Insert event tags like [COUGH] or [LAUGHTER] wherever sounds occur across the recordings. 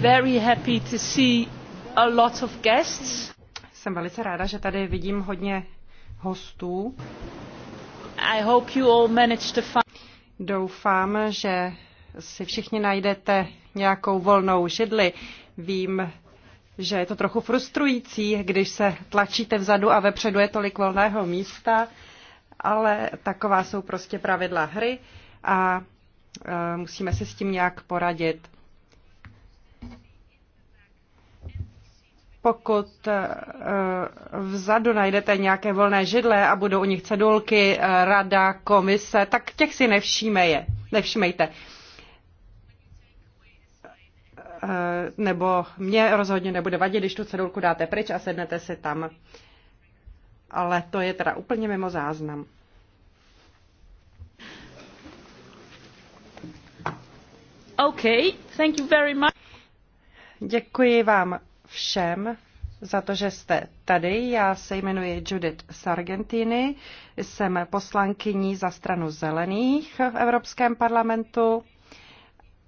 very happy to see a lot of guests. Jsem velice ráda, že tady vidím hodně hostů. I hope you all to find... Doufám, že si všichni najdete nějakou volnou židli. Vím, že je to trochu frustrující, když se tlačíte vzadu a vepředu je tolik volného místa, ale taková jsou prostě pravidla hry a e, musíme si s tím nějak poradit. pokud eh, vzadu najdete nějaké volné židle a budou u nich cedulky, eh, rada, komise, tak těch si nevšíme je, nevšímejte. Eh, nebo mě rozhodně nebude vadit, když tu cedulku dáte pryč a sednete si tam. Ale to je teda úplně mimo záznam. Okay, thank you very much. Děkuji vám všem za to, že jste tady. Já se jmenuji Judith Sargentini, jsem poslankyní za stranu zelených v Evropském parlamentu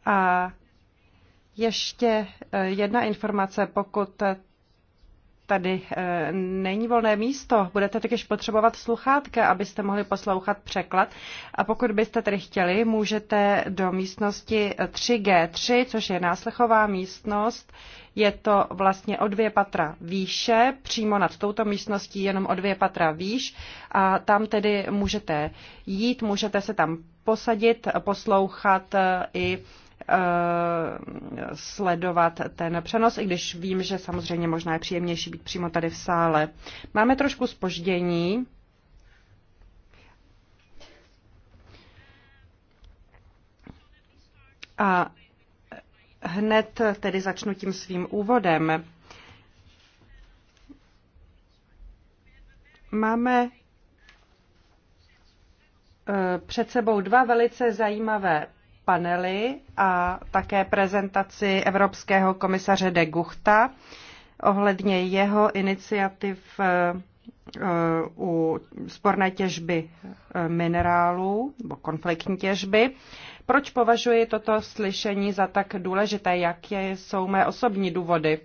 a ještě eh, jedna informace, pokud tady eh, není volné místo, budete takyž potřebovat sluchátka, abyste mohli poslouchat překlad. A pokud byste tedy chtěli, můžete do místnosti eh, 3G3, což je náslechová místnost, je to vlastně o dvě patra výše, přímo nad touto místností jenom o dvě patra výš a tam tedy můžete jít, můžete se tam posadit, poslouchat eh, i Eh, sledovat ten přenos, i když vím, že samozřejmě možná je příjemnější být přímo tady v sále. Máme trošku spoždění. A hned tedy začnu tím svým úvodem. Máme eh, před sebou dva velice zajímavé panely a také prezentaci Evropského komisaře de Guchta ohledně jeho iniciativ eh, eh, u sporné těžby eh, minerálů nebo konfliktní těžby. Proč považuji toto slyšení za tak důležité? Jaké jsou mé osobní důvody?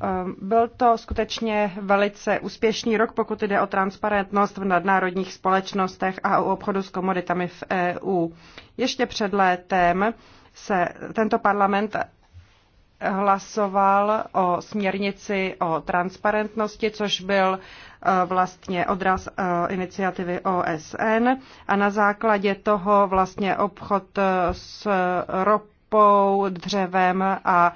Ehm, byl to skutečně velice úspěšný rok, pokud jde o transparentnost v nadnárodních společnostech a o obchodu s komoditami v EU. Ještě před létem se tento parlament hlasoval o směrnici o transparentnosti, což byl e, vlastně odraz e, iniciativy OSN a na základě toho vlastně obchod e, s ropou, dřevem a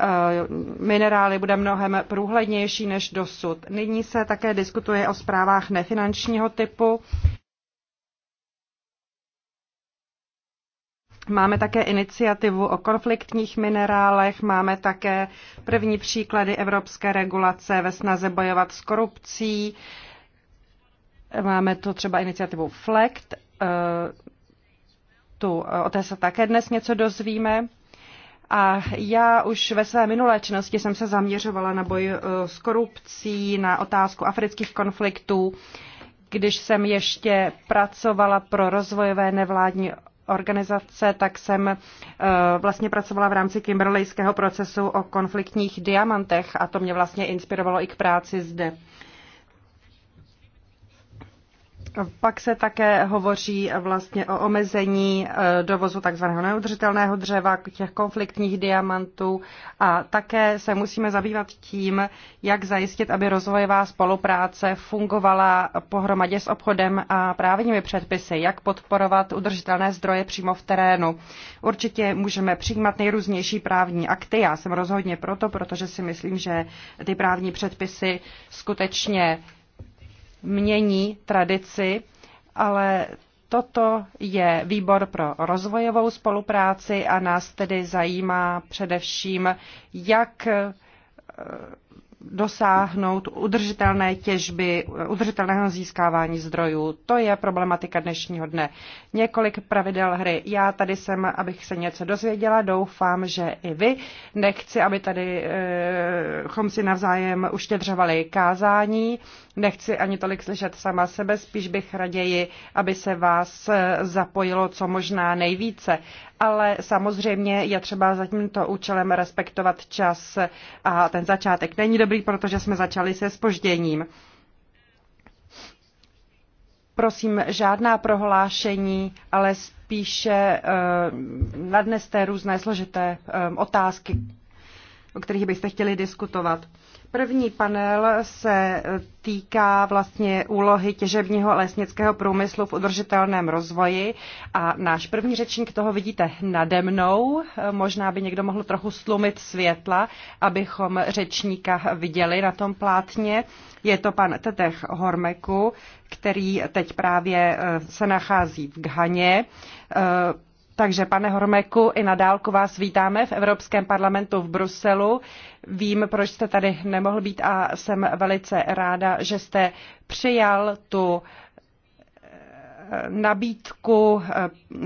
Eh, minerály bude mnohem průhlednější než dosud. Nyní se také diskutuje o zprávách nefinančního typu. Máme také iniciativu o konfliktních minerálech, máme také první příklady evropské regulace ve snaze bojovat s korupcí. Máme tu třeba iniciativu FLECT, eh, tu, o té se také dnes něco dozvíme. A já už ve své minulé činnosti jsem se zaměřovala na boj eh, s korupcí, na otázku afrických konfliktů, když jsem ještě pracovala pro rozvojové nevládní organizace, tak jsem eh, vlastně pracovala v rámci Kimberleyského procesu o konfliktních diamantech a to mě vlastně inspirovalo i k práci zde. Pak se také hovoří vlastně o omezení e, dovozu takzvaného neudržitelného dřeva, těch konfliktních diamantů a také se musíme zabývat tím, jak zajistit, aby rozvojová spolupráce fungovala pohromadě s obchodem a právními předpisy, jak podporovat udržitelné zdroje přímo v terénu. Určitě můžeme přijímat nejrůznější právní akty, já jsem rozhodně proto, protože si myslím, že ty právní předpisy skutečně mění tradici, ale toto je výbor pro rozvojovou spolupráci a nás tedy zajímá především, jak dosáhnout udržitelné těžby, udržitelného získávání zdrojů. To je problematika dnešního dne. Několik pravidel hry. Já tady jsem, abych se něco dozvěděla, doufám, že i vy. Nechci, aby tady eh, chom si navzájem uštědřovali kázání. Nechci ani tolik slyšet sama sebe, spíš bych raději, aby se vás eh, zapojilo co možná nejvíce ale samozřejmě je třeba za tímto účelem respektovat čas a ten začátek není dobrý, protože jsme začali se spožděním. Prosím, žádná prohlášení, ale spíše uh, nadneste různé složité um, otázky, o kterých byste chtěli diskutovat. První panel se týká vlastně úlohy těžebního lesnického průmyslu v udržitelném rozvoji a náš první řečník toho vidíte nade mnou. Možná by někdo mohl trochu slumit světla, abychom řečníka viděli na tom plátně. Je to pan Tetech Hormeku, který teď právě eh, se nachází v Ghaně. Eh, takže, pane Hormeku, i na dálku vás vítáme v Evropském parlamentu v Bruselu. Vím, proč jste tady nemohl být a jsem velice ráda, že jste přijal tu eh, nabídku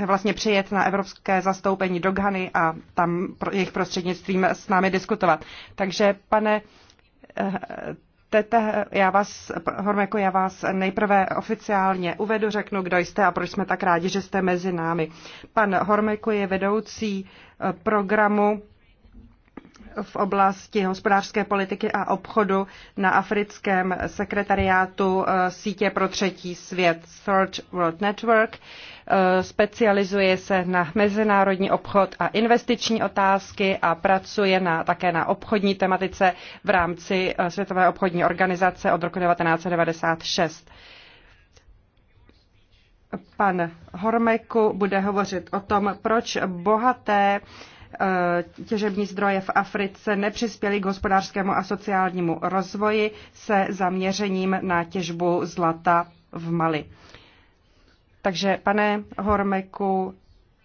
eh, vlastně přijet na evropské zastoupení do Ghany a tam jejich prostřednictvím s námi diskutovat. Takže, pane eh, Tete, já vás, Hormeko, já vás nejprve oficiálně uvedu, řeknu, kdo jste a proč jsme tak rádi, že jste mezi námi. Pan Hormeko je vedoucí eh, programu v oblasti hospodářské politiky a obchodu na africkém sekretariátu eh, sítě pro třetí svět Third World Network. Eh, specializuje se na mezinárodní obchod a investiční otázky a pracuje na, také na obchodní tematice v rámci eh, Světové obchodní organizace od roku 1996. Pan Hormeku bude hovořit o tom, proč bohaté uh, Eh, těžební zdroje v Africe nepřispěly k hospodářskému a sociálnímu rozvoji se zaměřením na těžbu zlata v Mali. Takže, pane Hormeku,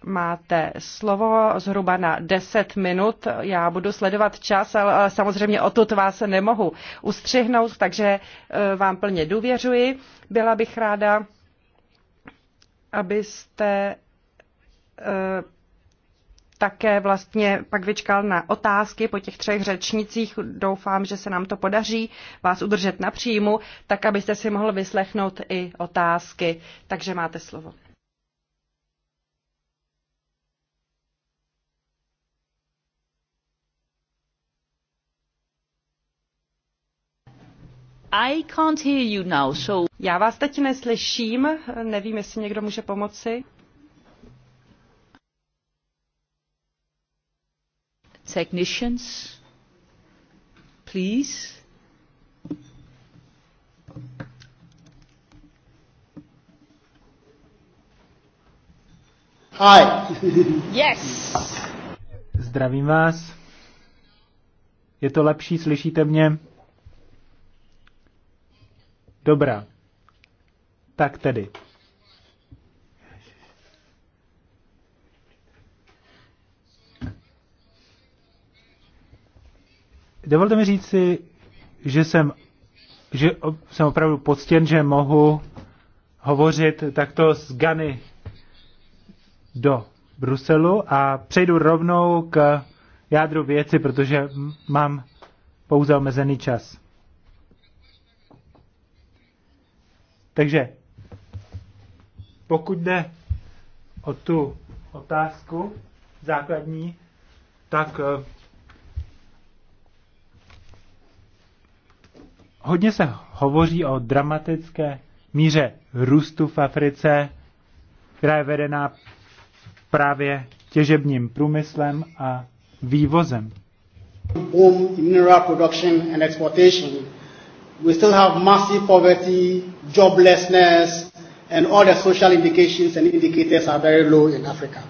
máte slovo zhruba na 10 minut. Já budu sledovat čas, ale samozřejmě o tut vás nemohu ustřihnout, takže eh, vám plně důvěřuji. Byla bych ráda, abyste eh, také vlastně pak vyčkal na otázky po těch třech řečnicích. Doufám, že se nám to podaří vás udržet na příjmu, tak abyste si mohl vyslechnout i otázky. Takže máte slovo. I can't hear you now, so... Já vás teď neslyším, nevím, jestli někdo může pomoci. technicians please Hi. yes. Zdravím vás. Je to lepší, slyšíte mě? Dobrá. Tak tedy. Dovolte mi říct si, že jsem, že jsem opravdu poctěn, že mohu hovořit takto z Gany do Bruselu a přejdu rovnou k jádru věci, protože mám pouze omezený čas. Takže pokud jde o tu otázku základní, tak eh, Hodně se hovoří o dramatické míře růstu v Africe, která je vedená právě těžebním průmyslem a vývozem. Boom in mineral production and exportation. We still have massive poverty, joblessness, and all the social indications and indicators are very low in Africa.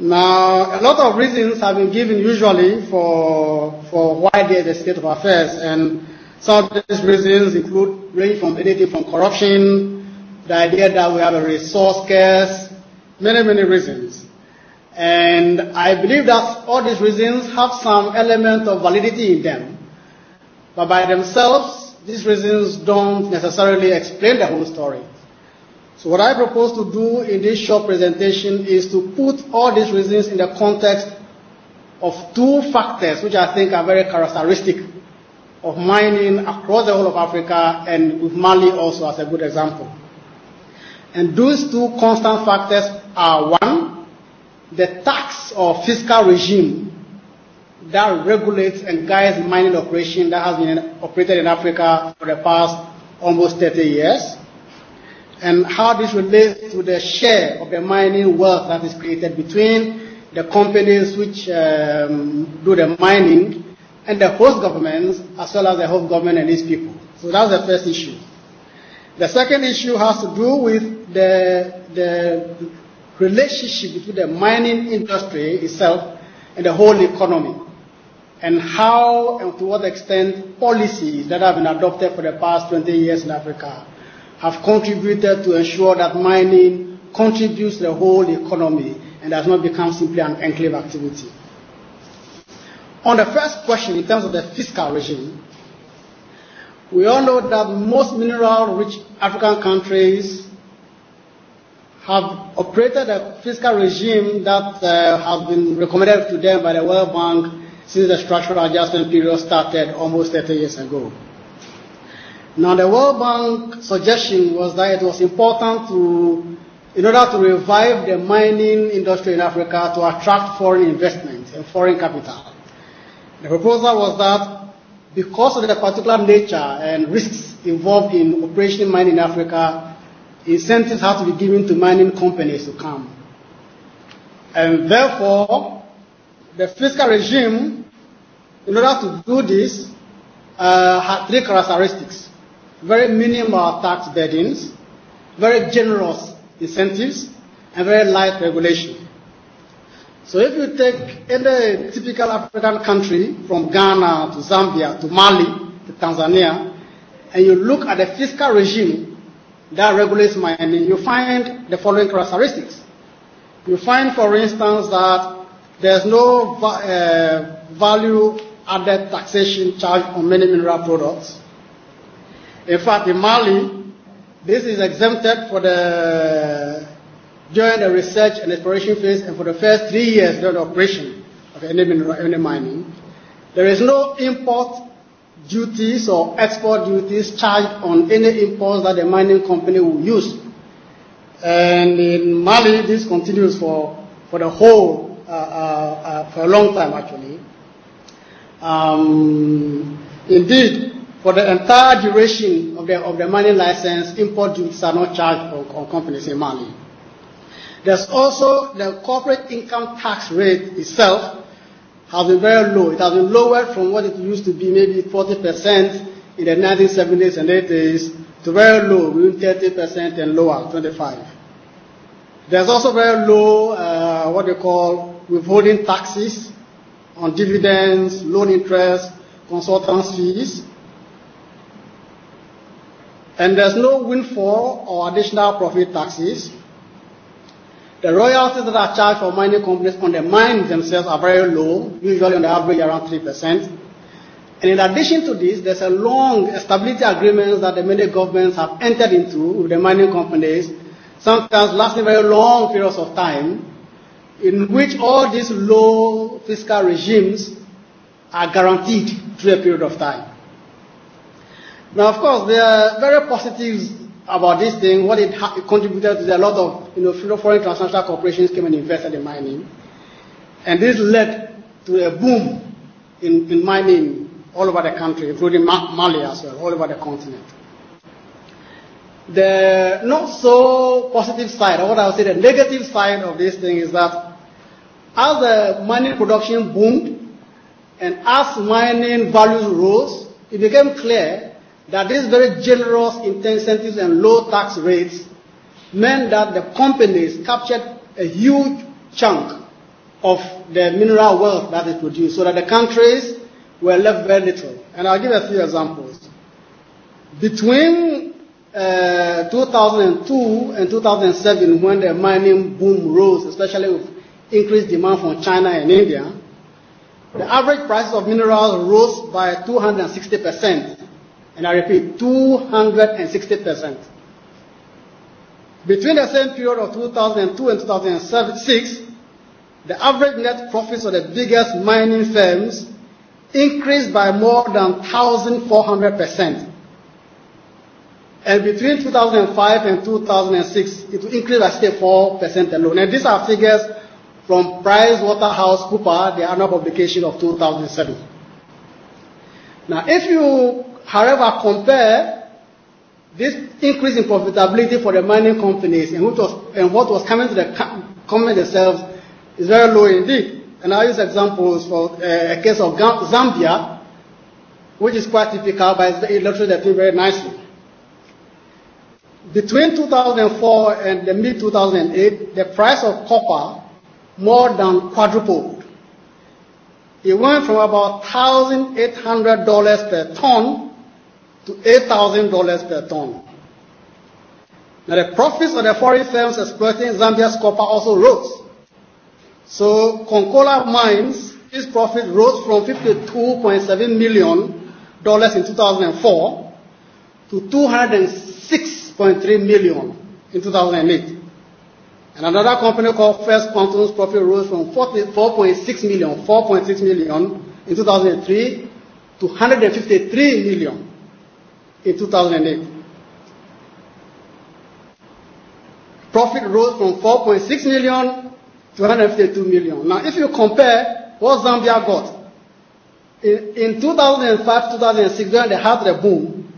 Now, a lot of reasons have been given usually for, for why there is a state of affairs, and Some of these reasons include range from anything from corruption, the idea that we have a resource scarce, many, many reasons. And I believe that all these reasons have some element of validity in them. But by themselves, these reasons don't necessarily explain the whole story. So what I propose to do in this short presentation is to put all these reasons in the context of two factors which I think are very characteristic of mining across the whole of Africa and with Mali also as a good example. And those two constant factors are one, the tax or fiscal regime that regulates and guides mining operation that has been operated in Africa for the past almost 30 years, and how this relates to the share of the mining wealth that is created between the companies which um, do the mining and the host governments as well as the host government and its people. So that's the first issue. The second issue has to do with the, the relationship between the mining industry itself and the whole economy, and how and to what extent policies that have been adopted for the past 20 years in Africa have contributed to ensure that mining contributes to the whole economy and does not become simply an enclave activity. On the first question, in terms of the fiscal regime, we all know that most mineral-rich African countries have operated a fiscal regime that uh, has been recommended to them by the World Bank since the structural adjustment period started almost 30 years ago. Now, the World Bank suggestion was that it was important to, in order to revive the mining industry in Africa, to attract foreign investment and foreign capital. The proposal was that because of the particular nature and risks involved in operating mining in Africa, incentives have to be given to mining companies to come. And therefore, the fiscal regime, in order to do this, uh, had three characteristics. Very minimal tax burdens, very generous incentives, and very light regulation. So if you take any typical African country, from Ghana to Zambia to Mali to Tanzania, and you look at the fiscal regime that regulates mining, you find the following characteristics. You find, for instance, that there's no uh, value added taxation charge on many mineral products. In fact, in Mali, this is exempted for the during the research and exploration phase and for the first three years during the operation of any, mineral, any mining, there is no import duties or export duties charged on any imports that the mining company will use. And in Mali, this continues for, for the whole, uh, uh, uh, for a long time actually. Um, indeed, for the entire duration of the, of the mining license, import duties are not charged on, on companies in Mali. There's also the corporate income tax rate itself has been very low. It has been lowered from what it used to be, maybe 40% in the 1970s and 80s, to very low, between 30% and lower, 25. There's also very low, uh, what they call withholding taxes on dividends, loan interest, consultants fees. And there's no windfall or additional profit taxes. The royalties that are charged for mining companies on the mines themselves are very low, usually on the average around 3%. And in addition to this, there's a long stability agreements that the many governments have entered into with the mining companies, sometimes lasting very long periods of time, in which all these low fiscal regimes are guaranteed through a period of time. Now, of course, there are very positive about this thing, what it, it contributed to a lot of you know, foreign transnational corporations came and invested in mining. And this led to a boom in, in mining all over the country, including Mali as well, all over the continent. The not so positive side, or what I would say the negative side of this thing is that as the mining production boomed and as mining values rose, it became clear that these very generous incentives and low tax rates meant that the companies captured a huge chunk of the mineral wealth that they produced, so that the countries were left very little. And I'll give a few examples. Between uh, 2002 and 2007, when the mining boom rose, especially with increased demand from China and India, the average price of minerals rose by 260 percent And I repeat, 260%. Between the same period of 2002 and 2006, the average net profits of the biggest mining firms increased by more than 1,400%. And between 2005 and 2006, it increased by 4% alone. And these are figures from Price Waterhouse Cooper, the annual publication of 2007. Now, if you However, compare this increase in profitability for the mining companies and what was, and what was coming to the companies themselves is very low indeed. And I use examples for uh, a case of Zambia, which is quite typical, but it illustrates the thing very nicely. Between 2004 and the mid 2008, the price of copper more than quadrupled. It went from about $1,800 per ton to $8,000 per ton. Now the profits of the foreign firms exploiting Zambia's copper also rose. So Concola Mines, its profit rose from $52.7 million in 2004 to $206.3 million in 2008. And another company called First Quantum's profit rose from 4.6 million, 4.6 million in 2003 to 153 million in in 2008. Profit rose from 4.6 million to 152 million. Now, if you compare what Zambia got, in, in 2005, 2006, when they had the boom,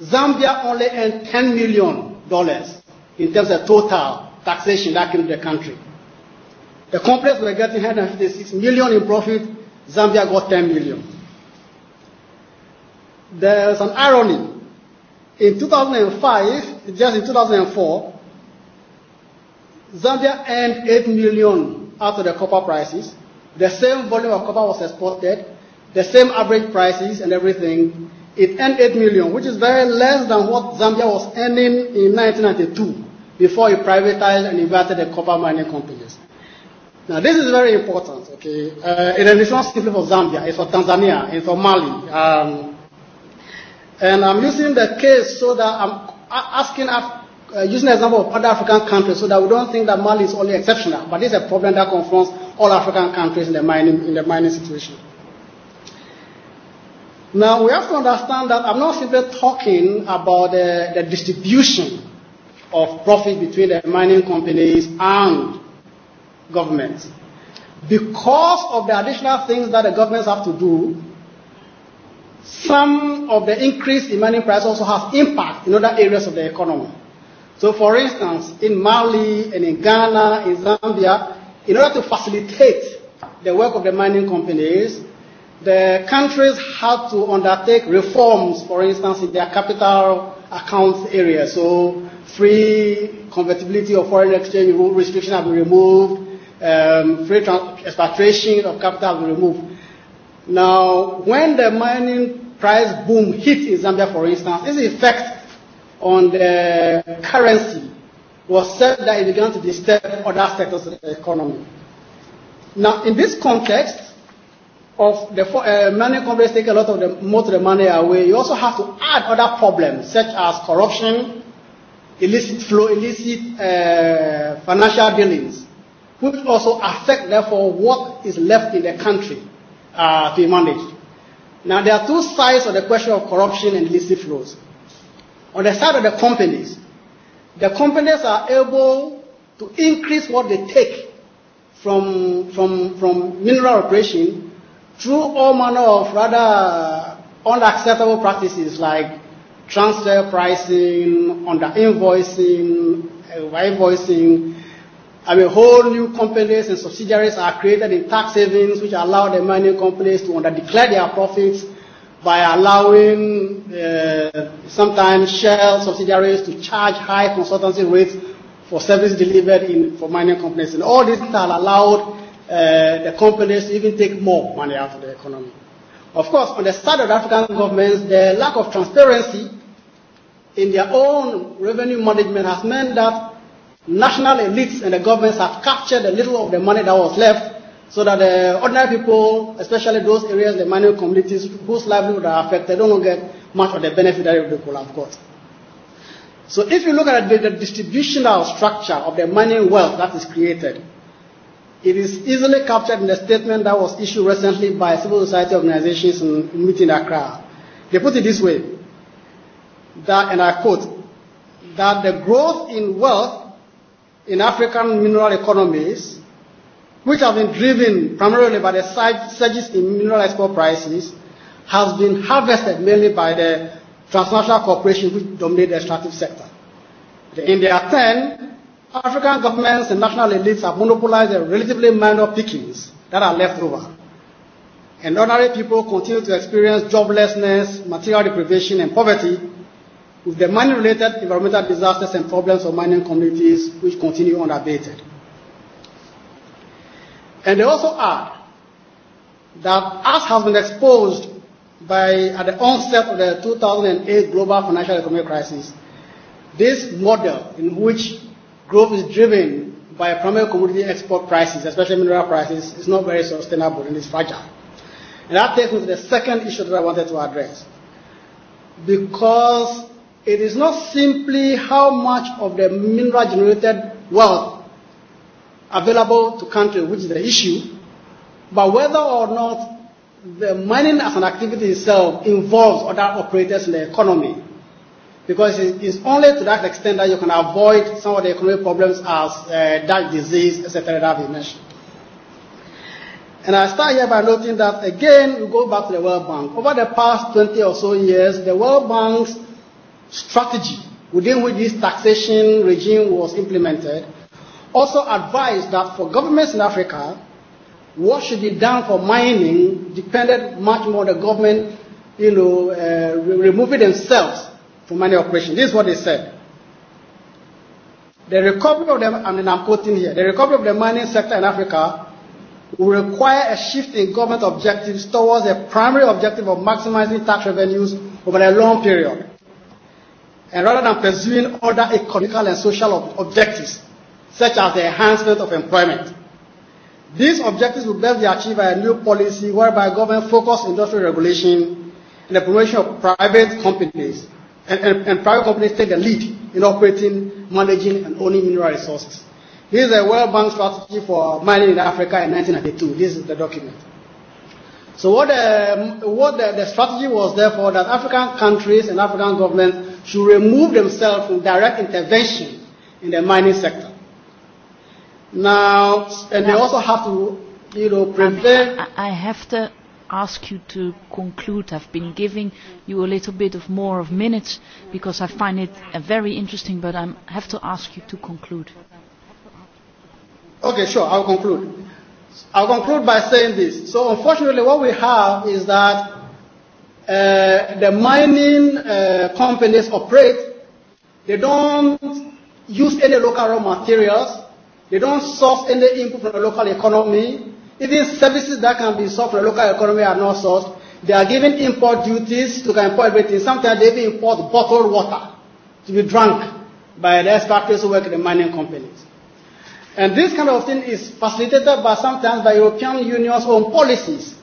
Zambia only earned 10 million dollars in terms of total taxation that came to the country. The companies were getting 156 million in profit, Zambia got 10 million there's an irony. In 2005, just in 2004, Zambia earned 8 million after the copper prices. The same volume of copper was exported, the same average prices and everything. It earned 8 million, which is very less than what Zambia was earning in 1992 before it privatized and invited the copper mining companies. Now, this is very important, okay? Uh, it is not simply for Zambia, it's for Tanzania, it's for Mali. Um, And I'm using the case so that I'm asking, uh, using the example of other African countries so that we don't think that Mali is only exceptional, but it's a problem that confronts all African countries in the mining, in the mining situation. Now, we have to understand that I'm not simply talking about the, the distribution of profit between the mining companies and governments. Because of the additional things that the governments have to do, some of the increase in mining price also has impact in other areas of the economy. So for instance, in Mali and in Ghana, in Zambia, in order to facilitate the work of the mining companies, the countries have to undertake reforms, for instance, in their capital accounts area. So free convertibility of foreign exchange restrictions have been removed, um, free expatriation of capital have been removed. Now, when the mining price boom hit in Zambia, for instance, its effect on the currency was said that it began to disturb other sectors of the economy. Now, in this context of the uh, mining companies taking a lot of the, most of the money away, you also have to add other problems such as corruption, illicit flow, illicit uh, financial dealings, which also affect, therefore, what is left in the country uh, to be managed. Now, there are two sides of the question of corruption and illicit flows. On the side of the companies, the companies are able to increase what they take from, from, from mineral operation through all manner of rather unacceptable practices like transfer pricing, under uh, invoicing, over invoicing, i mean, whole new companies and subsidiaries are created in tax havens, which allow the mining companies to underdeclare their profits by allowing uh, sometimes shell subsidiaries to charge high consultancy rates for services delivered in, for mining companies. And all these things have allowed uh, the companies to even take more money out of the economy. Of course, on the side of African governments, the lack of transparency in their own revenue management has meant that national elites and the governments have captured a little of the money that was left so that the ordinary people, especially those areas, the manual communities whose livelihood are affected, don't get much of the benefit that they could have got. So if you look at the, the distributional structure of the mining wealth that is created, it is easily captured in the statement that was issued recently by civil society organizations in, in meeting Accra. They put it this way, that, and I quote, that the growth in wealth in African mineral economies, which have been driven primarily by the surges in mineral export prices, has been harvested mainly by the transnational corporations which dominate the extractive sector. In their turn, African governments and national elites have monopolized the relatively minor pickings that are left over. And ordinary people continue to experience joblessness, material deprivation, and poverty with the mining-related environmental disasters and problems of mining communities which continue unabated. And they also add that as has been exposed by at the onset of the 2008 global financial economic crisis, this model in which growth is driven by primary commodity export prices, especially mineral prices, is not very sustainable and is fragile. And that takes me to the second issue that I wanted to address. Because It is not simply how much of the mineral generated wealth available to country, which is the issue, but whether or not the mining as an activity itself involves other operators in the economy. Because it is only to that extent that you can avoid some of the economic problems as uh, that disease, etc., that we mentioned. And I start here by noting that, again, we go back to the World Bank. Over the past 20 or so years, the World Bank's strategy within which this taxation regime was implemented also advised that for governments in Africa, what should be done for mining depended much more on the government, you know, uh, removing themselves from mining operations. This is what they said. The recovery of the, I mean, I'm quoting here, the recovery of the mining sector in Africa will require a shift in government objectives towards a primary objective of maximizing tax revenues over a long period and rather than pursuing other economical and social ob objectives, such as the enhancement of employment. These objectives will best be achieved by a new policy whereby government focus industrial regulation and the promotion of private companies, and, and, and private companies take the lead in operating, managing, and owning mineral resources. This is a World Bank strategy for mining in Africa in 1992. This is the document. So what, the, what the, the strategy was, therefore, that African countries and African governments should remove themselves from direct intervention in the mining sector. Now, and they also have to, you know, prevent. I, I have to ask you to conclude. I've been giving you a little bit of more of minutes because I find it uh, very interesting, but I have to ask you to conclude. Okay, sure, I'll conclude. I'll conclude by saying this. So unfortunately what we have is that uh, the mining uh, companies operate, they don't use any local raw materials, they don't source any input from the local economy. Even services that can be sourced from the local economy are not sourced. They are given import duties to import everything. Sometimes they even import bottled water to be drunk by the expatriates who work in the mining companies. And this kind of thing is facilitated by sometimes by European Union's own policies.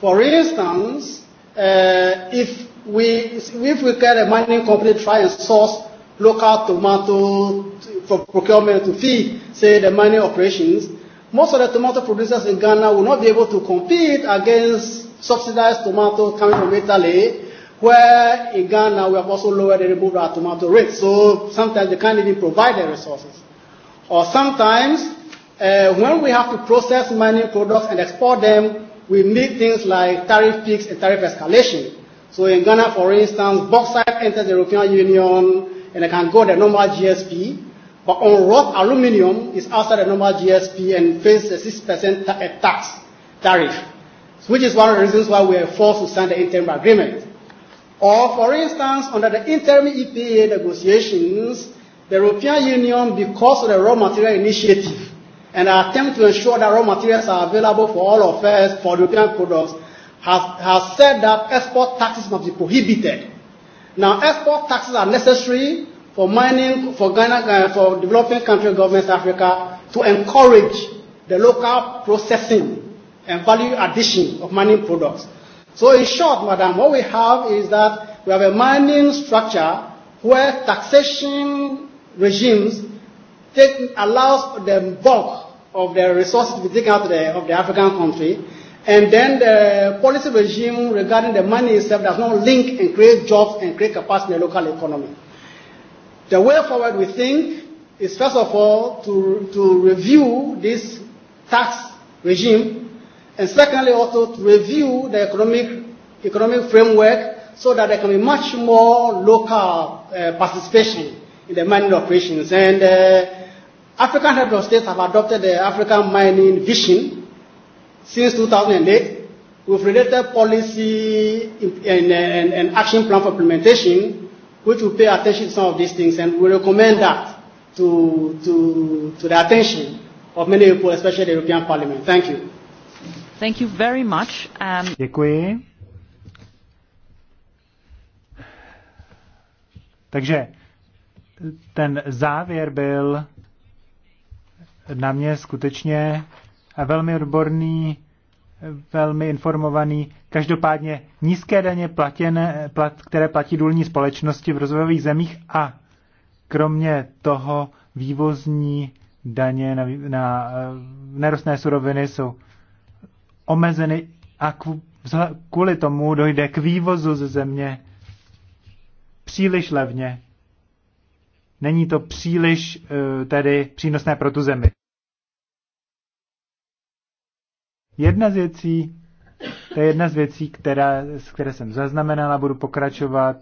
For instance, uh, if we if we get a mining company try and source local tomato for procurement to feed, say, the mining operations, most of the tomato producers in Ghana will not be able to compete against subsidized tomatoes coming from Italy, where in Ghana we have also lowered and removed our tomato rates. So sometimes they can't even provide the resources. Or sometimes uh, when we have to process mining products and export them, we need things like tariff peaks and tariff escalation. So in Ghana, for instance, bauxite enters the European Union and it can go the normal GSP. But on wrought aluminium, it's outside the normal GSP and faces a 6% ta- tax tariff, which is one of the reasons why we are forced to sign the interim agreement. Or, for instance, under the interim EPA negotiations, the European Union, because of the raw material initiative, and our attempt to ensure that raw materials are available for all of us for European products has, has said that export taxes must be prohibited. Now, export taxes are necessary for mining, for Ghana, uh, for developing country governments in Africa to encourage the local processing and value addition of mining products. So in short, madam, what we have is that we have a mining structure where taxation regimes take, allows the bulk of the resources to be taken out of the, of the African country. And then the policy regime regarding the money itself does not link and create jobs and create capacity in the local economy. The way forward, we think, is first of all to, to review this tax regime, and secondly also to review the economic, economic framework so that there can be much more local uh, participation in the mining operations. And uh, African heads of state have adopted the African mining vision since 2008. with related policy and, and, and action plan for implementation, which will pay attention to some of these things, and we recommend that to, to, to the attention of many people, especially the European Parliament. Thank you. Thank you very much. Um... Děkuji. Takže ten závěr byl na mě skutečně velmi odborný, velmi informovaný. Každopádně nízké daně, platěné, plat, které platí důlní společnosti v rozvojových zemích a kromě toho vývozní daně na, na eh, nerostné suroviny jsou omezeny a kvůli tomu dojde k vývozu ze země příliš levně Není to příliš eh, tedy přínosné pro tu zemi. Jedna z věcí, to je jedna z věcí, která, z které jsem zaznamenala, budu pokračovat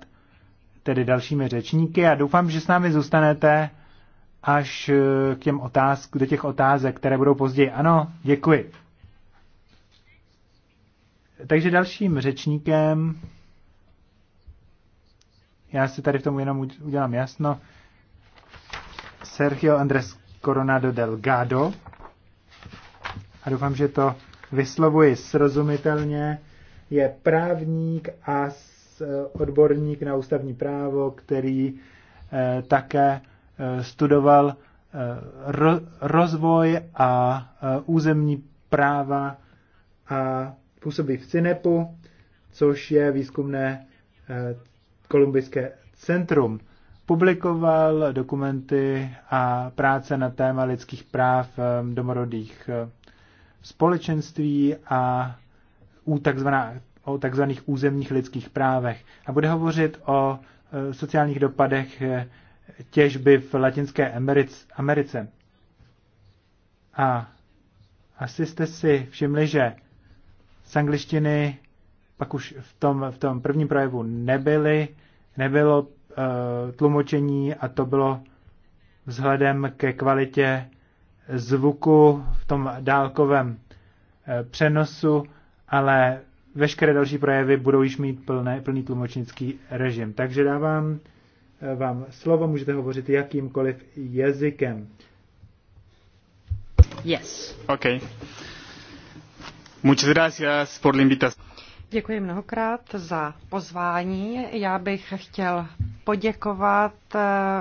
tedy dalšími řečníky a doufám, že s námi zůstanete až eh, k těm otázk, do těch otázek, které budou později. Ano, děkuji. Takže dalším řečníkem, já si tady v tom jenom udělám jasno, Sergio Andres Coronado Delgado. A doufám, že to vyslovuji srozumitelně. Je právník a odborník na ústavní právo, který eh, také eh, studoval eh, rozvoj a územní práva a působí v CINEPu, což je výzkumné kolumbijské centrum publikoval dokumenty a práce na téma lidských práv eh, domorodých eh, společenství a u takzvaná, o takzvaných územních lidských právech. A bude hovořit o eh, sociálních dopadech těžby v Latinské Americe. A asi jste si všimli, že z angličtiny pak už v tom, v tom prvním projevu nebyly, nebylo Eh, tlumočení a to bylo vzhledem ke kvalitě zvuku v tom dálkovém eh, přenosu, ale veškeré další projevy budou již mít plné, plný tlumočnický režim. Takže dávám eh, vám slovo, můžete hovořit jakýmkoliv jazykem. Yes. OK. Muchas gracias por la invitación. Děkuji mnohokrát za pozvání. Já bych chtěl poděkovat eh,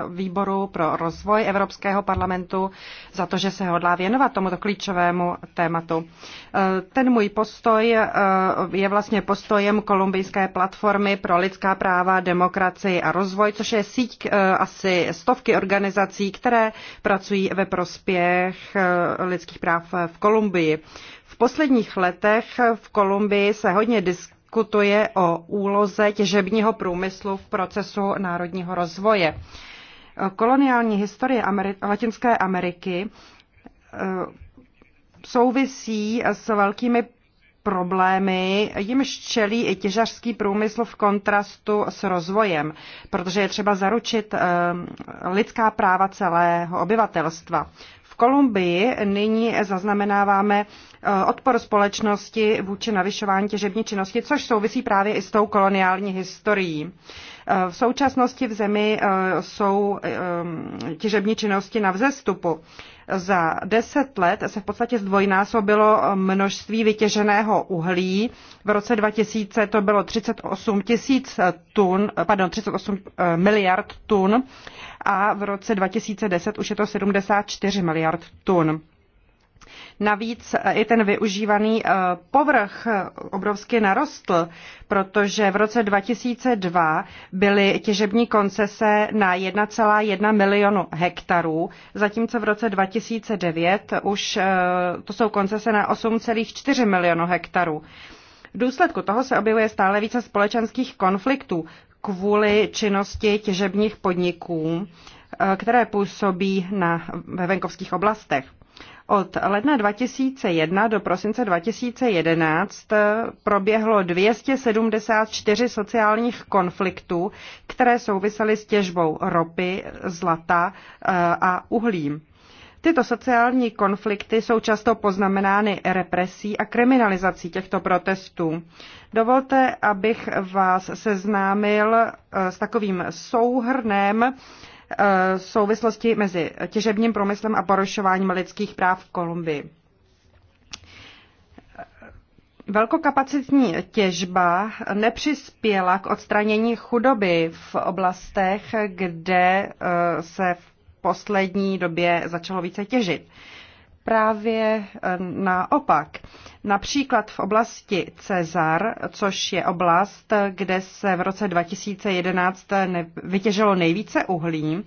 výboru pro rozvoj Evropského parlamentu za to, že se hodlá věnovat tomuto klíčovému tématu. Eh, ten můj postoj eh, je vlastně postojem Kolumbijské platformy pro lidská práva, demokracii a rozvoj, což je síť asi stovky organizací, které pracují ve prospěch lidských práv v Kolumbii. V posledních letech v Kolumbii se hodně diskutuje diskutuje o úloze těžebního průmyslu v procesu národního rozvoje. Koloniální historie Ameri- Latinské Ameriky eh, souvisí s velkými problémy, jim čelí i těžařský průmysl v kontrastu s rozvojem, protože je třeba zaručit eh, lidská práva celého obyvatelstva. V Kolumbii nyní zaznamenáváme eh, odpor společnosti vůči navyšování těžební činnosti, což souvisí právě i s tou koloniální historií. Eh, v současnosti v zemi eh, jsou těžební činnosti na vzestupu. Za deset let se v podstatě zdvojnásobilo množství vytěženého uhlí. V roce 2000 to bylo 38 tisíc tun, pardon, 38 eh, miliard tun a v roce 2010 už je to 74 miliard tun. Navíc e, i ten využívaný e, povrch e, obrovsky narostl, protože v roce 2002 byly těžební koncese na 1,1 milionu hektarů, zatímco v roce 2009 už to jsou koncese na 8,4 milionu hektarů. V důsledku toho se objevuje stále více společenských konfliktů kvůli činnosti těžebních podniků, které působí na, ve venkovských oblastech. Od ledna 2001 do prosince 2011 proběhlo 274 sociálních konfliktů, které souvisely s těžbou ropy, zlata eh, a uhlím. Tyto sociální konflikty jsou často poznamenány represí a kriminalizací těchto protestů. Dovolte, abych vás seznámil eh, s takovým souhrnem Eh, souvislosti mezi těžebním průmyslem a porušováním lidských práv v Kolumbii. Velkokapacitní těžba nepřispěla k odstranění chudoby v oblastech, kde eh, se v poslední době začalo více těžit právě eh, naopak. Například v oblasti Cezar, což je oblast, kde se v roce 2011 vytěžilo nejvíce uhlí,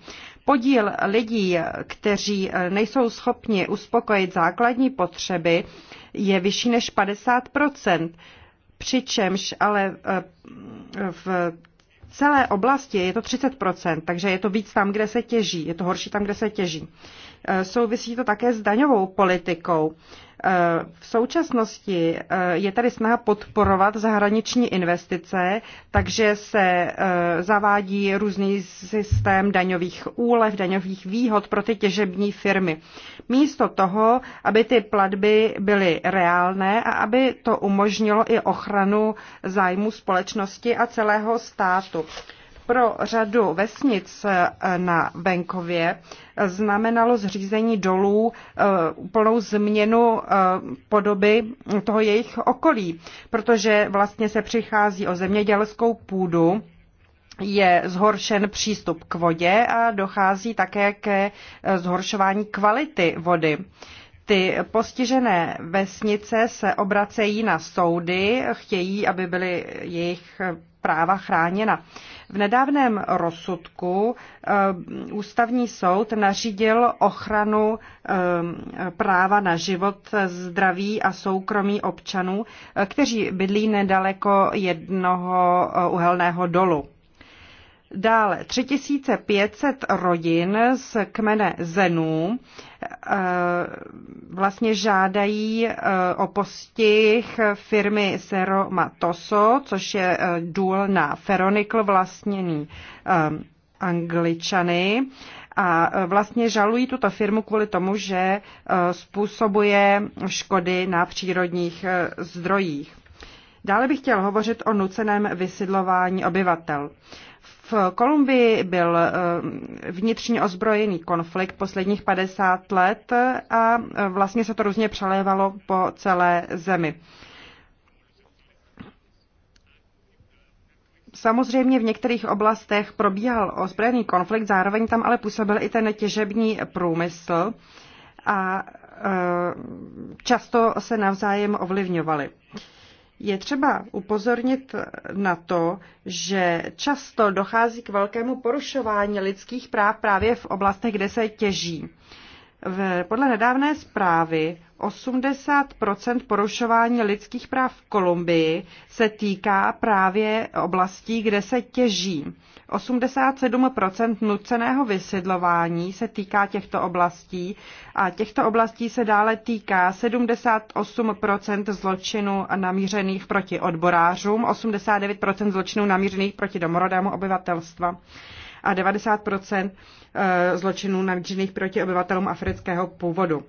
podíl lidí, kteří eh, nejsou schopni uspokojit základní potřeby, je vyšší než 50 Přičemž ale eh, v celé oblasti je to 30%, takže je to víc tam, kde se těží, je to horší tam, kde se těží. E, souvisí to také s daňovou politikou. Eh, v současnosti eh, je tady snaha podporovat zahraniční investice, takže se eh, zavádí různý systém daňových úlev, daňových výhod pro ty těžební firmy. Místo toho, aby ty platby byly reálné a aby to umožnilo i ochranu zájmu společnosti a celého státu. Pro řadu vesnic eh, na venkově eh, znamenalo zřízení dolů eh, úplnou změnu podoby toho jejich okolí, protože vlastně se přichází o zemědělskou půdu, je zhoršen přístup k vodě a dochází také ke zhoršování kvality vody. Ty postižené vesnice se obracejí na soudy, chtějí, aby byly jejich práva chráněna. V nedávném rozsudku eh, ústavní soud nařídil ochranu eh, práva na život, zdraví a soukromí občanů, eh, kteří bydlí nedaleko jednoho uhelného dolu. Dále 3500 rodin z kmene Zenů eh, vlastně žádají eh, o postih firmy Sero Matoso, což je eh, důl na Feronikl vlastněný Angličany a vlastně žalují tuto firmu kvůli tomu, že způsobuje škody na přírodních zdrojích. Dále bych chtěl hovořit o nuceném vysidlování obyvatel. V Kolumbii byl eh, vnitřně ozbrojený konflikt posledních 50 let a eh, vlastně se to různě přelévalo po celé zemi. Samozřejmě v některých oblastech probíhal ozbrojený konflikt, zároveň tam ale působil i ten těžební průmysl a eh, často se navzájem ovlivňovali je třeba upozornit na to, že často dochází k velkému porušování lidských práv právě v oblastech, kde se těží. V, podle nedávné zprávy 80 porušování lidských práv v Kolumbii se týká právě oblastí, kde se těží. 87 nuceného vysidlování se týká těchto oblastí a těchto oblastí se dále týká 78 zločinů namířených proti odborářům, 89 zločinů namířených proti domorodému obyvatelstva a 90 eh, zločinů namířených proti obyvatelům afrického původu.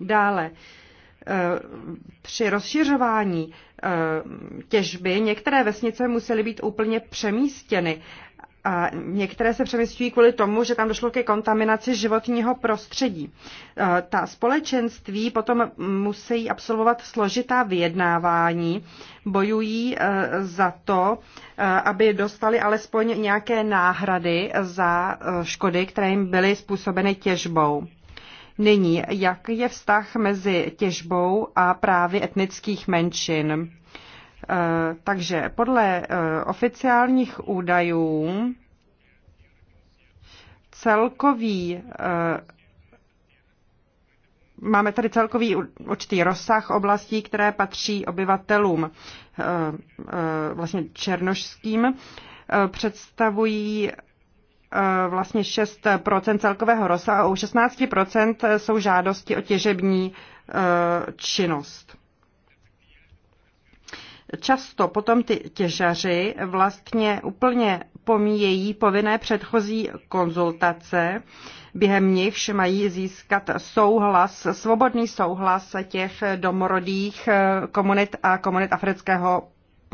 Dále, eh, při rozšiřování eh, těžby některé vesnice musely být úplně přemístěny a některé se přemysťují kvůli tomu, že tam došlo ke kontaminaci životního prostředí. E, ta společenství potom musí absolvovat složitá vyjednávání, bojují e, za to, e, aby dostali alespoň nějaké náhrady za škody, které jim byly způsobeny těžbou. Nyní, jak je vztah mezi těžbou a právy etnických menšin? Eh, takže podle eh, oficiálních údajů celkový eh, máme tady celkový určitý rozsah oblastí, které patří obyvatelům vlastně černošským, představují vlastně 6% celkového rozsahu a u 16% jsou žádosti o těžební činnost. Často potom ty těžaři vlastně úplně pomíjejí povinné předchozí konzultace, během nichž mají získat souhlas, svobodný souhlas těch domorodých eh, komunit a komunit afrického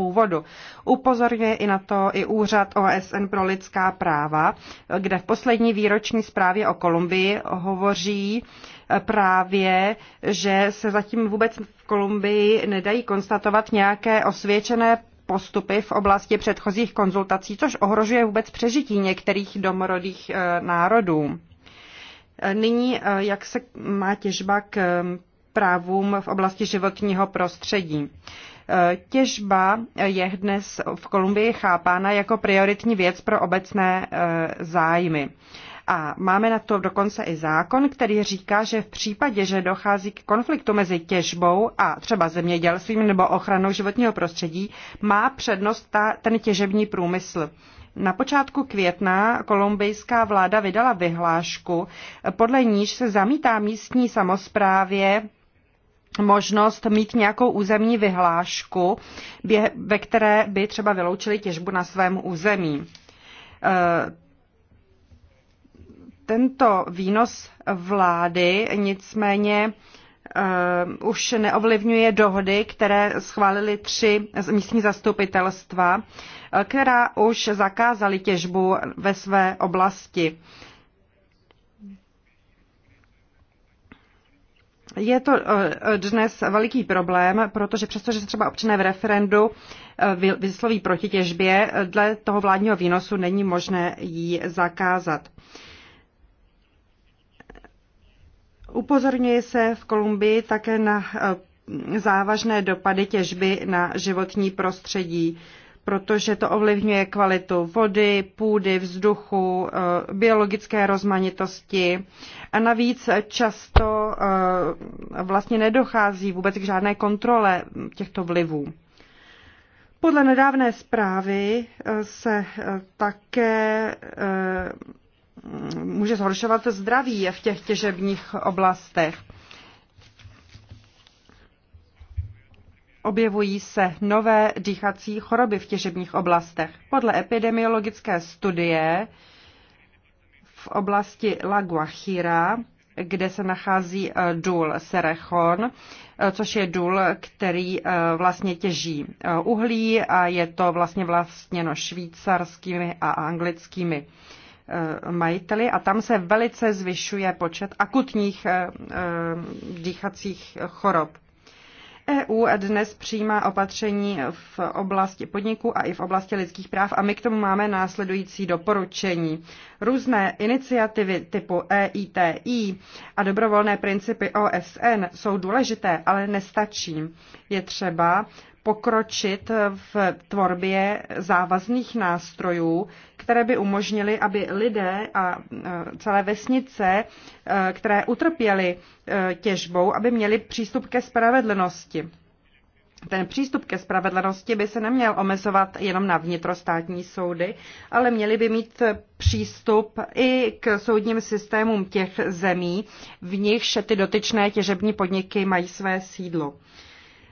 původu. Upozorňuje i na to i úřad OSN pro lidská práva, kde v poslední výroční zprávě o Kolumbii hovoří eh, právě, že se zatím vůbec v Kolumbii nedají konstatovat nějaké osvědčené postupy v oblasti předchozích konzultací, což ohrožuje vůbec přežití některých domorodých eh, národů. Eh, nyní, jak se má těžba k právům v oblasti životního prostředí. Těžba je dnes v Kolumbii chápána jako prioritní věc pro obecné e, zájmy. A máme na to dokonce i zákon, který říká, že v případě, že dochází k konfliktu mezi těžbou a třeba zemědělstvím nebo ochranou životního prostředí, má přednost ta, ten těžební průmysl. Na počátku května kolumbijská vláda vydala vyhlášku, podle níž se zamítá místní samozprávě možnost mít nějakou územní vyhlášku, ve které by třeba vyloučili těžbu na svém území. E, tento výnos vlády nicméně uh, už neovlivňuje dohody, které schválili tři místní zastupitelstva, e, která už zakázali těžbu ve své oblasti. Uh, je to eh, dnes veliký problém, protože přestože se třeba občané v referendu eh, vysloví proti těžbě, eh, dle toho vládního výnosu není možné ji zakázat. Upozorňuje se v Kolumbii také na závažné dopady těžby na životní prostředí protože to ovlivňuje kvalitu vody, půdy, vzduchu, eh, biologické rozmanitosti. A navíc často eh, vlastně nedochází vůbec k žádné kontrole těchto vlivů. Podle nedávné zprávy eh, se také může zhoršovat zdraví v těch těžebních oblastech. objevují se nové dýchací choroby v těžebních oblastech. Podle epidemiologické studie v oblasti La Guajira, kde se nachází eh, důl Serechon, eh, což je důl, který eh, vlastně těží uhlí a je to vlastně vlastněno švýcarskými a anglickými majiteli a tam se velice zvyšuje počet akutních dýchacích chorob. EU dnes přijímá opatření v oblasti podniku a i v oblasti lidských práv a my k tomu máme následující doporučení. Různé iniciativy typu EITI a dobrovolné principy OSN jsou důležité, ale nestačí. Je třeba pokročit v tvorbě závazných nástrojů, které by umožnily, aby lidé a e, celé vesnice, e, které utrpěly e, těžbou, aby měli přístup ke spravedlnosti. Ten přístup ke spravedlnosti by se neměl omezovat jenom na vnitrostátní soudy, ale měli by mít přístup i k soudním systémům těch zemí, v nichž ty dotyčné těžební podniky mají své sídlo.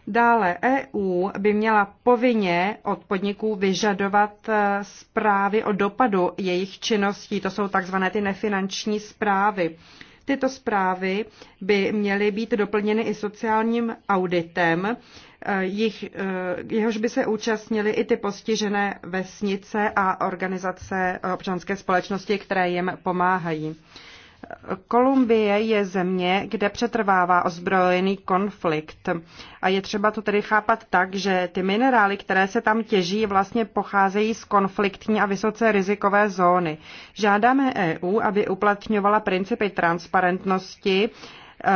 Dále EU by měla povinně od podniků vyžadovat eh, zprávy o dopadu jejich činností, to jsou takzvané ty nefinanční zprávy. Tyto zprávy by měly být doplněny i sociálním auditem, eh, jich, eh, jehož by se účastnili i ty postižené vesnice a organizace občanské společnosti, které jim pomáhají. Kolumbie je země, kde přetrvává ozbrojený konflikt. A je třeba to tedy chápat tak, že ty minerály, které se tam těží, vlastně pocházejí z konfliktní a vysoce rizikové zóny. Žádáme EU, aby uplatňovala principy transparentnosti eh,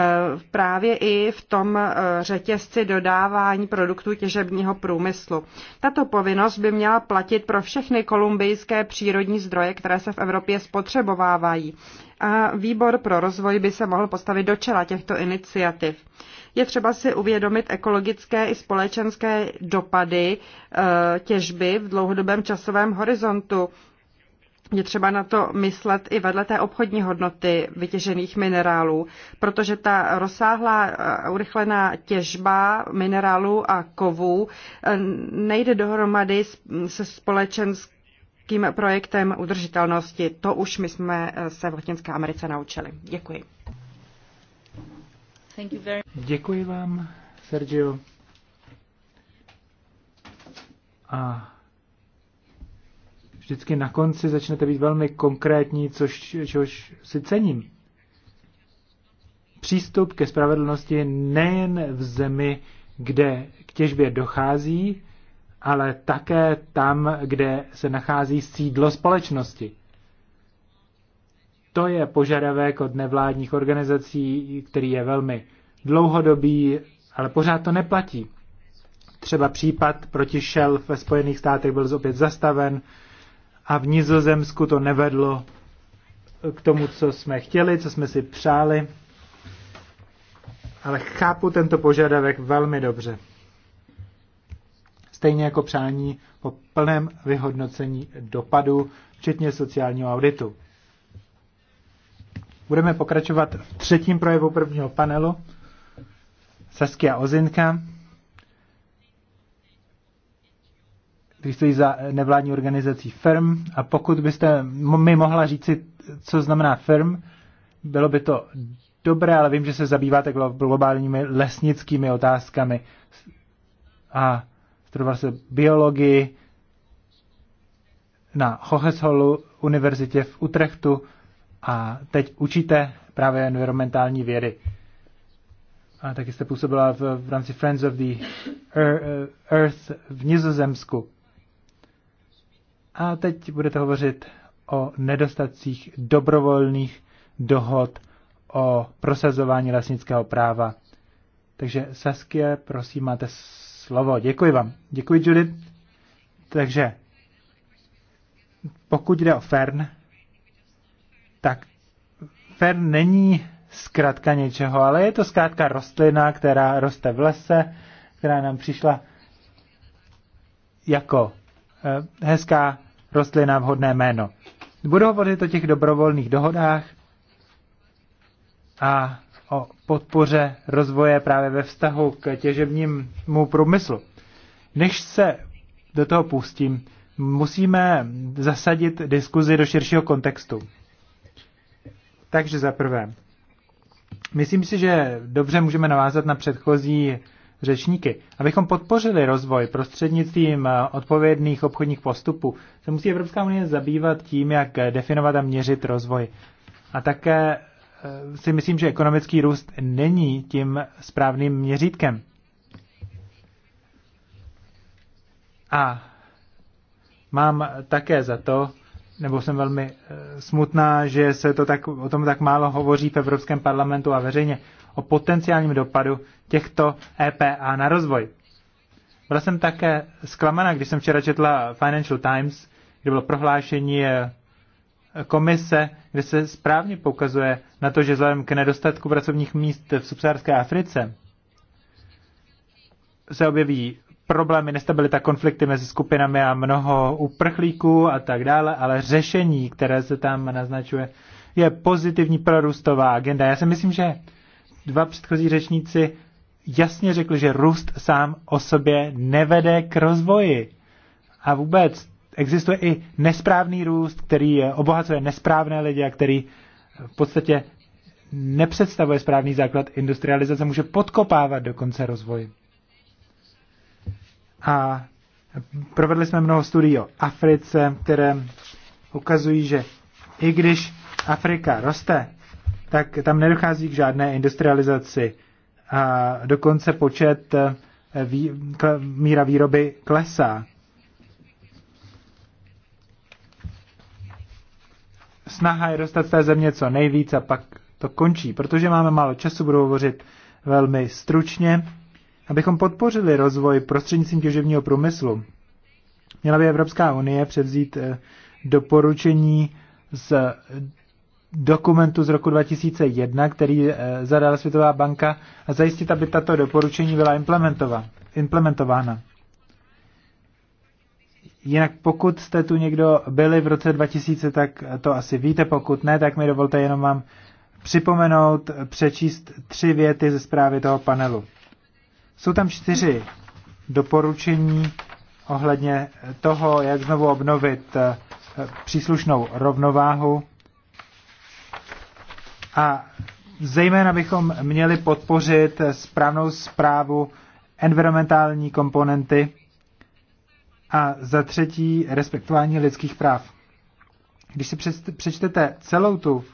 právě i v tom eh, řetězci dodávání produktů těžebního průmyslu. Tato povinnost by měla platit pro všechny kolumbijské přírodní zdroje, které se v Evropě spotřebovávají a výbor pro rozvoj by se mohl postavit do čela těchto iniciativ. Je třeba si uvědomit ekologické i společenské dopady e, těžby v dlouhodobém časovém horizontu. Je třeba na to myslet i vedle té obchodní hodnoty vytěžených minerálů, protože ta rozsáhlá e, urychlená těžba minerálů a kovů e, nejde dohromady se společenským tím projektem udržitelnosti. To už my jsme eh, se v Latinské Americe naučili. Děkuji. Děkuji vám, Sergio. A vždycky na konci začnete být velmi konkrétní, což, čehož si cením. Přístup ke spravedlnosti nejen v zemi, kde k těžbě dochází, ale také tam, kde se nachází sídlo společnosti. To je požadavek od nevládních organizací, který je velmi dlouhodobý, ale pořád to neplatí. Třeba případ proti Shell ve Spojených státech byl opět zastaven a v Nizozemsku to nevedlo k tomu, co jsme chtěli, co jsme si přáli. Ale chápu tento požadavek velmi dobře stejně jako přání po plném vyhodnocení dopadu, včetně sociálního auditu. Budeme pokračovat v třetím projevu prvního panelu. Saskia Ozinka, který stojí za nevládní organizací FIRM. A pokud byste mi mohla říci, co znamená FIRM, bylo by to dobré, ale vím, že se zabýváte globálními lesnickými otázkami. A studoval jsem biologii na Hohesholu univerzitě v Utrechtu a teď učíte právě environmentální vědy. A taky jste působila v, v rámci Friends of the Earth v Nizozemsku. A teď budete hovořit o nedostatcích dobrovolných dohod o prosazování lesnického práva. Takže Saskia, prosím, máte slovo. Děkuji vám. Děkuji, Judy. Takže pokud jde o Fern, tak Fern není zkrátka něčeho, ale je to zkrátka rostlina, která roste v lese, která nám přišla jako eh, hezká rostlina vhodné jméno. Budu hovořit o těch dobrovolných dohodách a o podpoře rozvoje právě ve vztahu k těžebnímu průmyslu. Než se do toho pustím, musíme zasadit diskuzi do širšího kontextu. Takže za prvé, myslím si, že dobře můžeme navázat na předchozí řečníky. Abychom podpořili rozvoj prostřednictvím odpovědných obchodních postupů, se musí Evropská unie zabývat tím, jak definovat a měřit rozvoj. A také Eh, si myslím, že ekonomický růst není tím správným měřítkem. A mám také za to, nebo jsem velmi eh, smutná, že se to tak, o tom tak málo hovoří v Evropském parlamentu a veřejně, o potenciálním dopadu těchto EPA na rozvoj. Byla jsem také zklamaná, když jsem včera četla Financial Times, kde bylo prohlášení eh, komise, kde se správně poukazuje na to, že vzhledem k nedostatku pracovních míst v subsaharské Africe se objeví problémy, nestabilita, konflikty mezi skupinami a mnoho uprchlíků a tak dále, ale řešení, které se tam naznačuje, je pozitivní prorůstová agenda. Já si myslím, že dva předchozí řečníci jasně řekli, že růst sám o sobě nevede k rozvoji. A vůbec existuje i nesprávný růst, který eh, obohacuje nesprávné lidi a který eh, v podstatě nepředstavuje správný základ industrializace, může podkopávat dokonce rozvoj. A provedli jsme mnoho studií o Africe, které ukazují, že i když Afrika roste, tak tam nedochází k žádné industrializaci. A dokonce počet eh, míra výroby klesá. snaha je dostat z té země co nejvíc a pak to končí. Protože máme málo času, budu hovořit velmi stručně. Abychom podpořili rozvoj prostřednictvím těživního průmyslu, měla by Evropská unie převzít eh, doporučení z dokumentu z roku 2001, který eh, zadala Světová banka a zajistit, aby tato doporučení byla implementována. Jinak pokud jste tu někdo byli v roce 2000, tak to asi víte, pokud ne, tak mi dovolte jenom vám připomenout, přečíst tři věty ze zprávy toho panelu. Jsou tam čtyři doporučení ohledně toho, jak znovu obnovit eh, příslušnou rovnováhu a zejména bychom měli podpořit správnou zprávu environmentální komponenty a za třetí respektování lidských práv. Když si přečtete celou tu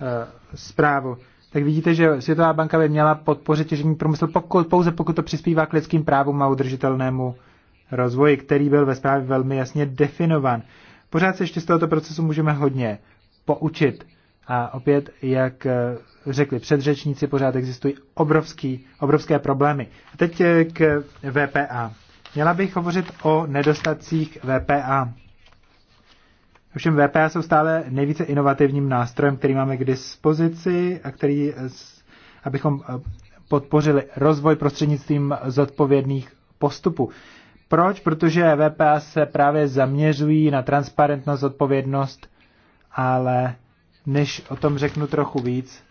e, zprávu, tak vidíte, že Světová banka by měla podpořit těžební průmysl pokud, pouze pokud to přispívá k lidským právům a udržitelnému rozvoji, který byl ve zprávě velmi jasně definovan. Pořád se ještě z tohoto procesu můžeme hodně poučit. A opět, jak eh, řekli předřečníci, pořád existují obrovský, obrovské problémy. A teď eh, k VPA. Měla bych hovořit o nedostacích VPA. Ovšem VPA jsou stále nejvíce inovativním nástrojem, který máme k dispozici a který, abychom eh, podpořili rozvoj prostřednictvím zodpovědných postupů. Proč? Protože VPA se právě zaměřují na transparentnost, odpovědnost, ale než o tom řeknu trochu víc,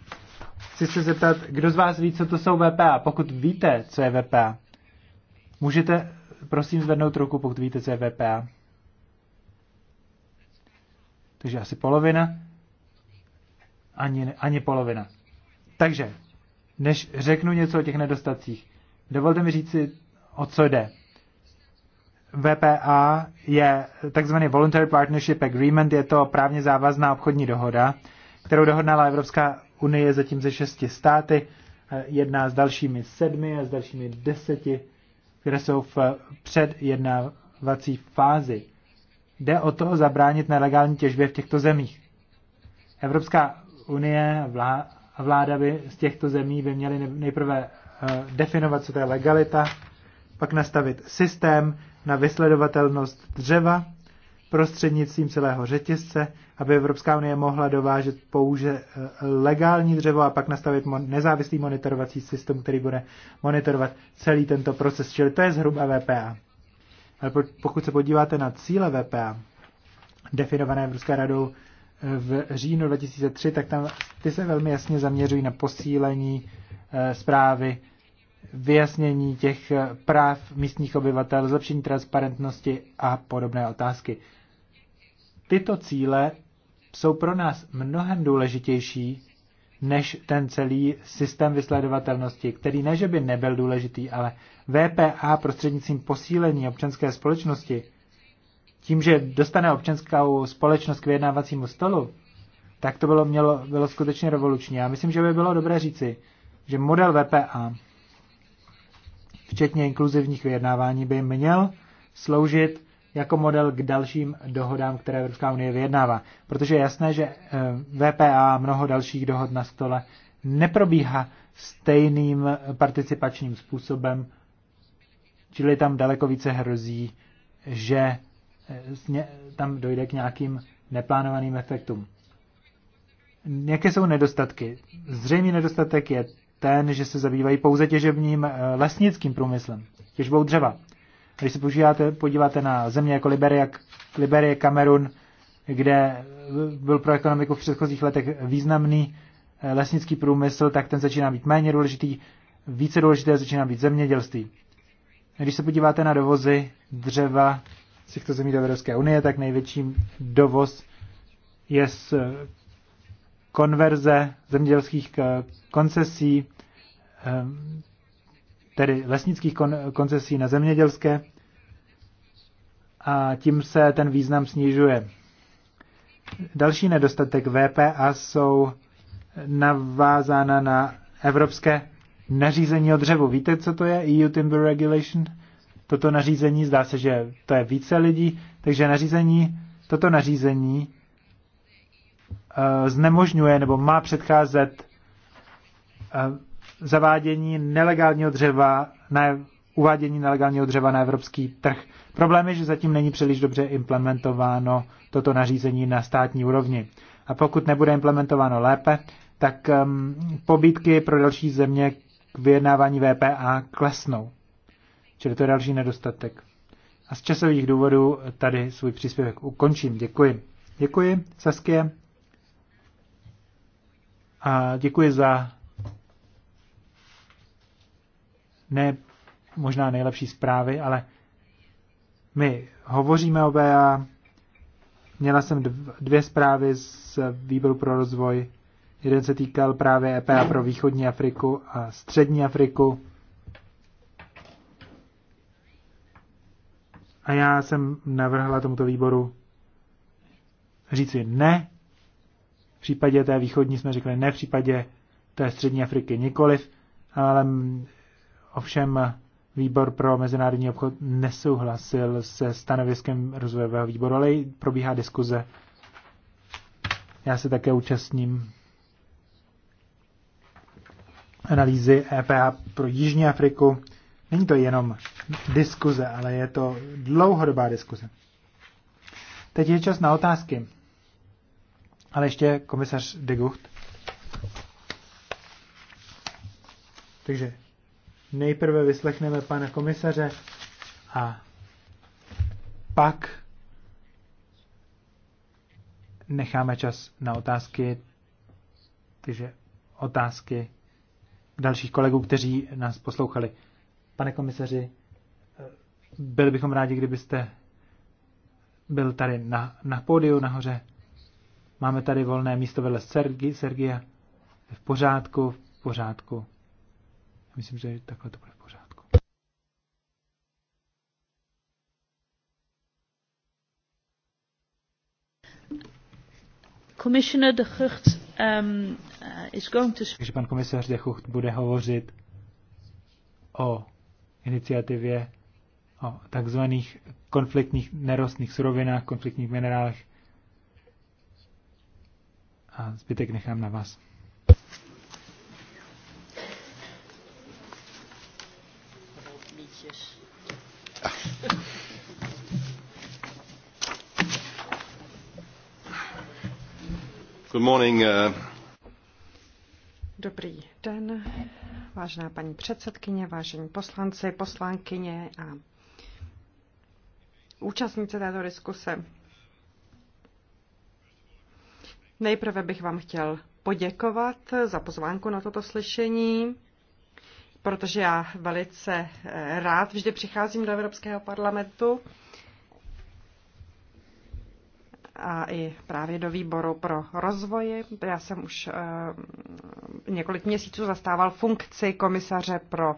chci se zeptat, kdo z vás ví, co to jsou VPA? Pokud víte, co je VPA, můžete prosím zvednout ruku, pokud víte, co je VPA. Takže asi polovina. Ani, ani polovina. Takže, než řeknu něco o těch nedostacích, dovolte mi si, o co jde. VPA je takzvaný Voluntary Partnership Agreement, je to právně závazná obchodní dohoda, kterou dohodnala Evropská unie zatím ze šesti státy, eh, jedná s dalšími sedmi a s dalšími deseti které jsou v předjednávací fázi. Jde o to zabránit nelegální těžbě v těchto zemích. Evropská unie a vláda by z těchto zemí by měly nejprve eh, definovat, co to je legalita, pak nastavit systém na vysledovatelnost dřeva prostřednictvím celého řetězce, aby Evropská unie mohla dovážet pouze eh, legální dřevo a pak nastavit nezávislý monitorovací systém, který bude monitorovat celý tento proces. Čili to je zhruba VPA. Ale pokud se podíváte na cíle VPA, definované Evropská radou eh, v říjnu 2003, tak tam ty se velmi jasně zaměřují na posílení eh, zprávy vyjasnění těch práv místních obyvatel, zlepšení transparentnosti a podobné otázky. Tyto cíle jsou pro nás mnohem důležitější než ten celý systém vysledovatelnosti, který ne, že by nebyl důležitý, ale VPA prostřednictvím posílení občanské společnosti, tím, že dostane občanskou společnost k vyjednávacímu stolu, tak to bylo, mělo, bylo skutečně revoluční. A myslím, že by bylo dobré říci, že model VPA včetně inkluzivních vyjednávání, by měl sloužit jako model k dalším dohodám, které Evropská unie vyjednává. Protože je jasné, že eh, VPA a mnoho dalších dohod na stole neprobíhá stejným participačním způsobem, čili tam daleko více hrozí, že eh, tam dojde k nějakým neplánovaným efektům. Jaké jsou nedostatky? Zřejmý nedostatek je ten, že se zabývají pouze těžebním eh, lesnickým průmyslem, těžbou dřeva. Když se používáte, podíváte na země jako Liberia, Liberie, Kamerun, kde eh, byl pro ekonomiku v předchozích letech významný eh, lesnický průmysl, tak ten začíná být méně důležitý, více důležité začíná být zemědělství. Když se podíváte na dovozy dřeva z těchto zemí do Evropské unie, tak největší dovoz je z konverze zemědělských eh, koncesí, eh, tedy lesnických koncesí na zemědělské a tím se ten význam snižuje. Další nedostatek VPA jsou navázána na evropské nařízení o dřevu. Víte, co to je EU Timber Regulation? Toto nařízení, zdá se, že to je více lidí, takže nařízení, toto nařízení Eh, znemožňuje nebo má předcházet eh, zavádění nelegálního dřeva na uvádění nelegálního dřeva na evropský trh. Problém je, že zatím není příliš dobře implementováno toto nařízení na státní úrovni. A pokud nebude implementováno lépe, tak um, pobídky pro další země k vyjednávání VPA klesnou. Čili to je další nedostatek. A z časových důvodů tady svůj příspěvek ukončím. Děkuji. Děkuji, Saskie. A děkuji za ne možná nejlepší zprávy, ale my hovoříme o BA. Měla jsem dvě zprávy z výboru pro rozvoj. Jeden se týkal právě EPA pro východní Afriku a střední Afriku. A já jsem navrhla tomuto výboru říci ne případě té východní jsme řekli ne, v případě té střední Afriky nikoliv, ale ovšem výbor pro mezinárodní obchod nesouhlasil se stanoviskem rozvojového výboru, ale probíhá diskuze. Já se také účastním analýzy EPA pro Jižní Afriku. Není to jenom diskuze, ale je to dlouhodobá diskuze. Teď je čas na otázky. Ale ještě komisař de Gucht. Takže nejprve vyslechneme pana komisaře a pak necháme čas na otázky, takže otázky dalších kolegů, kteří nás poslouchali. Pane komisaři, byli bychom rádi, kdybyste byl tady na, na pódiu nahoře. Máme tady volné místo vedle Sergi, Sergia. V pořádku, v pořádku. Myslím, že takhle to bude v pořádku. Commissioner de Gucht um, uh, is going to... Takže pan komisař de Gucht bude hovořit o iniciativě o takzvaných konfliktních nerostných surovinách, konfliktních minerálech, a zbytek nechám na vás. Good morning, uh... Dobrý den, vážená paní předsedkyně, vážení poslanci, poslankyně a účastnice této diskuse. Nejprve bych vám chtěl poděkovat za pozvánku na toto slyšení, protože já velice eh, rád vždy přicházím do Evropského parlamentu a i právě do výboru pro rozvoj. Já jsem už eh, několik měsíců zastával funkci komisaře pro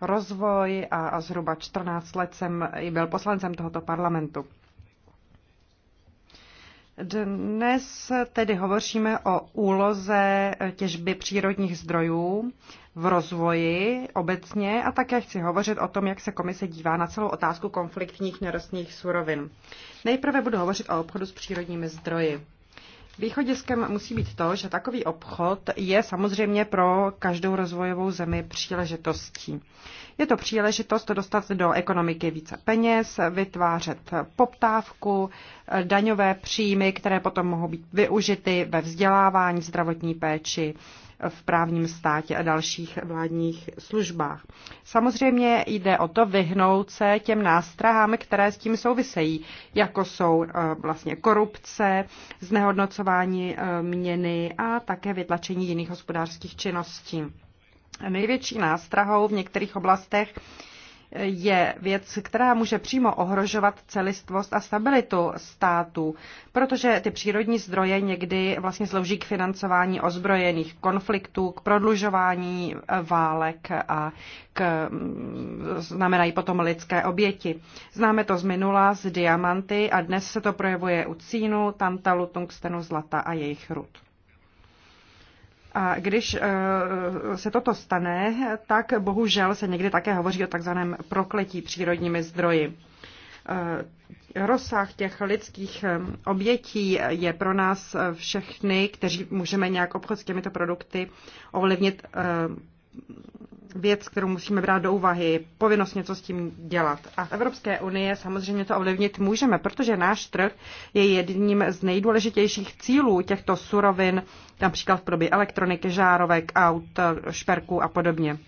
rozvoj a, zhruba 14 let jsem i byl poslancem tohoto parlamentu. Dnes tedy hovoříme o úloze těžby přírodních zdrojů v rozvoji obecně a také chci hovořit o tom, jak se komise dívá na celou otázku konfliktních nerostných surovin. Nejprve budu hovořit o obchodu s přírodními zdroji. Východiskem musí být to, že takový obchod je samozřejmě pro každou rozvojovou zemi příležitostí. Je to příležitost dostat do ekonomiky více peněz, vytvářet poptávku, daňové příjmy, které potom mohou být využity ve vzdělávání, zdravotní péči, v právním státě a dalších vládních službách. Samozřejmě jde o to vyhnout se těm nástrahám, které s tím souvisejí, jako jsou eh, vlastně korupce, znehodnocování eh, měny a také vytlačení jiných hospodářských činností. Největší nástrahou v některých oblastech je věc, která může přímo ohrožovat celistvost a stabilitu států, protože ty přírodní zdroje někdy vlastně slouží k financování ozbrojených konfliktů, k prodlužování eh, válek a k, mm, znamenají potom lidské oběti. Známe to z minula, z diamanty a dnes se to projevuje u cínu, tantalu, tungstenu, zlata a jejich rud. A když eh, se toto stane, tak bohužel se někdy také hovoří o takzvaném prokletí přírodními zdroji. Eh, rozsah těch lidských eh, obětí je pro nás všechny, kteří můžeme nějak obchod s těmito produkty ovlivnit věc, kterou musíme brát do úvahy, povinnost něco s tím dělat. A v Evropské unie samozřejmě to ovlivnit můžeme, protože náš trh je jedním z nejdůležitějších cílů těchto surovin, například v probě elektroniky, žárovek, aut, šperků a podobně.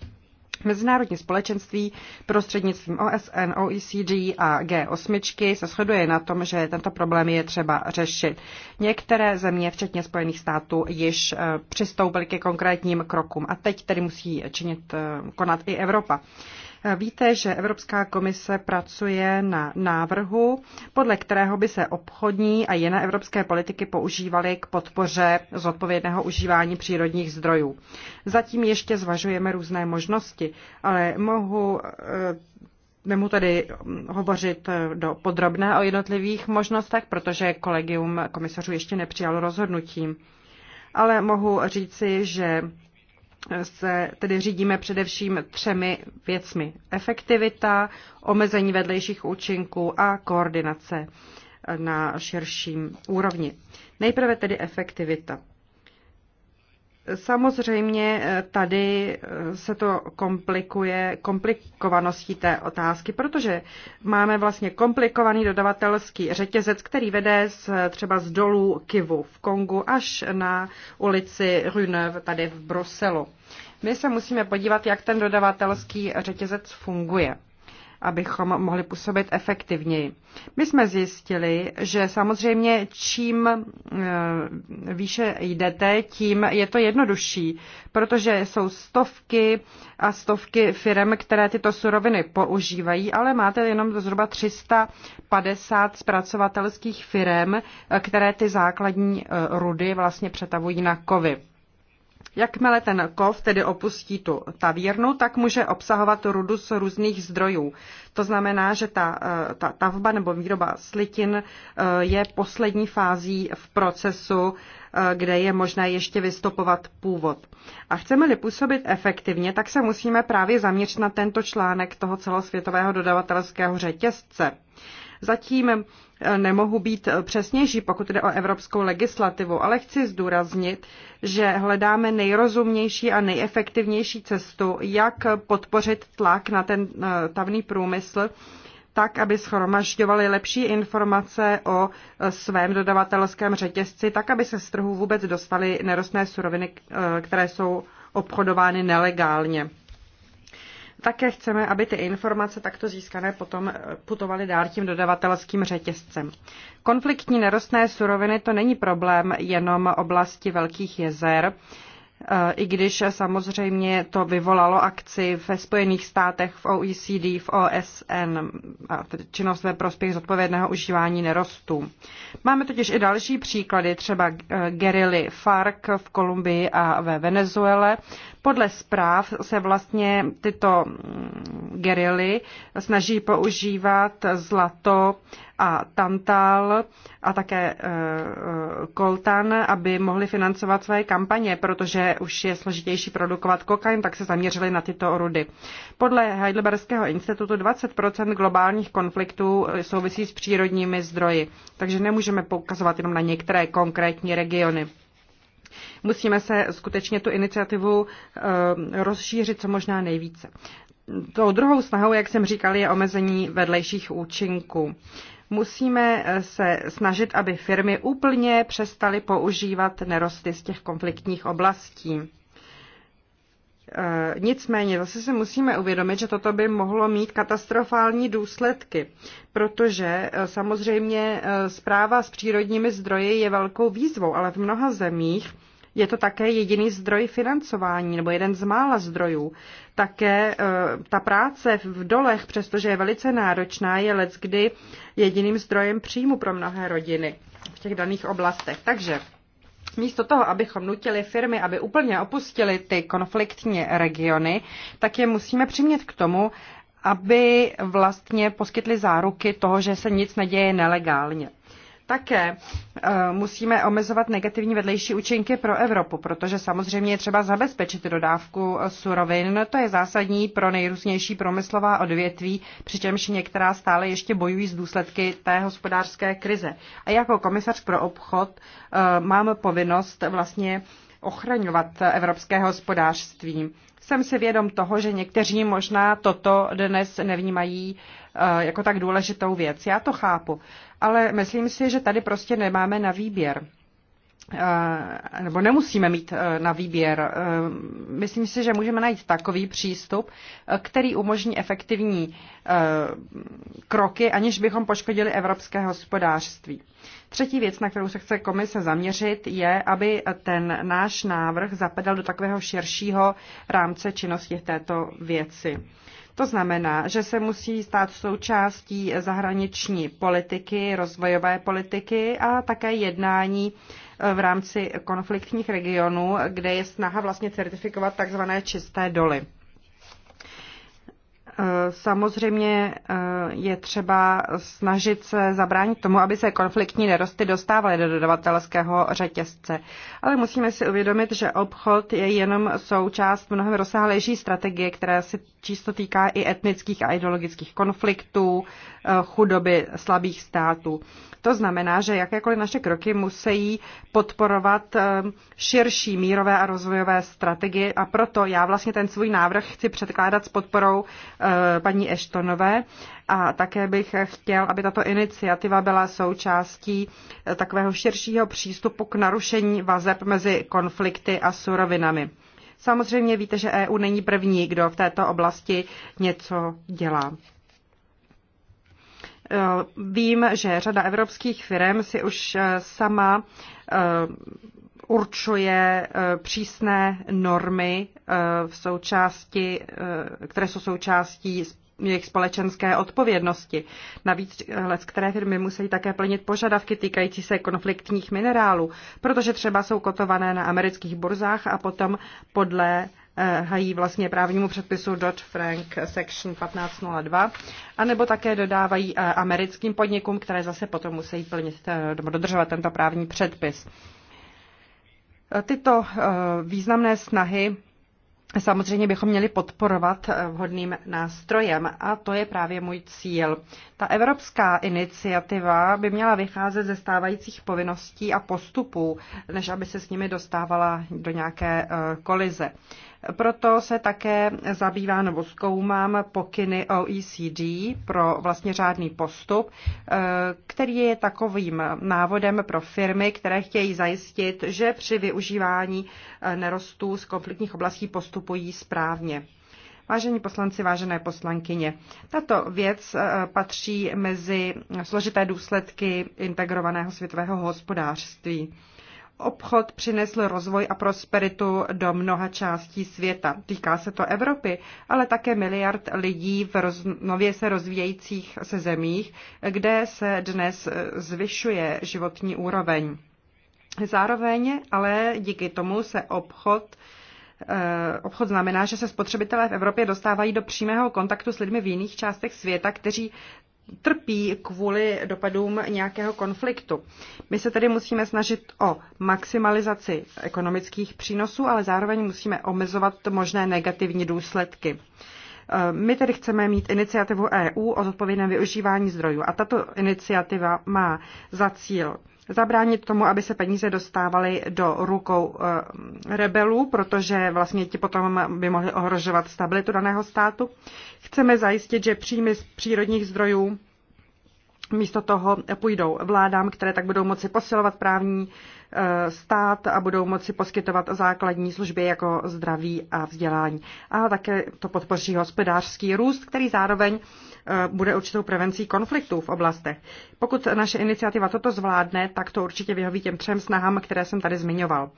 Mezinárodní společenství prostřednictvím OSN, OECD a G8 se shoduje na tom, že tento problém je třeba řešit. Některé země, včetně Spojených států, již eh, přistoupily ke konkrétním krokům a teď tedy musí činit eh, konat i Evropa. Víte, že Evropská komise pracuje na návrhu, podle kterého by se obchodní a jiné evropské politiky používaly k podpoře zodpovědného užívání přírodních zdrojů. Zatím ještě zvažujeme různé možnosti, ale mohu eh, nemu tady hm, hovořit eh, do podrobné o jednotlivých možnostech, protože kolegium komisařů ještě nepřijalo rozhodnutí. Ale mohu říci, že se tedy řídíme především třemi věcmi. Efektivita, omezení vedlejších účinků a koordinace na širším úrovni. Nejprve tedy efektivita. Samozřejmě eh, tady eh, se to komplikuje komplikovaností té otázky, protože máme vlastně komplikovaný dodavatelský řetězec, který vede z, třeba z dolů Kivu v Kongu až na ulici Runev tady v Bruselu. My se musíme podívat, jak ten dodavatelský řetězec funguje abychom mohli působit efektivněji. My jsme zjistili, že samozřejmě čím e, výše jdete, tím je to jednodušší, protože jsou stovky a stovky firm, které tyto suroviny používají, ale máte jenom zhruba 350 zpracovatelských firm, e, které ty základní e, rudy vlastně přetavují na kovy. Jakmile ten kov tedy opustí tu tavírnu, tak může obsahovat rudu z různých zdrojů. To znamená, že ta, eh, ta tavba nebo výroba slitin eh, je poslední fází v procesu, eh, kde je možné ještě vystopovat původ. A chceme-li působit efektivně, tak se musíme právě zaměřit na tento článek toho celosvětového dodavatelského řetězce. Zatím nemohu být přesnější, pokud jde o evropskou legislativu, ale chci zdůraznit, že hledáme nejrozumnější a nejefektivnější cestu, jak podpořit tlak na ten eh, tavný průmysl, tak, aby schromažďovali lepší informace o eh, svém dodavatelském řetězci, tak, aby se z trhu vůbec dostaly nerostné suroviny, eh, které jsou obchodovány nelegálně. Také chceme, aby ty informace takto získané potom eh, putovaly dál tím dodavatelským řetězcem. Konfliktní nerostné suroviny to není problém jenom oblasti velkých jezer, eh, i když samozřejmě to vyvolalo akci ve Spojených státech, v OECD, v OSN, činnost ve prospěch zodpovědného užívání nerostů. Máme totiž i další příklady, třeba eh, gerily FARC v Kolumbii a ve Venezuele, podle zpráv se vlastně tyto gerily snaží používat zlato a tantal a také eh, eh, koltan, aby mohli financovat své kampaně, protože už je složitější produkovat kokain, tak se zaměřili na tyto rudy. Podle Heidelbergského institutu 20% globálních konfliktů eh, souvisí s přírodními zdroji, takže nemůžeme poukazovat jenom na některé konkrétní regiony musíme se skutečně tu iniciativu eh, rozšířit co možná nejvíce. Tou druhou snahou, jak jsem říkal, je omezení vedlejších účinků. Musíme eh, se snažit, aby firmy úplně přestaly používat nerosty z těch konfliktních oblastí. Eh, nicméně zase si musíme uvědomit, že toto by mohlo mít katastrofální důsledky, protože samozřejmě zpráva s přírodními zdroji je velkou výzvou, ale v mnoha zemích je to také jediný zdroj financování nebo jeden z mála zdrojů. Také e, ta práce v dolech, přestože je velice náročná, je leckdy jediným zdrojem příjmu pro mnohé rodiny v těch daných oblastech. Takže místo toho, abychom nutili firmy, aby úplně opustili ty konfliktní regiony, tak je musíme přimět k tomu, aby vlastně poskytli záruky toho, že se nic neděje nelegálně. Také eh, musíme omezovat negativní vedlejší účinky pro Evropu, protože samozřejmě je třeba zabezpečit dodávku eh, surovin. To je zásadní pro nejrůznější promyslová odvětví, přičemž některá stále ještě bojují s důsledky té hospodářské krize. A jako komisař pro obchod eh, mám povinnost vlastně ochraňovat evropské hospodářství. Jsem si vědom toho, že někteří možná toto dnes nevnímají jako tak důležitou věc. Já to chápu, ale myslím si, že tady prostě nemáme na výběr nebo nemusíme mít e, na výběr. E, myslím si, že můžeme najít takový přístup, e, který umožní efektivní kroky, aniž bychom poškodili evropské hospodářství. Třetí věc, na kterou se chce komise zaměřit, je, aby ten náš návrh zapadal do takového širšího rámce činnosti této věci. To znamená, že se musí stát součástí zahraniční politiky, rozvojové politiky a také jednání eh, v rámci konfliktních regionů, kde je snaha vlastně certifikovat takzvané čisté doly. Eh, samozřejmě eh, je třeba snažit se zabránit tomu, aby se konfliktní nerosty dostávaly do dodavatelského řetězce. Ale musíme si uvědomit, že obchod je jenom součást mnohem rozsáhlejší strategie, která se čisto týká i etnických a ideologických konfliktů, eh, chudoby slabých států. To znamená, že jakékoliv naše kroky musí podporovat eh, širší mírové a rozvojové strategie a proto já vlastně ten svůj návrh chci předkládat s podporou eh, paní Eštonové a také bych chtěl, aby tato iniciativa byla součástí eh, takového širšího přístupu k narušení vazeb mezi konflikty a surovinami. Samozřejmě víte, že EU není první, kdo v této oblasti něco dělá. Eh, vím, že řada evropských firm si už eh, sama eh, určuje přísné normy v součásti, které jsou součástí jejich společenské odpovědnosti. Navíc let, které firmy musí také plnit požadavky týkající se konfliktních minerálů, protože třeba jsou kotované na amerických burzách a potom podle Eh, hají vlastně právnímu předpisu Dodd-Frank Section 1502, anebo také dodávají eh, americkým podnikům, které zase potom musí plnit eh, dodržovat tento právní předpis. Tyto významné snahy samozřejmě bychom měli podporovat vhodným nástrojem a to je právě můj cíl. Ta evropská iniciativa by měla vycházet ze stávajících povinností a postupů, než aby se s nimi dostávala do nějaké kolize. Proto se také zabývá nebo zkoumám pokyny OECD pro vlastně řádný postup, eh, který je takovým návodem pro firmy, které chtějí zajistit, že při využívání eh, nerostů z konfliktních oblastí postupují správně. Vážení poslanci, vážené poslankyně, tato věc eh, patří mezi složité důsledky integrovaného světového hospodářství. Obchod přinesl rozvoj a prosperitu do mnoha částí světa. Týká se to Evropy, ale také miliard lidí v roz, nově se rozvíjejících se zemích, kde se dnes zvyšuje životní úroveň. Zároveň ale díky tomu se obchod eh, Obchod znamená, že se spotřebitelé v Evropě dostávají do přímého kontaktu s lidmi v jiných částech světa, kteří trpí kvůli dopadům nějakého konfliktu. My se tedy musíme snažit o maximalizaci ekonomických přínosů, ale zároveň musíme omezovat možné negativní důsledky. Eh, my tedy chceme mít iniciativu EU o zodpovědném využívání zdrojů a tato iniciativa má za cíl zabránit tomu, aby se peníze dostávaly do rukou eh, rebelů, protože vlastně ti potom by mohli ohrožovat stabilitu daného státu. Chceme zajistit, že příjmy z přírodních zdrojů místo toho půjdou vládám, které tak budou moci posilovat právní stát a budou moci poskytovat základní služby jako zdraví a vzdělání. A také to podpoří hospodářský růst, který zároveň eh, bude určitou prevencí konfliktů v oblastech. Pokud naše iniciativa toto zvládne, tak to určitě vyhoví těm třem snahám, které jsem tady zmiňoval.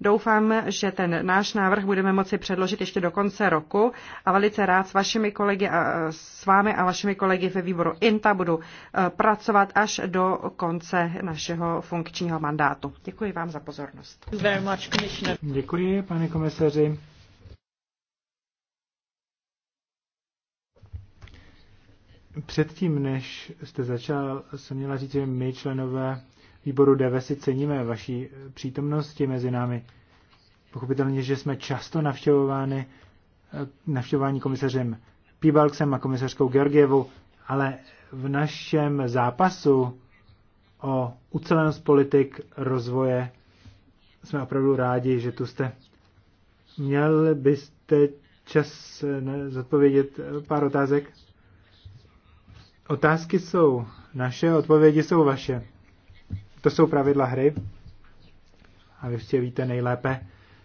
Doufám, že ten náš návrh budeme moci předložit ještě do konce roku a velice rád s vašimi kolegy a eh, s vámi a vašimi kolegy ve výboru INTA budu eh, pracovat až do konce našeho funkčního mandátu. Děkuji Děkuji vám za pozornost. Děkuji, pane komisaři. Předtím, než jste začal, jsem měla říct, že my, členové výboru DV, si ceníme vaší přítomnosti mezi námi. Pochopitelně, že jsme často navštěvováni navštěvování komisařem Pibalksem a komisařkou Georgievou, ale v našem zápasu o ucelenost politik rozvoje. Jsme opravdu rádi, že tu jste. Měl byste čas eh, zodpovědět eh, pár otázek? Otázky jsou naše, odpovědi jsou vaše. To jsou pravidla hry. A vy určitě víte nejlépe,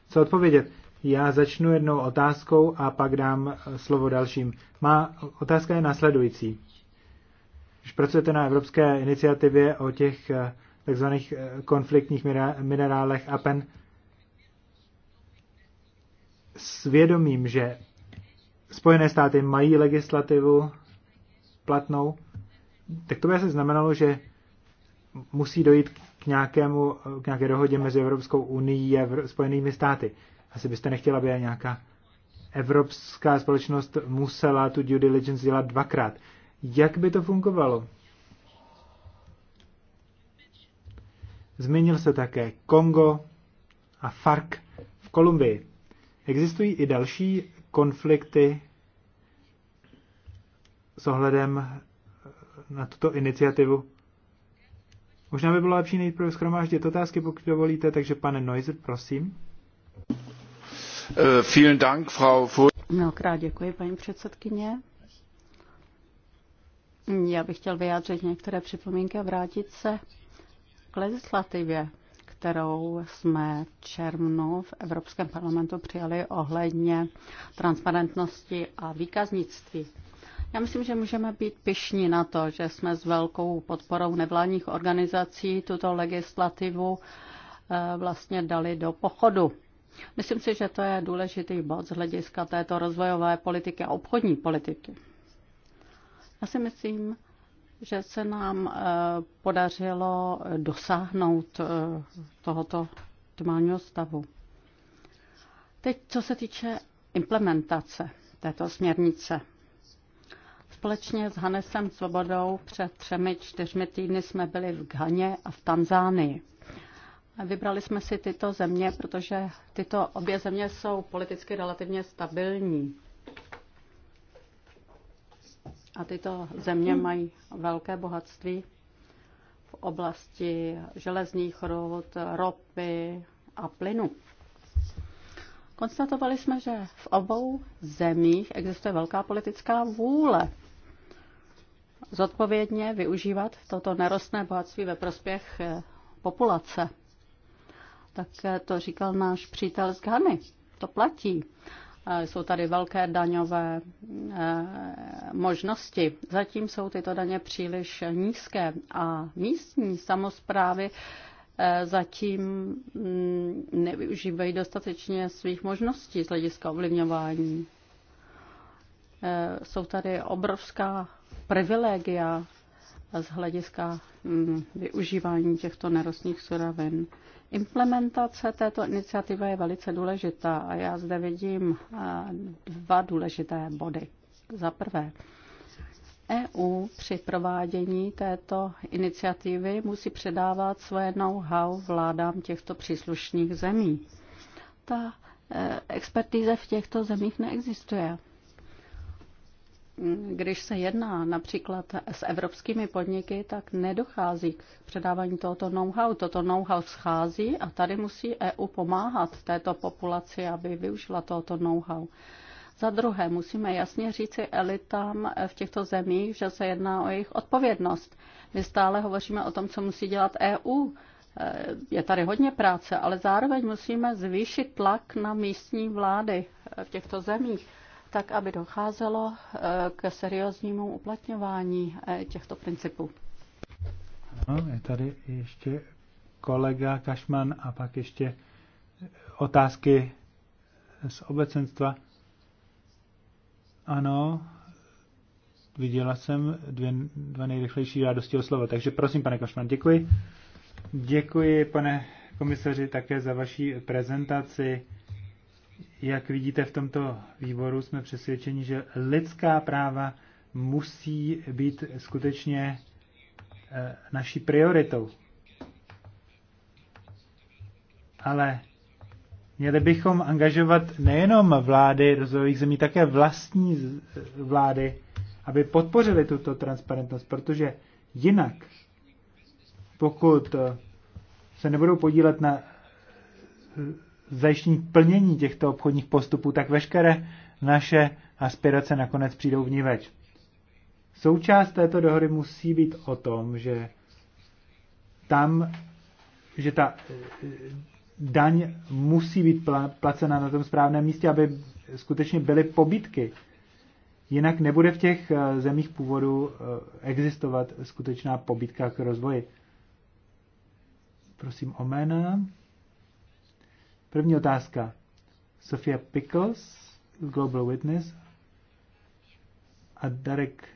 co odpovědět. Já začnu jednou otázkou a pak dám eh, slovo dalším. Má otázka je následující. Když pracujete na evropské iniciativě o těch eh, takzvaných eh, konfliktních minerálech APEN, svědomím, že Spojené státy mají legislativu platnou, tak to by asi znamenalo, že musí dojít k, nějakému, k nějaké dohodě mezi Evropskou unii a Spojenými státy. Asi byste nechtěla, aby nějaká evropská společnost musela tu due diligence dělat dvakrát. Jak by to fungovalo? Zmínil se také Kongo a FARC v Kolumbii. Existují i další konflikty s ohledem eh, na tuto iniciativu. Možná by bylo lepší nejprve schromáždit otázky, pokud dovolíte, takže pane Neuser, prosím. Eh, vielen Dank, Frau Mnohokrát děkuji, paní předsedkyně. Já bych chtěl vyjádřit některé připomínky a vrátit se k legislativě, kterou jsme v červnu v Evropském parlamentu přijali ohledně transparentnosti a výkaznictví. Já myslím, že můžeme být pišní na to, že jsme s velkou podporou nevládních organizací tuto legislativu eh, vlastně dali do pochodu. Myslím si, že to je důležitý bod z hlediska této rozvojové politiky a obchodní politiky. Já si myslím, že se nám eh, podařilo dosáhnout eh, tohoto optimálního stavu. Teď, co se týče implementace této směrnice. Společně s Hanesem Svobodou před třemi, čtyřmi týdny jsme byli v Ghaně a v Tanzánii. Vybrali jsme si tyto země, protože tyto obě země jsou politicky relativně stabilní a tyto země hmm. mají velké bohatství v oblasti železných rud, ropy a plynu. Konstatovali jsme, že v obou zemích existuje velká politická vůle zodpovědně využívat toto nerostné bohatství ve prospěch eh, populace. Tak eh, to říkal náš přítel z Ghany. To platí. Eh, jsou tady velké daňové možnosti. Zatím jsou tyto daně příliš nízké a místní samozprávy eh, zatím mm, nevyužívají dostatečně svých možností z hlediska ovlivňování. Eh, jsou tady obrovská privilegia z hlediska mm, využívání těchto nerostných surovin. Implementace této iniciativy je velice důležitá a já zde vidím eh, dva důležité body. Za prvé, EU při provádění této iniciativy musí předávat svoje know-how vládám těchto příslušných zemí. Ta e, expertíze v těchto zemích neexistuje. Když se jedná například s evropskými podniky, tak nedochází k předávání tohoto know-how. Toto know-how schází a tady musí EU pomáhat této populaci, aby využila tohoto know-how. Za druhé, musíme jasně říci elitám v těchto zemích, že se jedná o jejich odpovědnost. My stále hovoříme o tom, co musí dělat EU. Eh, je tady hodně práce, ale zároveň musíme zvýšit tlak na místní vlády eh, v těchto zemích, tak aby docházelo eh, k serióznímu uplatňování těchto principů. No, je tady ještě kolega Kašman a pak ještě otázky z obecenstva. Ano, viděla jsem dvě, dva nejrychlejší žádosti o slovo. Takže prosím, pane Košman, děkuji. Děkuji, pane komisaři, také za vaší prezentaci. Jak vidíte, v tomto výboru jsme přesvědčeni, že lidská práva musí být skutečně eh, naší prioritou. Ale Měli bychom angažovat nejenom vlády rozvojových zemí, také vlastní vlády, aby podpořili tuto transparentnost, protože jinak, pokud eh, se nebudou podílet na eh, zajištění plnění těchto obchodních postupů, tak veškeré naše aspirace nakonec přijdou v več. Součást této dohody musí být o tom, že tam, že ta eh, daň musí být placena na tom správném místě, aby skutečně byly pobytky. Jinak nebude v těch eh, zemích původu eh, existovat skutečná pobytka k rozvoji. Prosím o jména. První otázka. Sofia Pickles, Global Witness a Darek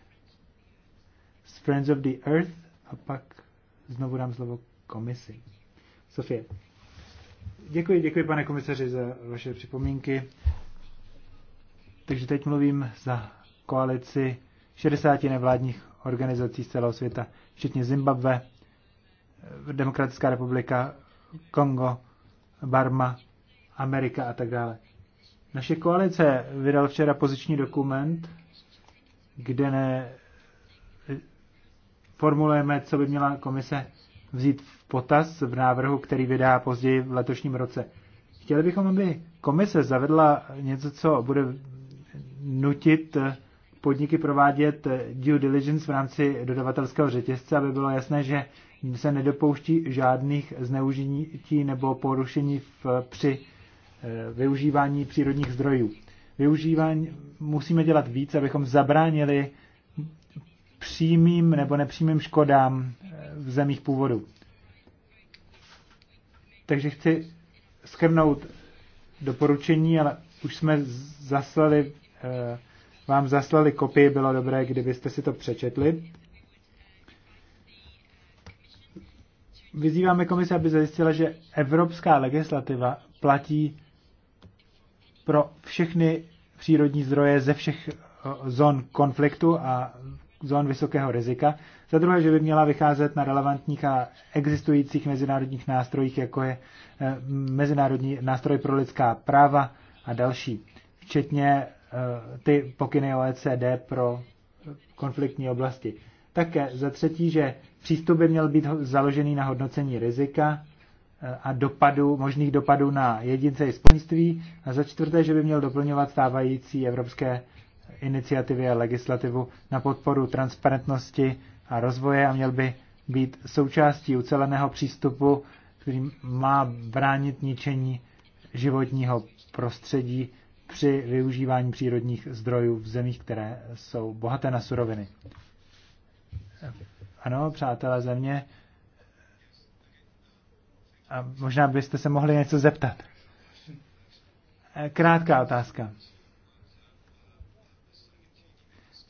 z Friends of the Earth a pak znovu dám slovo komisi. Sofie. Děkuji, děkuji pane komisaři za vaše připomínky. Takže teď mluvím za koalici 60 nevládních organizací z celého světa, včetně Zimbabwe, Demokratická republika, Kongo, Barma, Amerika a tak dále. Naše koalice vydal včera poziční dokument, kde ne formulujeme, co by měla komise vzít v potaz v návrhu, který vydá později v letošním roce. Chtěli bychom, aby komise zavedla něco, co bude nutit podniky provádět due diligence v rámci dodavatelského řetězce, aby bylo jasné, že se nedopouští žádných zneužití nebo porušení v, při eh, využívání přírodních zdrojů. Využívání musíme dělat víc, abychom zabránili přímým nebo nepřímým škodám eh, v zemích původu. Takže chci skrnout doporučení, ale už jsme zaslali, eh, vám zaslali kopii, bylo dobré, kdybyste si to přečetli. Vyzýváme komise, aby zajistila, že evropská legislativa platí pro všechny přírodní zdroje ze všech eh, zón konfliktu a zón vysokého rizika, za druhé, že by měla vycházet na relevantních a existujících mezinárodních nástrojích, jako je eh, Mezinárodní nástroj pro lidská práva a další, včetně eh, ty pokyny OECD pro eh, konfliktní oblasti. Také za třetí, že přístup by měl být založený na hodnocení rizika a dopadu, možných dopadů na jedince i společenství. A za čtvrté, že by měl doplňovat stávající evropské iniciativy a legislativu na podporu transparentnosti a rozvoje a měl by být součástí uceleného přístupu, který má bránit ničení životního prostředí při využívání přírodních zdrojů v zemích, které jsou bohaté na suroviny. Ano, přátelé země, a možná byste se mohli něco zeptat. Krátká otázka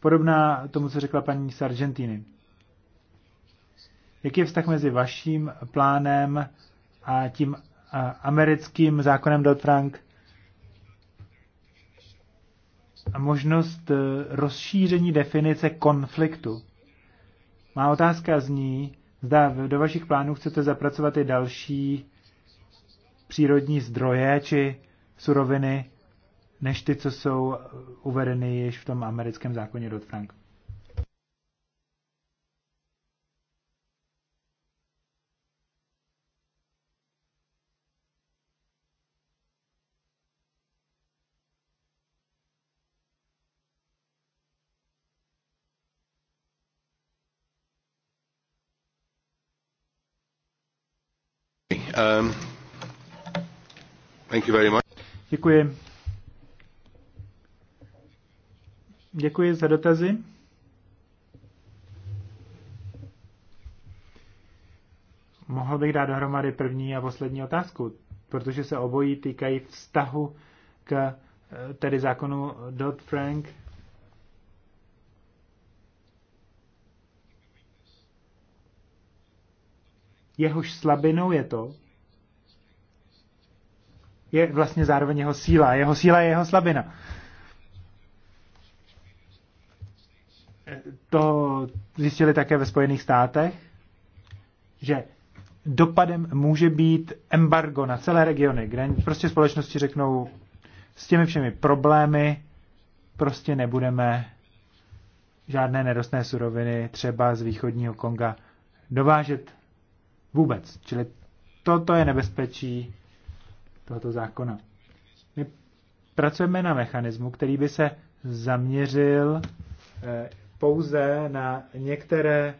podobná tomu, co řekla paní Sargentini. Jaký je vztah mezi vaším plánem a tím americkým zákonem Dodd-Frank a možnost eh, rozšíření definice konfliktu? Má otázka zní, zda do vašich plánů chcete zapracovat i další přírodní zdroje či suroviny, než ty, co jsou uvedeny již v tom americkém zákoně Dodd-Frank. Um, thank you very much. Děkuji. Děkuji za dotazy. Mohl bych dát dohromady první a poslední otázku, protože se obojí týkají vztahu k eh, tedy zákonu Dodd-Frank. Jehož slabinou je to, je vlastně zároveň jeho síla. Jeho síla je jeho slabina. to zjistili také ve Spojených státech, že dopadem může být embargo na celé regiony, kde prostě společnosti řeknou, s těmi všemi problémy prostě nebudeme žádné nerostné suroviny třeba z východního Konga dovážet vůbec. Čili toto je nebezpečí tohoto zákona. My pracujeme na mechanismu, který by se zaměřil eh, pouze na některé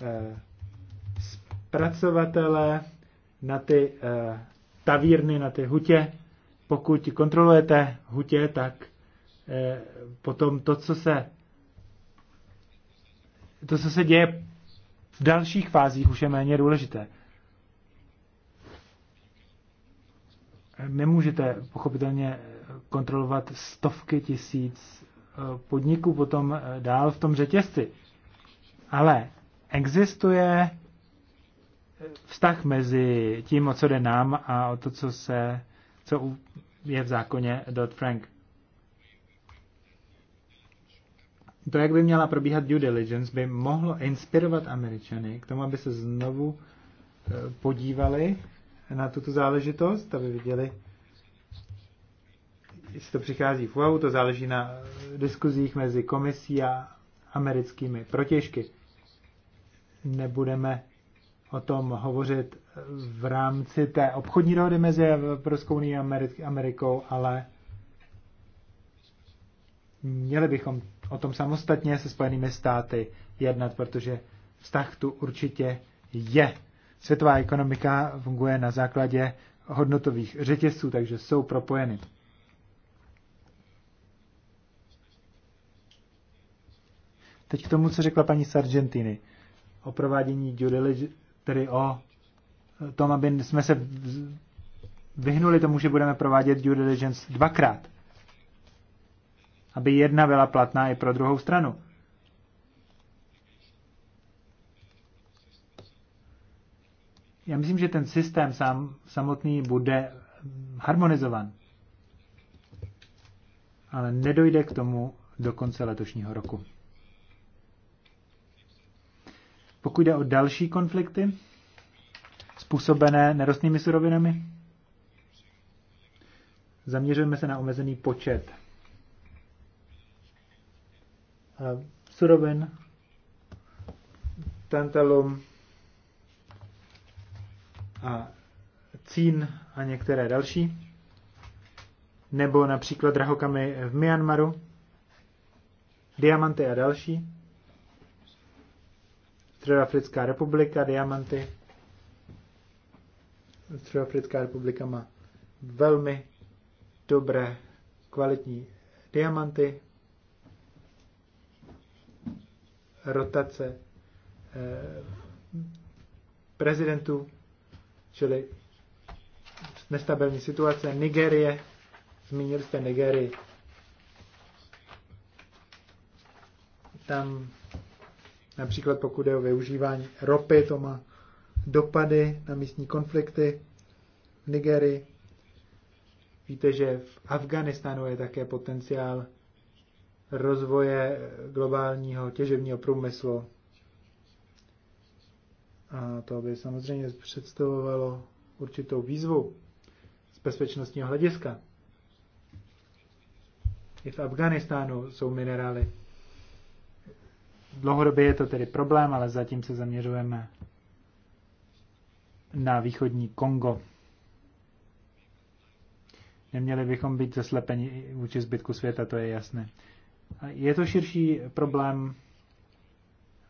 eh, zpracovatele, na ty eh, tavírny, na ty hutě. Pokud kontrolujete hutě, tak eh, potom to, co se to, co se děje v dalších fázích, už je méně důležité. Nemůžete pochopitelně kontrolovat stovky tisíc podniku potom eh, dál v tom řetězci. Ale existuje eh, vztah mezi tím, o co jde nám a o to, co, se, co je v zákoně Dodd-Frank. To, jak by měla probíhat due diligence, by mohlo inspirovat Američany k tomu, aby se znovu eh, podívali na tuto záležitost, aby viděli, jestli to přichází v UAU, to záleží na diskuzích mezi komisí a americkými protěžky. Nebudeme o tom hovořit v rámci té obchodní dohody mezi Evropskou unii a Amerikou, ale měli bychom o tom samostatně se Spojenými státy jednat, protože vztah tu určitě je. Světová ekonomika funguje na základě hodnotových řetězců, takže jsou propojeny. Teď k tomu, co řekla paní Sargentini o provádění due diligence, tedy o tom, aby jsme se vyhnuli tomu, že budeme provádět due diligence dvakrát. Aby jedna byla platná i pro druhou stranu. Já myslím, že ten systém sám, samotný bude harmonizovan. Ale nedojde k tomu do konce letošního roku. Pokud jde o další konflikty způsobené nerostnými surovinami, zaměřujeme se na omezený počet surovin, tantalum a cín a některé další, nebo například drahokamy v Myanmaru, diamanty a další. Středoafrická republika, diamanty. Středoafrická republika má velmi dobré, kvalitní diamanty. Rotace eh, prezidentů, čili nestabilní situace. Nigerie, zmínil jste Nigerii. Tam Například pokud je o využívání ropy, to má dopady na místní konflikty v Nigerii. Víte, že v Afganistánu je také potenciál rozvoje globálního těžebního průmyslu. A to by samozřejmě představovalo určitou výzvu z bezpečnostního hlediska. I v Afganistánu jsou minerály Dlouhodobě je to tedy problém, ale zatím se zaměřujeme na východní Kongo. Neměli bychom být zaslepeni vůči zbytku světa, to je jasné. Je to širší problém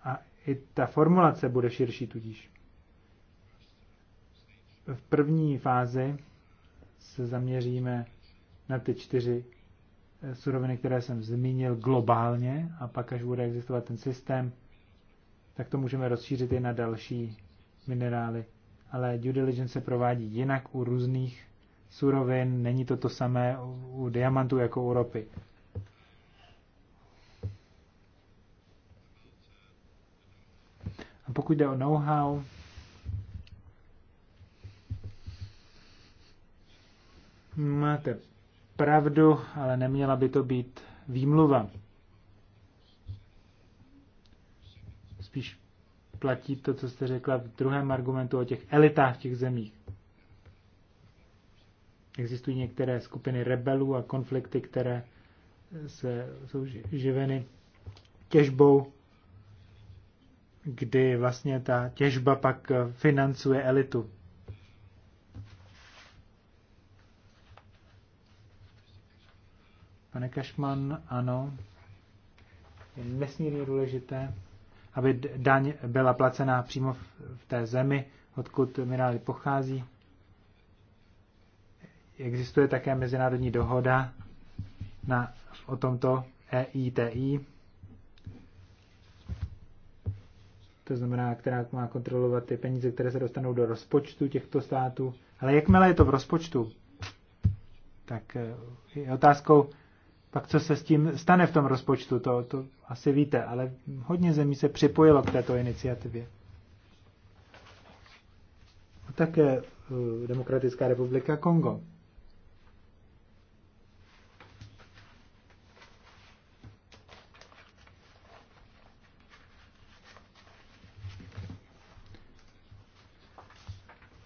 a i ta formulace bude širší tudíž. V první fázi se zaměříme na ty čtyři suroviny, které jsem zmínil globálně a pak, až bude existovat ten systém, tak to můžeme rozšířit i na další minerály. Ale due diligence se provádí jinak u různých surovin, není to to samé u diamantů jako u ropy. A pokud jde o know-how, máte pravdu, ale neměla by to být výmluva. Spíš platí to, co jste řekla v druhém argumentu o těch elitách v těch zemích. Existují některé skupiny rebelů a konflikty, které se, jsou živeny těžbou, kdy vlastně ta těžba pak financuje elitu. Pane Kašman, ano, je nesmírně důležité, aby daň byla placená přímo v té zemi, odkud minerály pochází. Existuje také mezinárodní dohoda na, o tomto EITI, to znamená, která má kontrolovat ty peníze, které se dostanou do rozpočtu těchto států. Ale jakmile je to v rozpočtu, tak eh, je otázkou, tak co se s tím stane v tom rozpočtu, to, to asi víte, ale hodně zemí se připojilo k této iniciativě. A také eh, Demokratická republika Kongo.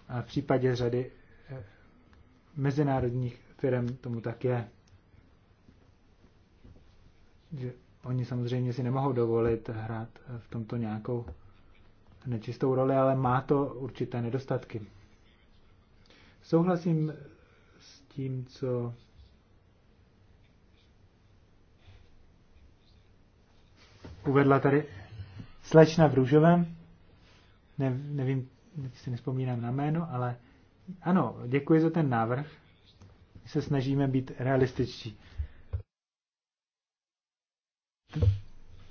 A v případě řady eh, mezinárodních firm tomu tak je že oni samozřejmě si nemohou dovolit hrát v tomto nějakou nečistou roli, ale má to určité nedostatky. Souhlasím s tím, co uvedla tady slečna v růžovém. Ne, nevím, si nespomínám na jméno, ale ano, děkuji za ten návrh. My se snažíme být realističtí.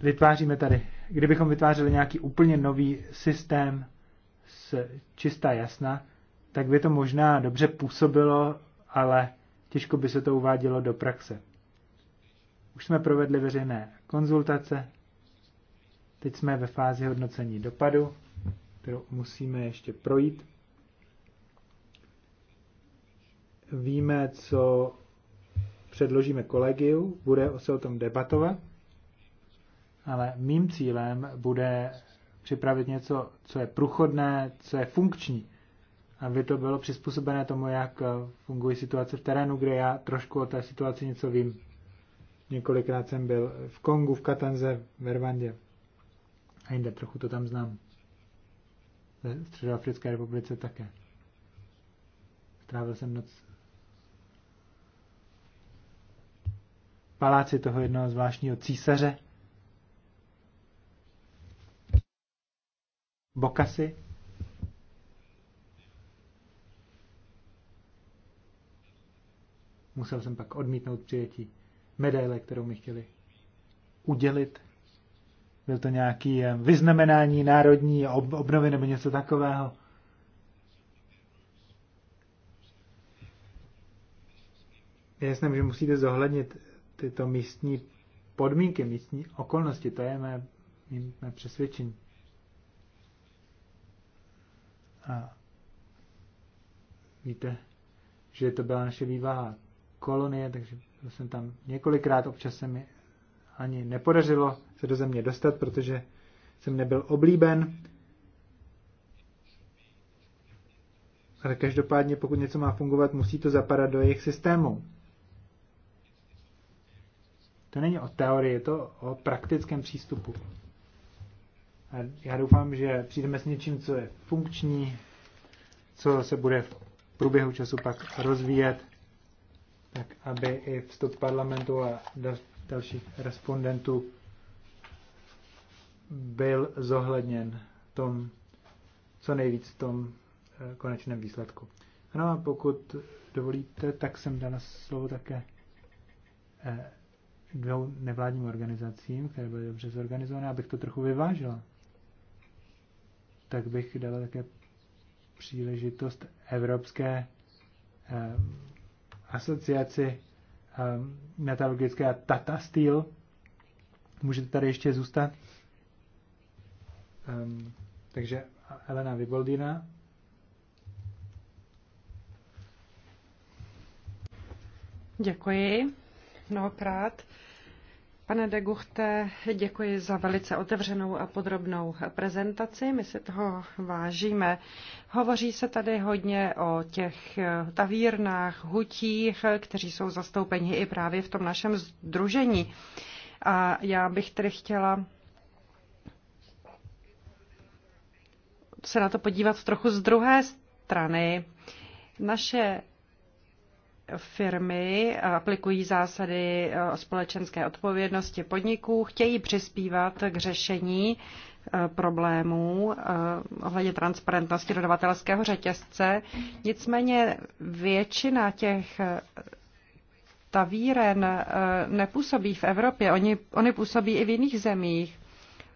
vytváříme tady, kdybychom vytvářeli nějaký úplně nový systém s čistá jasna, tak by to možná dobře působilo, ale těžko by se to uvádělo do praxe. Už jsme provedli veřejné konzultace, teď jsme ve fázi hodnocení dopadu, kterou musíme ještě projít. Víme, co předložíme kolegiu, bude se o tom debatovat. Ale mým cílem bude připravit něco, co je průchodné, co je funkční. Aby to bylo přizpůsobené tomu, jak eh, fungují situace v terénu, kde já trošku o té situaci něco vím. Několikrát jsem byl v Kongu, v Katanze, v Rwandě. A jinde trochu to tam znám. Ve Středoafrické republice také. Strávil jsem noc paláci toho jednoho zvláštního císaře. Bokasy. Musel jsem pak odmítnout přijetí medaile, kterou mi chtěli udělit. Byl to nějaký eh, vyznamenání národní obnovy nebo něco takového. Já jsem, že musíte zohlednit tyto místní podmínky, místní okolnosti. To je mé, mé přesvědčení. A víte, že to byla naše bývalá kolonie, takže byl jsem tam několikrát, občas se mi ani nepodařilo se do země dostat, protože jsem nebyl oblíben. Ale každopádně, pokud něco má fungovat, musí to zapadat do jejich systému. To není o teorii, je to o praktickém přístupu. A já doufám, že přijdeme s něčím, co je funkční, co se bude v průběhu času pak rozvíjet, tak aby i vstup parlamentu a dalších respondentů byl zohledněn tom, co nejvíc v tom eh, konečném výsledku. Ano a pokud dovolíte, tak jsem dala slovo také eh, dvou nevládním organizacím, které byly dobře zorganizované, abych to trochu vyvážela tak bych dala také příležitost Evropské eh, asociaci eh, metalurgické a Tata Steel. Můžete tady ještě zůstat? Um, takže Elena Vyboldina. Děkuji mnohokrát. Pane de Guchte, děkuji za velice otevřenou a podrobnou prezentaci. My se toho vážíme. Hovoří se tady hodně o těch tavírnách, hutích, kteří jsou zastoupeni i právě v tom našem združení. A já bych tedy chtěla se na to podívat trochu z druhé strany. Naše firmy aplikují zásady eh, společenské odpovědnosti podniků, chtějí přispívat k řešení eh, problémů eh, ohledně transparentnosti dodavatelského řetězce. Nicméně většina těch tavíren nepůsobí v Evropě, oni, oni působí i v jiných zemích.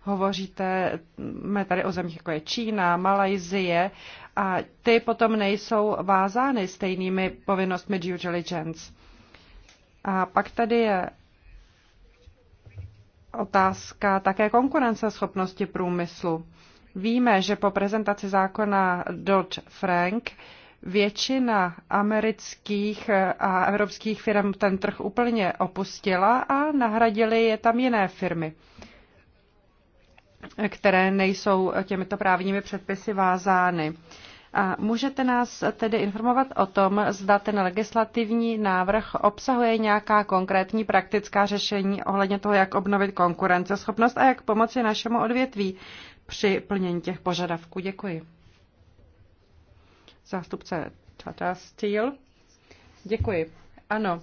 Hovoříte my tady o zemích, jako je Čína, Malajzie, a ty potom nejsou vázány stejnými povinnostmi due diligence. A pak tady je otázka také konkurenceschopnosti průmyslu. Víme, že po prezentaci zákona Dodd-Frank většina amerických a evropských firm ten trh úplně opustila a nahradili je tam jiné firmy které nejsou těmito právními předpisy vázány. A můžete nás tedy informovat o tom, zda ten legislativní návrh obsahuje nějaká konkrétní praktická řešení ohledně toho, jak obnovit konkurenceschopnost a jak pomoci našemu odvětví při plnění těch požadavků. Děkuji. Zástupce Tata Steel. Děkuji. Ano,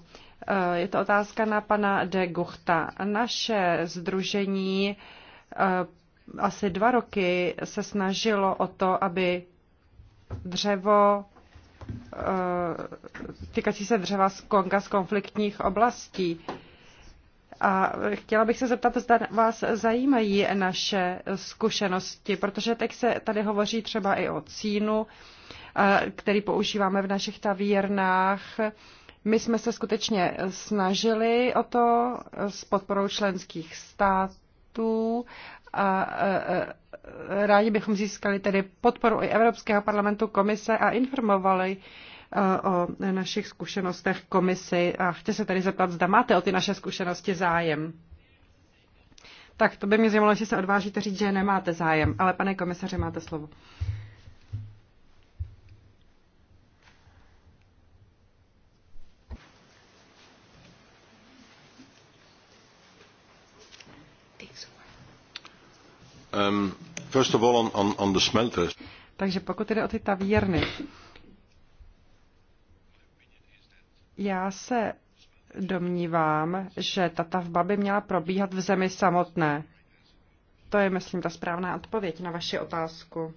eh, je to otázka na pana de Guchta. Naše združení eh, asi dva roky se snažilo o to, aby dřevo eh, týkající se dřeva z Konga z konfliktních oblastí. A chtěla bych se zeptat, zda vás zajímají naše zkušenosti, protože teď se tady hovoří třeba i o cínu, eh, který používáme v našich tavírnách. My jsme se skutečně snažili o to s podporou členských států a rádi bychom získali tedy podporu i Evropského parlamentu komise a informovali e, o našich zkušenostech komisi a chci se tady zeptat, zda máte o ty naše zkušenosti zájem. Tak to by mě zajímalo, jestli se odvážíte říct, že nemáte zájem, ale pane komisaře máte slovo. Um, first of all on, on, on the smelters. Takže pokud jde o ty tavírny, já se domnívám, že ta tavba by měla probíhat v zemi samotné. To je, myslím, ta správná odpověď na vaši otázku.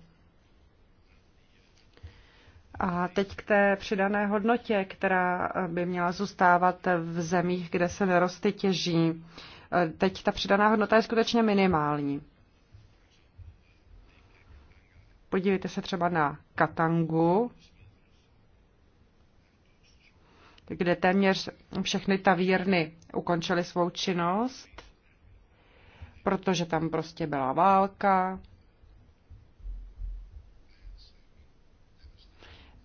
A teď k té přidané hodnotě, která eh, by měla zůstávat v zemích, kde se nerosty těží. Eh, teď ta přidaná hodnota je skutečně minimální. Podívejte se třeba na Katangu, kde téměř všechny tavírny ukončily svou činnost, protože tam prostě byla válka.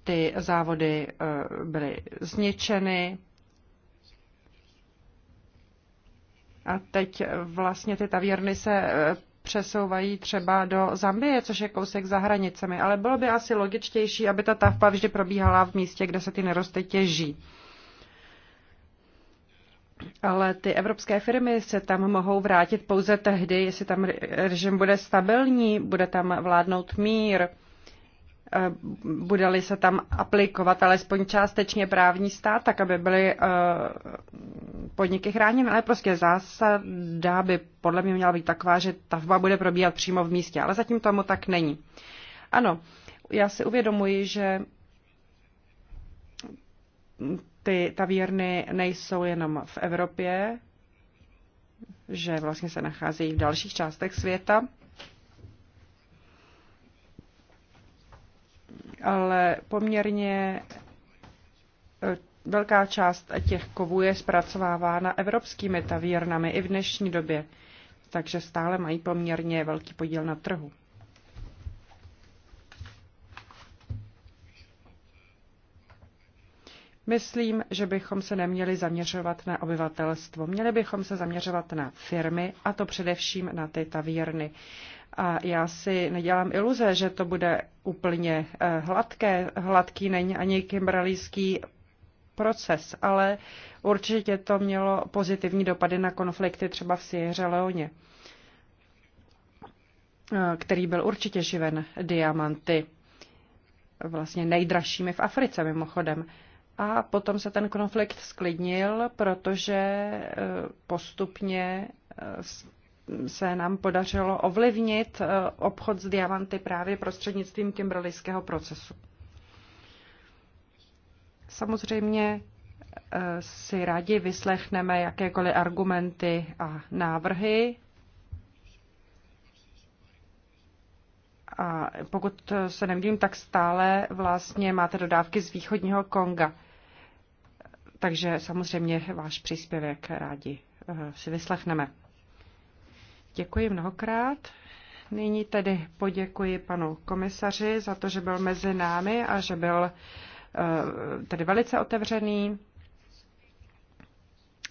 Ty závody eh, byly zničeny. A teď vlastně ty tavírny se eh, přesouvají třeba do Zambie, což je kousek za hranicemi, ale bylo by asi logičtější, aby ta tavpa vždy probíhala v místě, kde se ty nerosty těží. Ale ty evropské firmy se tam mohou vrátit pouze tehdy, jestli tam režim bude stabilní, bude tam vládnout mír Eh, bude-li se tam aplikovat alespoň částečně právní stát, tak aby byly eh, podniky chráněny, ale prostě zásada by podle mě měla být taková, že tavba bude probíhat přímo v místě, ale zatím tomu tak není. Ano, já si uvědomuji, že ty tavírny nejsou jenom v Evropě, že vlastně se nacházejí v dalších částech světa. ale poměrně e, velká část těch kovů je zpracovávána evropskými tavírnami i v dnešní době, takže stále mají poměrně velký podíl na trhu. Myslím, že bychom se neměli zaměřovat na obyvatelstvo. Měli bychom se zaměřovat na firmy, a to především na ty tavírny. A já si nedělám iluze, že to bude úplně eh, hladké. Hladký není ani kimberlíský proces, ale určitě to mělo pozitivní dopady na konflikty třeba v Sierra Leone, eh, který byl určitě živen diamanty, vlastně nejdražšími v Africe mimochodem. A potom se ten konflikt sklidnil, protože eh, postupně se nám podařilo ovlivnit eh, obchod s diamanty právě prostřednictvím kimberlyského procesu. Samozřejmě eh, si rádi vyslechneme jakékoliv argumenty a návrhy. A pokud eh, se nemýlím, tak stále vlastně máte dodávky z východního Konga. Takže samozřejmě váš příspěvek rádi si vyslechneme. Děkuji mnohokrát. Nyní tedy poděkuji panu komisaři za to, že byl mezi námi a že byl eh, tedy velice otevřený.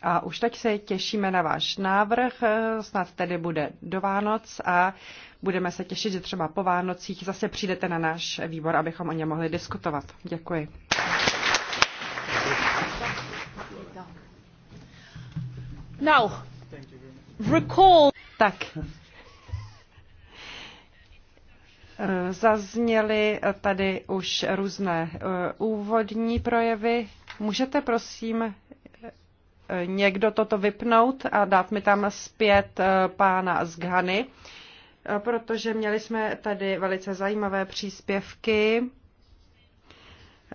A už teď se těšíme na váš návrh, snad tedy bude do Vánoc a budeme se těšit, že třeba po Vánocích zase přijdete na náš výbor, abychom o něm mohli diskutovat. Děkuji. Now, recall tak zazněly tady už různé eh, úvodní projevy. Můžete prosím eh, někdo toto vypnout a dát mi tam zpět eh, pána z Ghany, protože měli jsme tady velice zajímavé příspěvky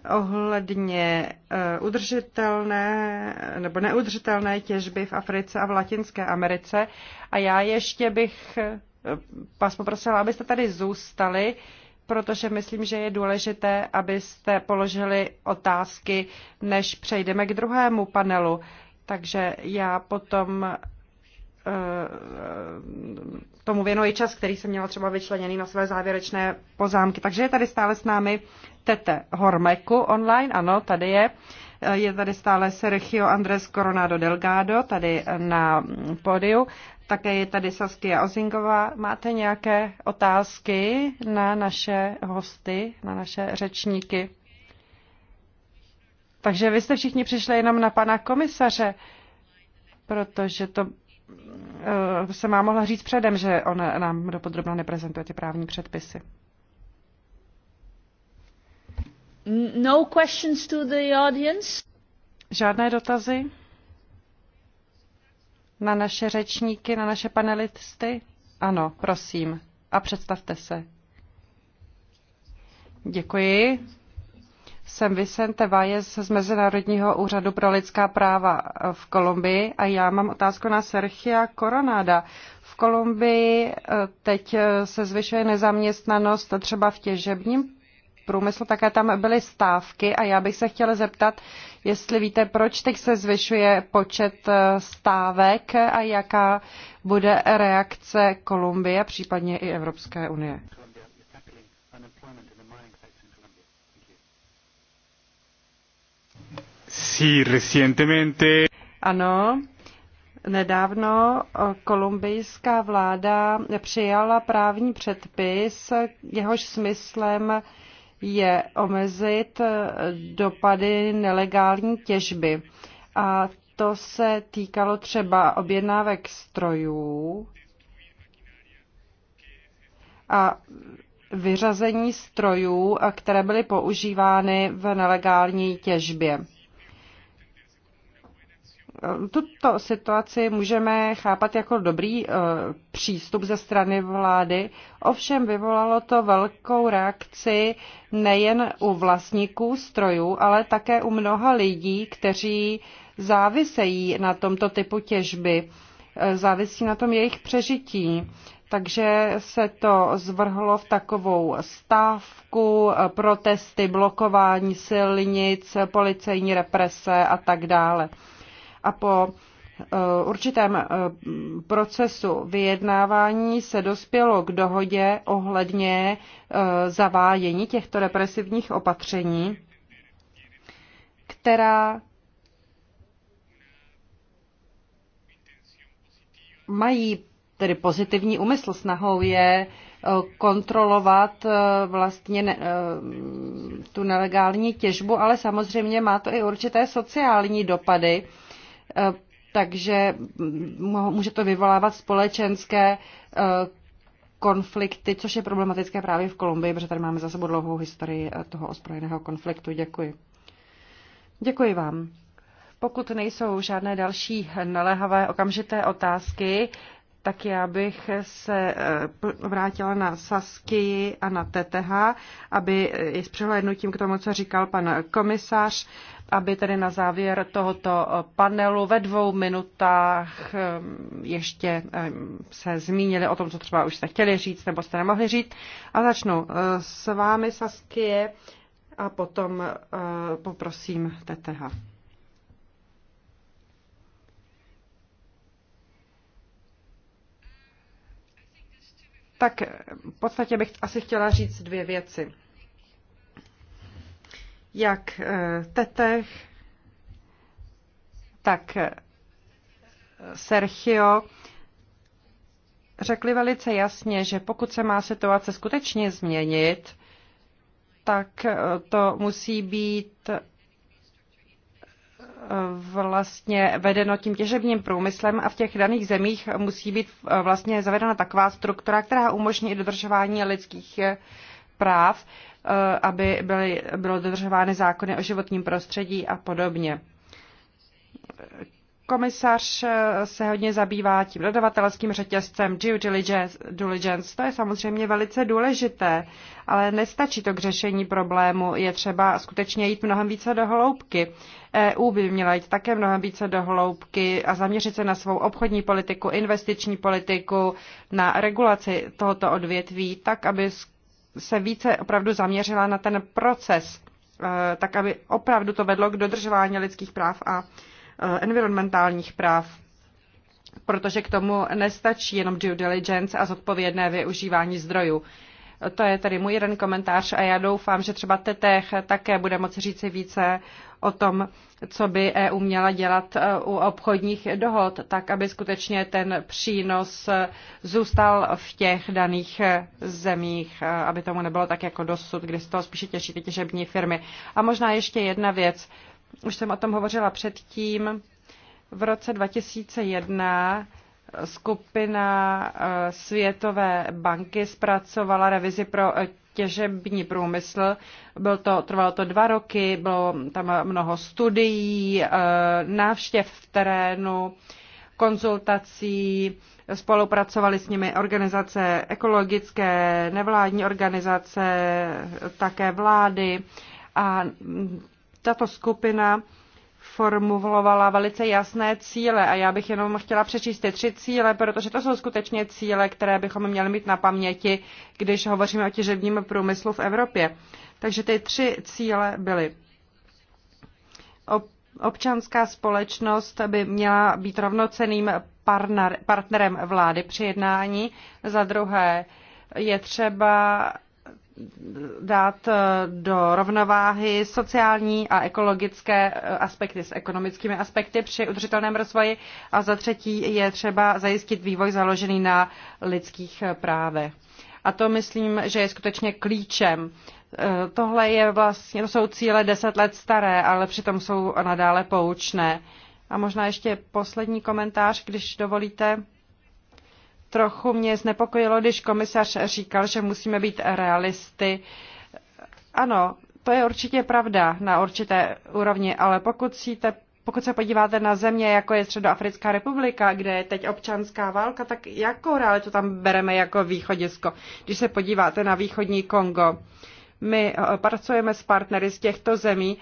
ohledně eh, udržitelné nebo neudržitelné těžby v Africe a v Latinské Americe. A já ještě bych eh, vás poprosila, abyste tady zůstali, protože myslím, že je důležité, abyste položili otázky, než přejdeme k druhému panelu. Takže já potom Eh, tomu věnuji čas, který jsem měla třeba vyčleněný na své závěrečné pozámky. Takže je tady stále s námi Tete Hormeku online, ano, tady je. Eh, je tady stále Sergio Andres Coronado Delgado, tady na pódiu. Také je tady Saskia Ozingová. Máte nějaké otázky na naše hosty, na naše řečníky? Takže vy jste všichni přišli jenom na pana komisaře, protože to Eh, se má mohla říct předem, že on nám dopodrobno neprezentuje ty právní předpisy. No questions to the audience? Žádné dotazy? Na naše řečníky, na naše panelisty? Ano, prosím. A představte se. Děkuji. Jsem Vicente Valles z Mezinárodního úřadu pro lidská práva v Kolumbii a já mám otázku na Sergia Coronada. V Kolumbii eh, teď eh, se zvyšuje nezaměstnanost třeba v těžebním průmyslu, také tam byly stávky a já bych se chtěla zeptat, jestli víte, proč teď se zvyšuje počet eh, stávek a jaká bude reakce Kolumbie, případně i Evropské unie. Sí, recientemente. Ano, Nedávno eh, kolumbijská vláda přijala právní předpis, jehož smyslem je omezit eh, dopady nelegální těžby. A to se týkalo třeba objednávek strojů a vyřazení strojů, eh, které byly používány v nelegální těžbě tuto situaci můžeme chápat jako dobrý eh, přístup ze strany vlády, ovšem vyvolalo to velkou reakci nejen u vlastníků strojů, ale také u mnoha lidí, kteří závisejí na tomto typu těžby, eh, závisí na tom jejich přežití. Takže se to zvrhlo v takovou stávku, eh, protesty, blokování silnic, policejní represe a tak dále a po eh, určitém eh, procesu vyjednávání se dospělo k dohodě ohledně eh, zavádění těchto represivních opatření, která mají tedy pozitivní úmysl. Snahou je kontrolovat vlastně tu nelegální těžbu, ale samozřejmě má to i určité sociální dopady Eh, takže může to vyvolávat společenské eh, konflikty, což je problematické právě v Kolumbii, protože tady máme za sebou dlouhou historii eh, toho ozbrojeného konfliktu. Děkuji. Děkuji vám. Pokud nejsou žádné další naléhavé okamžité otázky, tak já bych se eh, vrátila na Sasky a na TTH, aby eh, s přihlédnutím k tomu, co říkal pan komisař, aby tedy na závěr tohoto eh, panelu ve dvou minutách ještě se zmínili o tom, co třeba už jste chtěli říct nebo jste nemohli říct. A začnu s vámi, Saskie, a potom poprosím TTH. tak v podstatě bych asi chtěla říct dvě věci. Jak eh, Tetech, tak eh, Sergio řekli velice jasně, že pokud se má situace skutečně změnit, tak eh, to musí být vlastně vedeno tím těžebním průmyslem a v těch daných zemích musí být eh, vlastně zavedena taková struktura, která umožní i dodržování lidských eh, práv, eh, aby byly, bylo dodržovány zákony o životním prostředí a podobně komisař eh, se hodně zabývá tím dodavatelským řetězcem, due diligence. To je samozřejmě velice důležité, ale nestačí to k řešení problému. Je třeba skutečně jít mnohem více do hloubky. EU by měla jít také mnohem více do hloubky a zaměřit se na svou obchodní politiku, investiční politiku, na regulaci tohoto odvětví, tak, aby se více opravdu zaměřila na ten proces, eh, tak, aby opravdu to vedlo k dodržování lidských práv a Eh, environmentálních práv protože k tomu nestačí jenom due diligence a zodpovědné využívání zdrojů. To je tedy můj jeden komentář a já doufám, že třeba Tetech také bude moci říci více o tom, co by EU měla dělat eh, u obchodních dohod, tak aby skutečně ten přínos eh, zůstal v těch daných zemích, aby tomu nebylo tak jako dosud, kdy z toho spíše těší ty těžební firmy. A možná ještě jedna věc už jsem o tom hovořila předtím, v roce 2001 skupina eh, Světové banky zpracovala revizi pro eh, těžební průmysl. Byl to, trvalo to dva roky, bylo tam mnoho studií, eh, návštěv v terénu, konzultací, spolupracovali s nimi organizace ekologické, nevládní organizace, také vlády a tato skupina formulovala velice jasné cíle a já bych jenom chtěla přečíst ty tři cíle, protože to jsou skutečně cíle, které bychom měli mít na paměti, když hovoříme o těžebním průmyslu v Evropě. Takže ty tři cíle byly. Občanská společnost by měla být rovnoceným partnerem vlády při jednání. Za druhé je třeba dát eh, do rovnováhy sociální a ekologické eh, aspekty s ekonomickými aspekty při udržitelném rozvoji a za třetí je třeba zajistit vývoj založený na lidských eh, právech. A to myslím, že je skutečně klíčem. Tohle je vlastně, to jsou cíle deset let staré, ale přitom jsou nadále poučné. A možná ještě poslední komentář, když dovolíte Trochu mě znepokojilo, když komisař říkal, že musíme být realisty. Ano, to je určitě pravda na určité úrovni, ale pokud síte pokud se podíváte na země, jako je Středoafrická republika, kde je teď občanská válka, tak jakou realitu tam bereme jako východisko? Když se podíváte na východní Kongo, my eh, pracujeme s partnery z těchto zemí,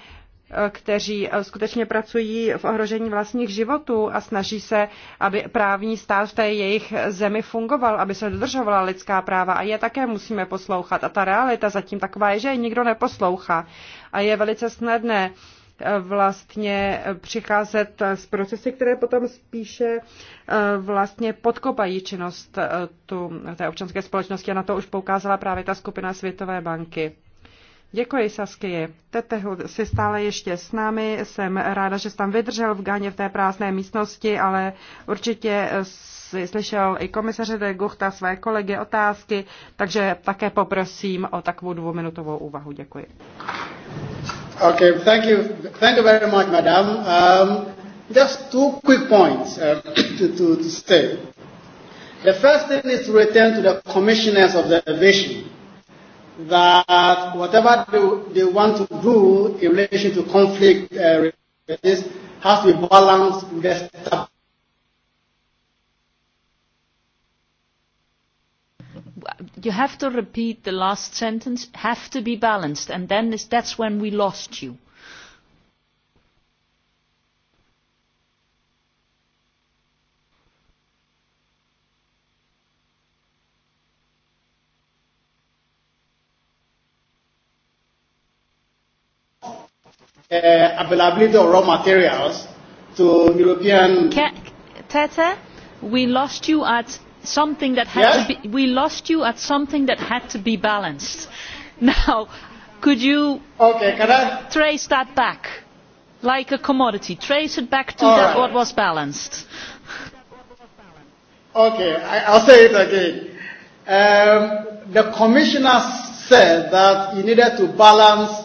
kteří eh, skutečně pracují v ohrožení vlastních životů a snaží se, aby právní stát v té jejich zemi fungoval, aby se dodržovala lidská práva a je také musíme poslouchat. A ta realita zatím taková je, že je nikdo neposlouchá a je velice snadné eh, vlastně eh, přicházet z procesy, které potom spíše vlastně podkopají činnost tu, té občanské společnosti a na to už poukázala právě ta skupina Světové banky. Děkuji, Saskie. Tetehu jsi stále ještě s námi. Jsem ráda, že jsi tam vydržel v Gáně v té prázdné místnosti, ale určitě jsi slyšel i komisaře de Guchta své kolegy otázky, takže také poprosím o takovou dvouminutovou úvahu. Děkuji. Okay, thank you. Thank you very much, madam. Um, just two quick points uh, [CLEARS THROAT] to, to, to say. The first thing is to return to the commissioners of the vision that whatever they, they want to do in relation to conflict uh, has to be balanced with the stability you have to repeat the last sentence have to be balanced and then that's when we lost you uh, availability of raw materials to European. Ke- Tete, we lost you at something that had yes? to be. We lost you at something that had to be balanced. [LAUGHS] Now, could you okay, can I? trace that back, like a commodity? Trace it back to All that right. what was balanced. Okay, I, I'll say it again. Um, the commissioner said that he needed to balance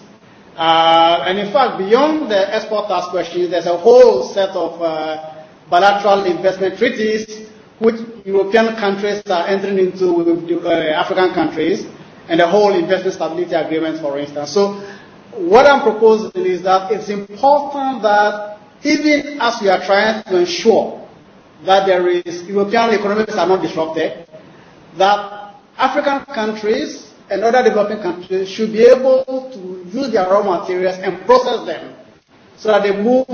Uh, and in fact, beyond the export tax question, there's a whole set of uh, bilateral investment treaties which European countries are entering into with uh, African countries, and the whole investment stability agreement, for instance. So, what I'm proposing is that it's important that even as we are trying to ensure that there is European economies are not disrupted, that African countries and other developing countries should be able to use their raw materials and process them so that they move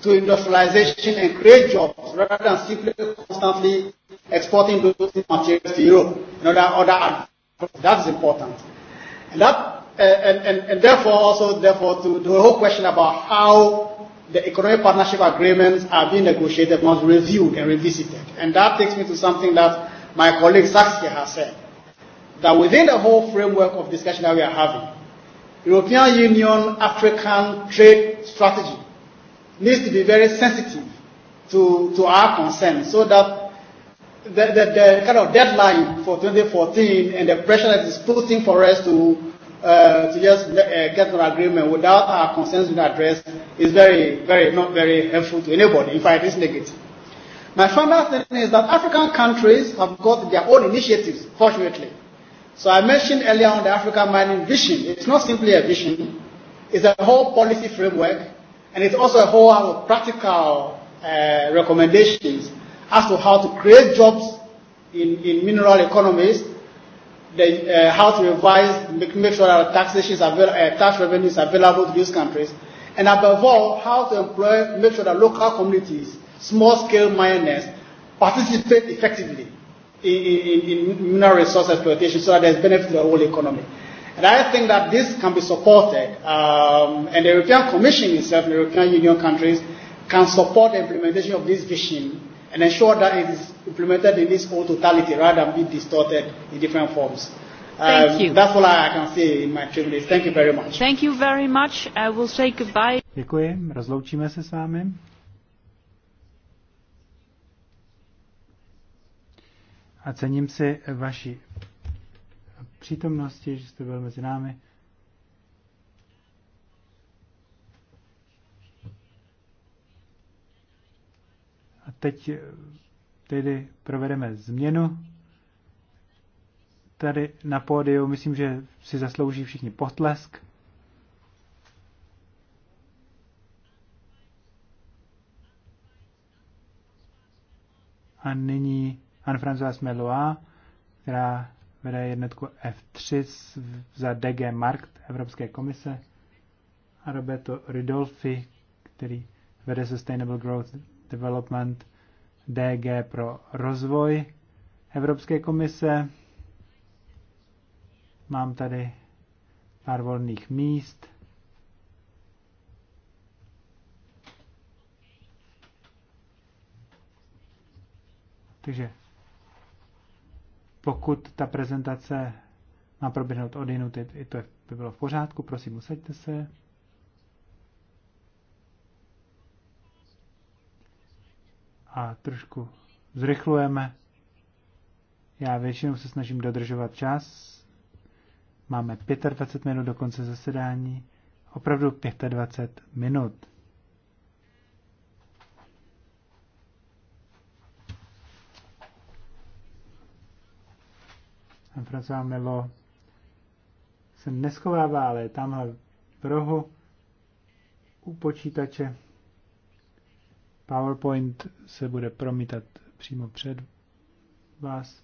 to industrialization and create jobs rather than simply constantly exporting those materials to Europe and other, other That's important. And, that, uh, and, and, and therefore also therefore to, the whole question about how the economic partnership agreements are being negotiated must be reviewed and revisited. And that takes me to something that my colleague Saskia has said that within the whole framework of discussion that we are having, European Union African trade strategy needs to be very sensitive to, to our concern so that the, the, the kind of deadline for 2014 and the pressure that is putting for us to, uh, to just uh, get an agreement without our concerns being addressed is very, very, not very helpful to anybody. In fact, it's negative. My final thing is that African countries have got their own initiatives, fortunately. So I mentioned earlier on the Africa mining vision. It's not simply a vision. It's a whole policy framework, and it's also a whole lot of practical uh, recommendations as to how to create jobs in, in mineral economies, the, uh, how to revise, make, make sure that taxation is avail- uh, tax revenues are available to these countries, and above all, how to employ, make sure that local communities, small-scale miners, participate effectively in, in, in mineral resource exploitation so that there's benefit to the whole economy. And I think that this can be supported, um, and the European Commission itself, the European Union countries, can support the implementation of this vision and ensure that it is implemented in its whole totality rather than be distorted in different forms. Thank um, you. um, That's all I can say in my three minutes. Thank you very much. Thank you very much. I will say goodbye. Děkuji. Rozloučíme se s vámi. a cením si vaši přítomnosti, že jste byl mezi námi. A teď tedy provedeme změnu. Tady na pódiu myslím, že si zaslouží všichni potlesk. A nyní Anne-Françoise Meloa, která vede jednotku F3 za DG Markt Evropské komise a Roberto Ridolfi, který vede Sustainable Growth Development DG pro rozvoj Evropské komise. Mám tady pár volných míst. Takže pokud ta prezentace má proběhnout od jinut, i to by bylo v pořádku. Prosím, usaďte se. A trošku zrychlujeme. Já většinou se snažím dodržovat čas. Máme 25 minut do konce zasedání. Opravdu 25 minut. Tam François Melo se neschovává, ale tamhle v rohu u počítače PowerPoint se bude promítat přímo před vás.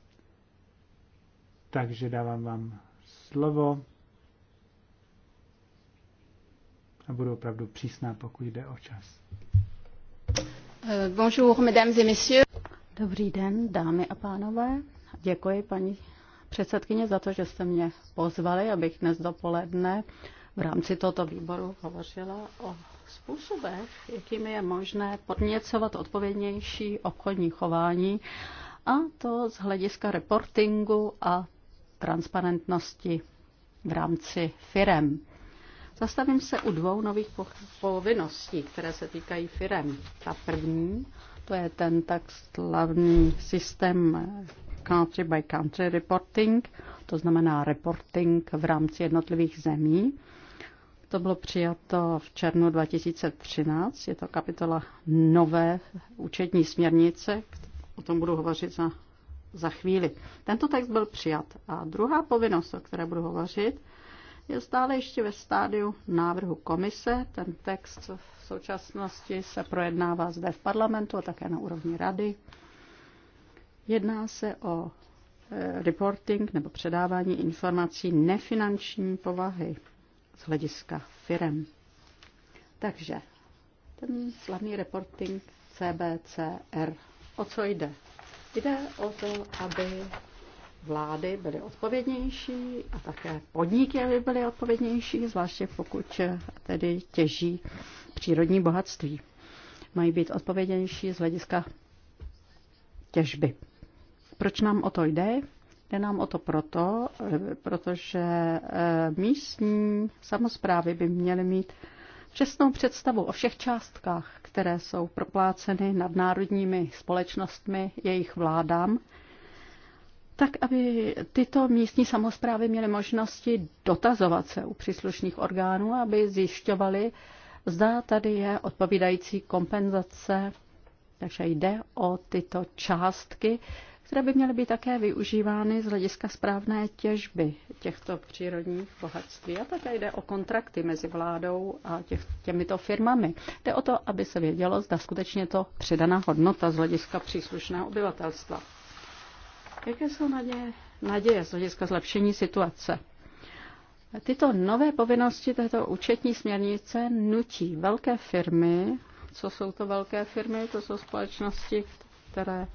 Takže dávám vám slovo a budu opravdu přísná, pokud jde o čas. Bonjour, mesdames et messieurs. Dobrý den, dámy a pánové. Děkuji, paní předsedkyně, za to, že jste mě pozvali, abych dnes dopoledne v rámci tohoto výboru hovořila o způsobech, jakými je možné podněcovat odpovědnější obchodní chování, a to z hlediska reportingu a transparentnosti v rámci firem. Zastavím se u dvou nových povinností, které se týkají firem. Ta první, to je ten tak slavný systém country by country reporting, to znamená reporting v rámci jednotlivých zemí. To bylo přijato v červnu 2013, je to kapitola nové účetní směrnice, o tom budu hovořit za, za chvíli. Tento text byl přijat a druhá povinnost, o které budu hovořit, je stále ještě ve stádiu návrhu komise. Ten text v současnosti se projednává zde v parlamentu a také na úrovni rady. Jedná se o eh, reporting nebo předávání informací nefinanční povahy z hlediska firem. Takže ten slavný reporting CBCR. O co jde? Jde o to, aby vlády byly odpovědnější a také podniky, aby byly odpovědnější, zvláště pokud eh, tedy těží přírodní bohatství. Mají být odpovědnější z hlediska těžby. Proč nám o to jde? Jde nám o to proto, eh, protože eh, místní samozprávy by měly mít přesnou představu o všech částkách, které jsou propláceny nadnárodními společnostmi jejich vládám, tak aby tyto místní samozprávy měly možnosti dotazovat se u příslušných orgánů, aby zjišťovali, zda tady je odpovídající kompenzace. Takže jde o tyto částky, které by měly být také využívány z hlediska správné těžby těchto přírodních bohatství. A také jde o kontrakty mezi vládou a těch, těmito firmami. Jde o to, aby se vědělo, zda skutečně to přidaná hodnota z hlediska příslušného obyvatelstva. Jaké jsou naděje, naděje z hlediska zlepšení situace? Tyto nové povinnosti této účetní směrnice nutí velké firmy, co jsou to velké firmy, to jsou společnosti, které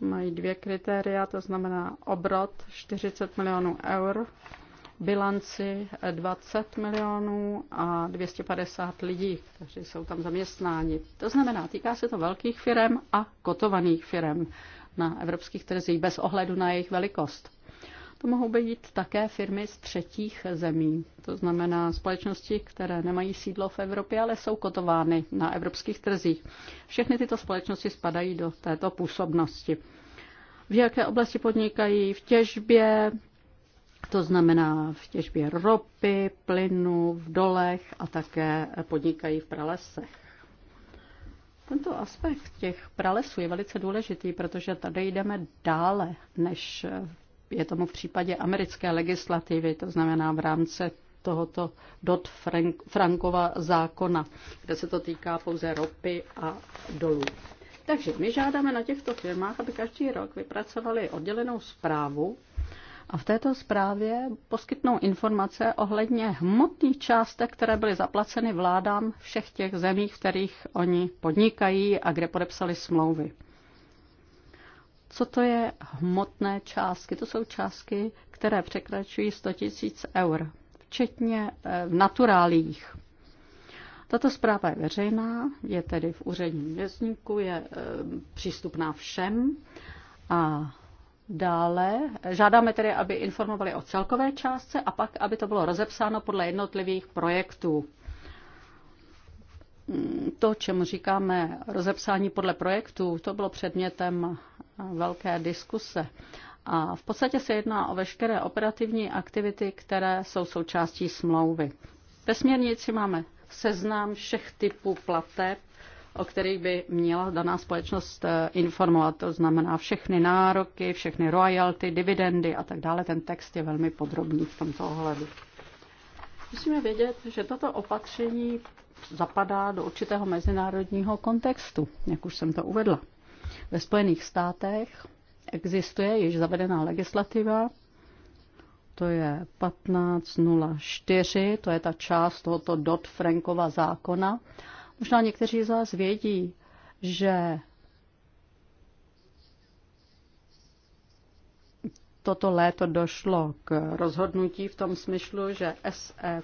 mají dvě kritéria, to znamená obrot 40 milionů eur, bilanci 20 milionů a 250 lidí, kteří jsou tam zaměstnáni. To znamená, týká se to velkých firm a kotovaných firm na evropských trzích bez ohledu na jejich velikost. To mohou být také firmy z třetích zemí, to znamená společnosti, které nemají sídlo v Evropě, ale jsou kotovány na evropských trzích. Všechny tyto společnosti spadají do této působnosti. V jaké oblasti podnikají? V těžbě, to znamená v těžbě ropy, plynu, v dolech a také podnikají v pralesech. Tento aspekt těch pralesů je velice důležitý, protože tady jdeme dále než je tomu v případě americké legislativy, to znamená v rámci tohoto dot frankova zákona, kde se to týká pouze ropy a dolů. Takže my žádáme na těchto firmách, aby každý rok vypracovali oddělenou zprávu a v této zprávě poskytnou informace ohledně hmotných částek, které byly zaplaceny vládám všech těch zemí, v kterých oni podnikají a kde podepsali smlouvy. Co to je hmotné částky? To jsou částky, které překračují 100 000 eur, včetně eh, v naturálích. Tato zpráva je veřejná, je tedy v úředním vězníku, je eh, přístupná všem a dále žádáme tedy, aby informovali o celkové částce a pak, aby to bylo rozepsáno podle jednotlivých projektů. Mm, to, čemu říkáme rozepsání podle projektů, to bylo předmětem velké diskuse. A v podstatě se jedná o veškeré operativní aktivity, které jsou součástí smlouvy. Ve směrnici máme seznám všech typů plateb, o kterých by měla daná společnost eh, informovat. To znamená všechny nároky, všechny royalty, dividendy a tak dále. Ten text je velmi podrobný v tomto ohledu. Musíme vědět, že toto opatření zapadá do určitého mezinárodního kontextu, jak už jsem to uvedla. Ve Spojených státech existuje již zavedená legislativa, to je 1504, to je ta část tohoto Dodd-Frankova zákona. Možná někteří z vás vědí, že toto léto došlo k rozhodnutí v tom smyslu, že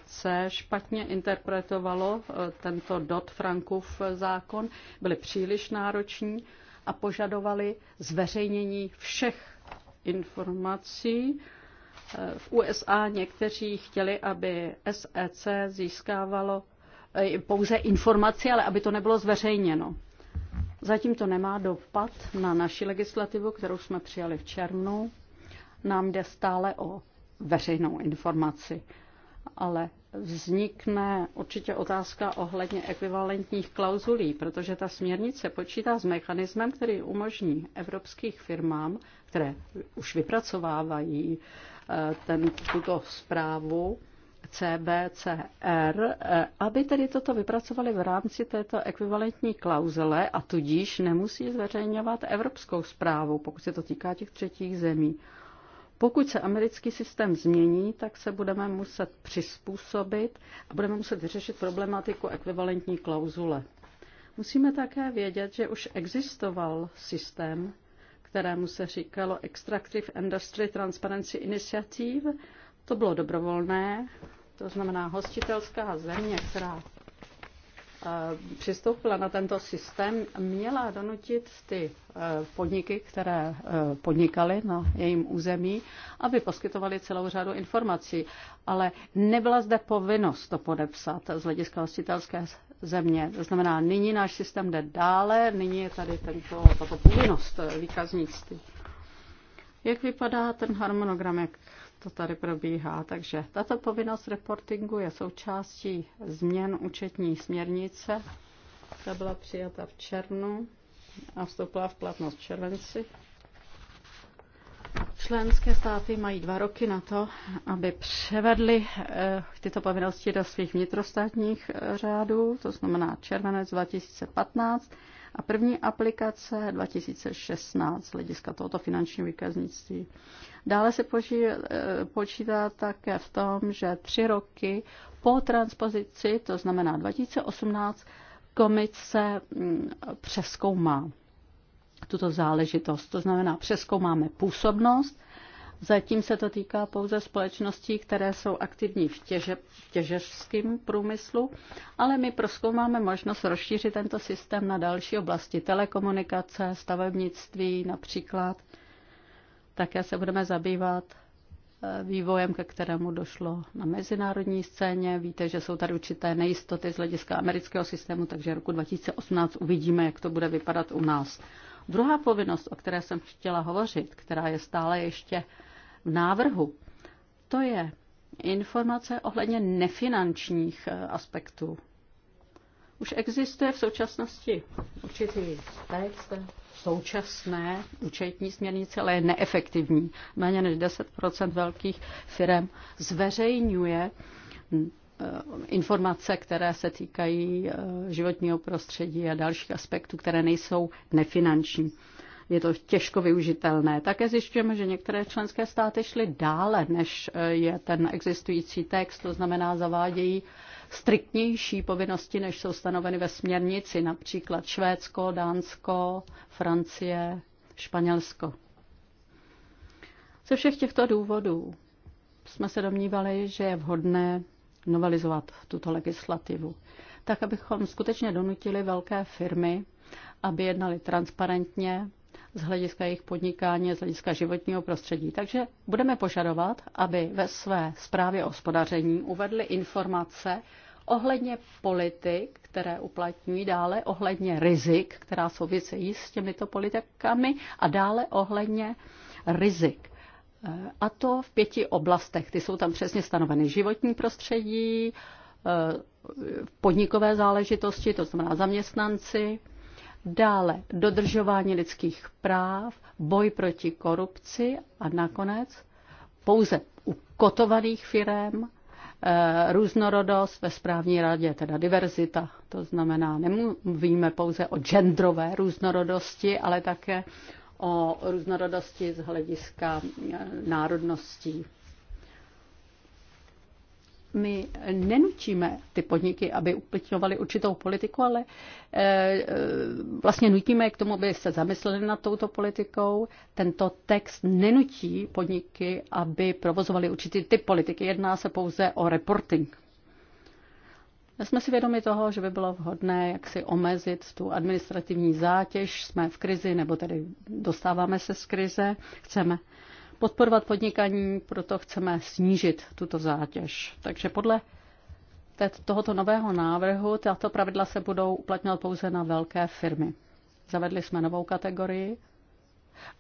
SEC špatně interpretovalo eh, tento Dodd-Frankův zákon, byly příliš nároční a požadovali zveřejnění všech informací. V USA někteří chtěli, aby SEC získávalo eh, pouze informaci, ale aby to nebylo zveřejněno. Zatím to nemá dopad na naši legislativu, kterou jsme přijali v červnu. Nám jde stále o veřejnou informaci, ale vznikne určitě otázka ohledně ekvivalentních klauzulí, protože ta směrnice počítá s mechanismem, který umožní evropských firmám, které už vypracovávají eh, ten, tuto zprávu CBCR, eh, aby tedy toto vypracovali v rámci této ekvivalentní klauzule a tudíž nemusí zveřejňovat evropskou zprávu, pokud se to týká těch třetích zemí. Pokud se americký systém změní, tak se budeme muset přizpůsobit a budeme muset vyřešit problematiku ekvivalentní klauzule. Musíme také vědět, že už existoval systém, kterému se říkalo Extractive Industry Transparency Initiative. To bylo dobrovolné, to znamená hostitelská země, která Eh, přistoupila na tento systém, měla donutit ty eh, podniky, které eh, podnikaly na jejím území, aby poskytovali celou řadu informací. Ale nebyla zde povinnost to podepsat z hlediska hostitelské země. To znamená, nyní náš systém jde dále, nyní je tady tento, tato povinnost výkaznictví. Jak vypadá ten harmonogram, jak to tady probíhá. Takže tato povinnost reportingu je součástí změn účetní směrnice. Ta byla přijata v červnu a vstoupila v platnost v červenci. Členské státy mají dva roky na to, aby převedly eh, tyto povinnosti do svých vnitrostátních eh, řádů, to znamená červenec 2015 a první aplikace 2016 z hlediska tohoto finančního výkaznictví. Dále se eh, počítá také v tom, že tři roky po transpozici, to znamená 2018, komise mm, přeskoumá tuto záležitost. To znamená, přeskoumáme působnost, Zatím se to týká pouze společností, které jsou aktivní v, těže, v těžeřském průmyslu, ale my proskoumáme možnost rozšířit tento systém na další oblasti telekomunikace, stavebnictví například. Také se budeme zabývat eh, vývojem, ke kterému došlo na mezinárodní scéně. Víte, že jsou tady určité nejistoty z hlediska amerického systému, takže roku 2018 uvidíme, jak to bude vypadat u nás. Druhá povinnost, o které jsem chtěla hovořit, která je stále ještě v návrhu. To je informace ohledně nefinančních eh, aspektů. Už existuje v současnosti určitý text současné účetní směrnice, ale je neefektivní. Méně než 10 velkých firm zveřejňuje hm, eh, informace, které se týkají eh, životního prostředí a dalších aspektů, které nejsou nefinanční je to těžko využitelné. Také zjišťujeme, že některé členské státy šly dále, než eh, je ten existující text, to znamená zavádějí striktnější povinnosti, než jsou stanoveny ve směrnici, například Švédsko, Dánsko, Francie, Španělsko. Ze všech těchto důvodů jsme se domnívali, že je vhodné novelizovat tuto legislativu, tak abychom skutečně donutili velké firmy, aby jednali transparentně z hlediska jejich podnikání, z hlediska životního prostředí. Takže budeme požadovat, aby ve své zprávě o hospodaření uvedly informace ohledně politik, které uplatňují, dále ohledně rizik, která souvisejí s těmito politikami a dále ohledně rizik. E, a to v pěti oblastech. Ty jsou tam přesně stanoveny. Životní prostředí, e, podnikové záležitosti, to znamená zaměstnanci, dále dodržování lidských práv, boj proti korupci a nakonec pouze u kotovaných firm eh, různorodost ve správní radě, teda diverzita. To znamená, nemluvíme pouze o genderové různorodosti, ale také o různorodosti z hlediska eh, národností my nenutíme ty podniky, aby uplatňovaly určitou politiku, ale eh, eh, vlastně nutíme je k tomu, aby se zamysleli nad touto politikou. Tento text nenutí podniky, aby provozovali určitý typ politiky. Jedná se pouze o reporting. Jsme si vědomi toho, že by bylo vhodné jak si omezit tu administrativní zátěž. Jsme v krizi, nebo tedy dostáváme se z krize. Chceme podporovat podnikání, proto chceme snížit tuto zátěž. Takže podle tohoto nového návrhu tato pravidla se budou uplatňovat pouze na velké firmy. Zavedli jsme novou kategorii,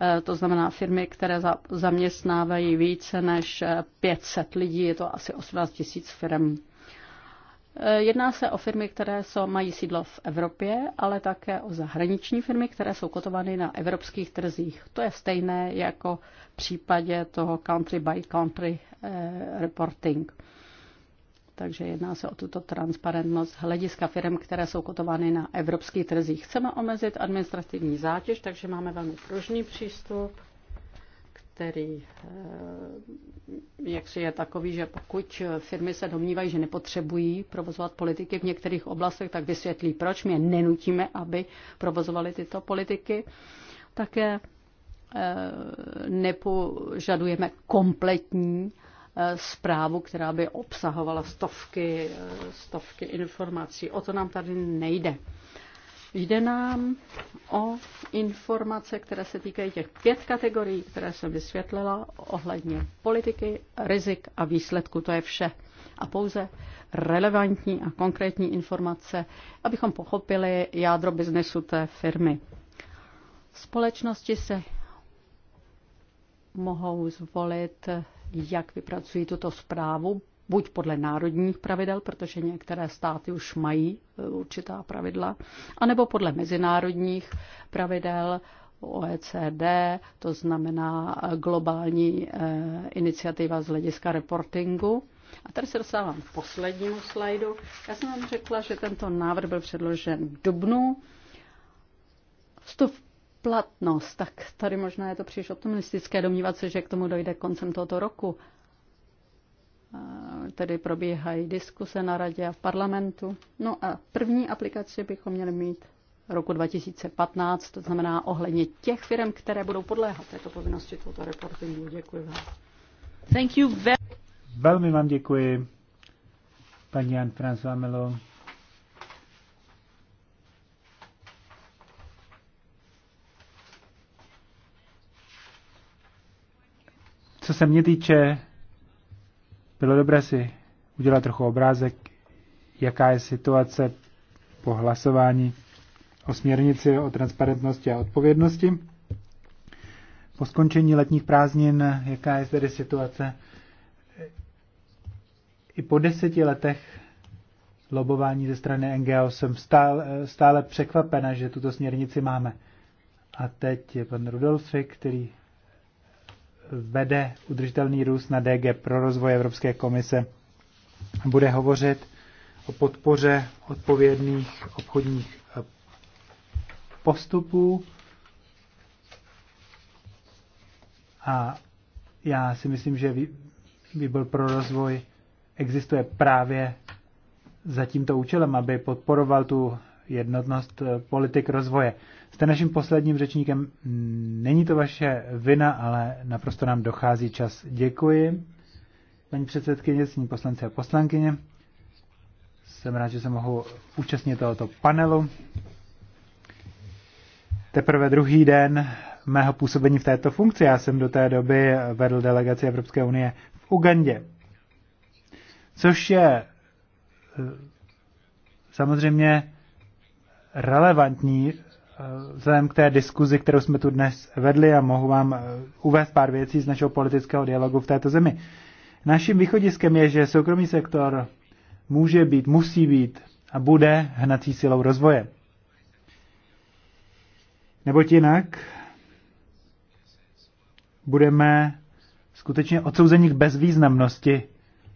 eh, to znamená firmy, které zaměstnávají více než 500 eh, lidí, je to asi 18 000 firm. Eh, jedná se o firmy, které jsou, mají sídlo v Evropě, ale také o zahraniční firmy, které jsou kotovány na evropských trzích. To je stejné jako v případě toho country by country eh, reporting. Takže jedná se o tuto transparentnost hlediska firm, které jsou kotovány na evropských trzích. Chceme omezit administrativní zátěž, takže máme velmi pružný přístup který eh, jak si je takový, že pokud firmy se domnívají, že nepotřebují provozovat politiky v některých oblastech, tak vysvětlí, proč my je nenutíme, aby provozovali tyto politiky. Také eh, nepožadujeme kompletní eh, zprávu, která by obsahovala stovky, stovky informací. O to nám tady nejde. Jde nám o informace, které se týkají těch pět kategorií, které jsem vysvětlila ohledně politiky, rizik a výsledku. To je vše. A pouze relevantní a konkrétní informace, abychom pochopili jádro biznesu té firmy. Společnosti se mohou zvolit, jak vypracují tuto zprávu buď podle národních pravidel, protože některé státy už mají e, určitá pravidla, anebo podle mezinárodních pravidel OECD, to znamená e, globální e, iniciativa z hlediska reportingu. A tady se dostávám k poslednímu slajdu. Já jsem vám řekla, že tento návrh byl předložen v dubnu. Vstup platnost, tak tady možná je to příliš optimistické domnívat se, že k tomu dojde koncem tohoto roku tedy probíhají diskuse na radě a v parlamentu. No a první aplikaci bychom měli mít roku 2015, to znamená ohledně těch firm, které budou podléhat této povinnosti tohoto reportingu. Děkuji vám. Thank you very... Velmi vám děkuji, paní Jan François Melo. Co se mě týče, bylo dobré si udělat trochu obrázek, jaká je situace po hlasování o směrnici o transparentnosti a odpovědnosti. Po skončení letních prázdnin, jaká je tedy situace? I po deseti letech lobování ze strany NGO jsem stále, stále překvapena, že tuto směrnici máme. A teď je pan Rudolfi, který vede udržitelný růst na DG pro rozvoj Evropské komise. Bude hovořit o podpoře odpovědných obchodních eh, postupů. A já si myslím, že výbor pro rozvoj existuje právě za tímto účelem, aby podporoval tu jednotnost eh, politik rozvoje. Jste naším posledním řečníkem. Není to vaše vina, ale naprosto nám dochází čas. Děkuji. Paní předsedkyně, sní poslanci a poslankyně. Jsem rád, že se mohu účastnit tohoto panelu. Teprve druhý den mého působení v této funkci. Já jsem do té doby vedl delegaci Evropské unie v Ugandě. Což je eh, samozřejmě relevantní vzhledem k té diskuzi, kterou jsme tu dnes vedli a mohu vám eh, uvést pár věcí z našeho politického dialogu v této zemi. Naším východiskem je, že soukromý sektor může být, musí být a bude hnací silou rozvoje. Neboť jinak budeme skutečně odsouzeni k bezvýznamnosti,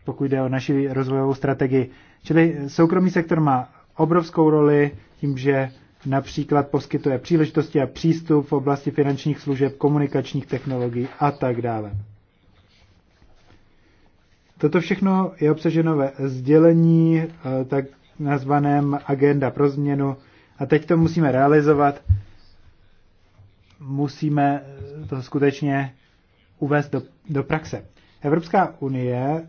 pokud jde o naši rozvojovou strategii. Čili soukromý sektor má obrovskou roli tím, že například poskytuje příležitosti a přístup v oblasti finančních služeb, komunikačních technologií a tak dále. Toto všechno je obsaženo ve sdělení, eh, tak nazvaném Agenda pro změnu. A teď to musíme realizovat. Musíme to skutečně uvést do, do praxe. Evropská unie eh,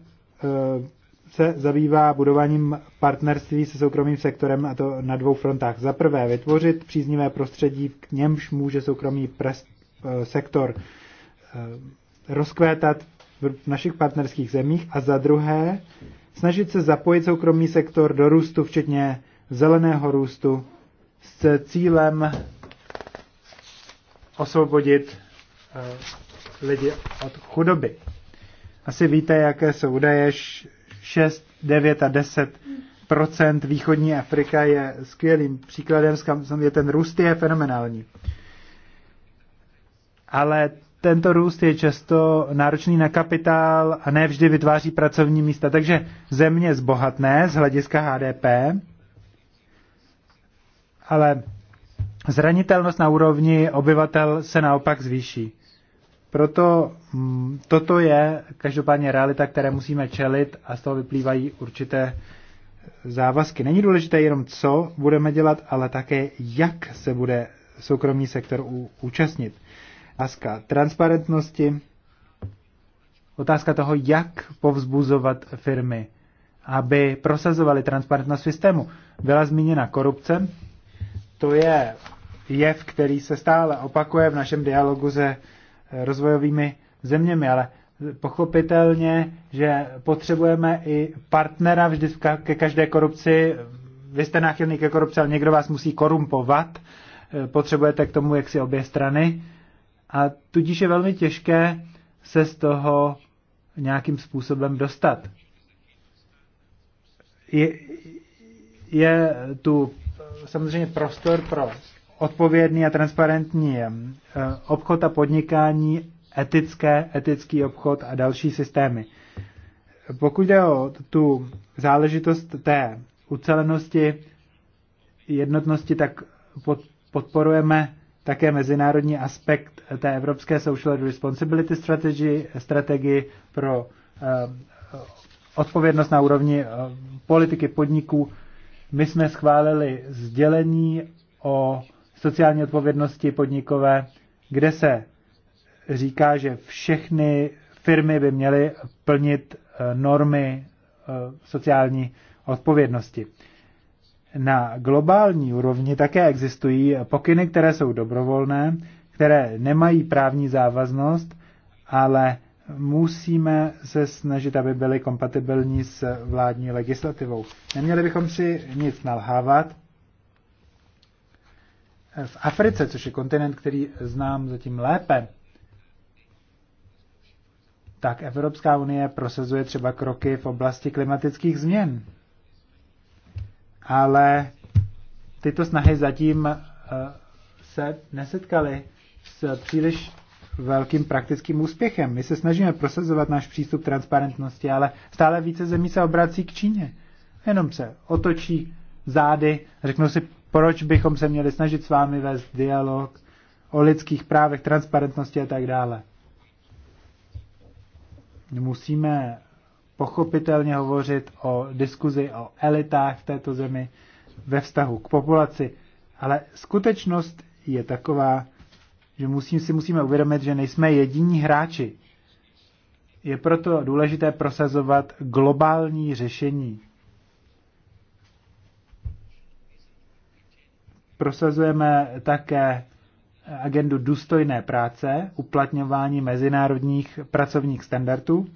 se zabývá budováním partnerství se soukromým sektorem a to na dvou frontách. Za prvé vytvořit příznivé prostředí, k němž může soukromý pres, eh, sektor eh, rozkvétat v našich partnerských zemích a za druhé snažit se zapojit soukromý sektor do růstu, včetně zeleného růstu, s cílem osvobodit eh, lidi od chudoby. Asi víte, jaké jsou údaje 6, 9 a 10 procent východní Afrika je skvělým příkladem, je ten růst je fenomenální. Ale tento růst je často náročný na kapitál a ne vždy vytváří pracovní místa. Takže země zbohatné z hlediska HDP, ale zranitelnost na úrovni obyvatel se naopak zvýší. Proto mm, toto je každopádně realita, které musíme čelit a z toho vyplývají určité závazky. Není důležité jenom, co budeme dělat, ale také, jak se bude soukromý sektor účastnit. Otázka transparentnosti, otázka toho, jak povzbuzovat firmy, aby prosazovali transparentnost systému. Byla zmíněna korupce, to je jev, který se stále opakuje v našem dialogu se rozvojovými zeměmi, ale pochopitelně, že potřebujeme i partnera vždy ke každé korupci. Vy jste náchylný ke korupci, ale někdo vás musí korumpovat. Eh, potřebujete k tomu jaksi obě strany. A tudíž je velmi těžké se z toho nějakým způsobem dostat. Je, je tu samozřejmě prostor pro odpovědný a transparentní eh, obchod a podnikání, etické, etický obchod a další systémy. Pokud jde o tu záležitost té ucelenosti, jednotnosti, tak podporujeme také mezinárodní aspekt té Evropské Social Responsibility Strategy, strategii pro eh, odpovědnost na úrovni eh, politiky podniků. My jsme schválili sdělení o sociální odpovědnosti podnikové, kde se říká, že všechny firmy by měly plnit eh, normy eh, sociální odpovědnosti. Na globální úrovni také existují pokyny, které jsou dobrovolné, které nemají právní závaznost, ale musíme se snažit, aby byly kompatibilní s vládní legislativou. Neměli bychom si nic nalhávat, v Africe, což je kontinent, který znám zatím lépe, tak Evropská unie prosazuje třeba kroky v oblasti klimatických změn. Ale tyto snahy zatím eh, se nesetkaly s příliš velkým praktickým úspěchem. My se snažíme prosazovat náš přístup transparentnosti, ale stále více zemí se obrací k Číně. Jenom se otočí zády, řeknou si, proč bychom se měli snažit s vámi vést dialog o lidských právech, transparentnosti a tak dále? Musíme pochopitelně hovořit o diskuzi o elitách v této zemi ve vztahu k populaci, ale skutečnost je taková, že musím, si musíme uvědomit, že nejsme jediní hráči. Je proto důležité prosazovat globální řešení prosazujeme také agendu důstojné práce, uplatňování mezinárodních pracovních standardů.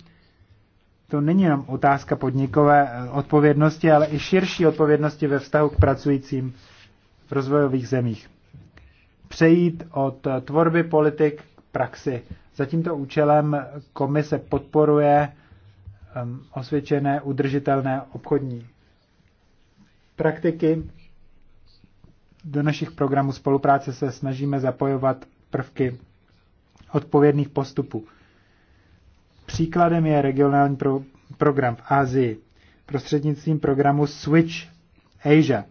To není jenom otázka podnikové eh, odpovědnosti, ale i širší odpovědnosti ve vztahu k pracujícím v rozvojových zemích. Přejít od eh, tvorby politik k praxi. Za tímto účelem komise podporuje ehm, osvědčené udržitelné obchodní praktiky do našich programů spolupráce se snažíme zapojovat prvky odpovědných postupů. Příkladem je regionální pro, program v Asii prostřednictvím programu Switch Asia,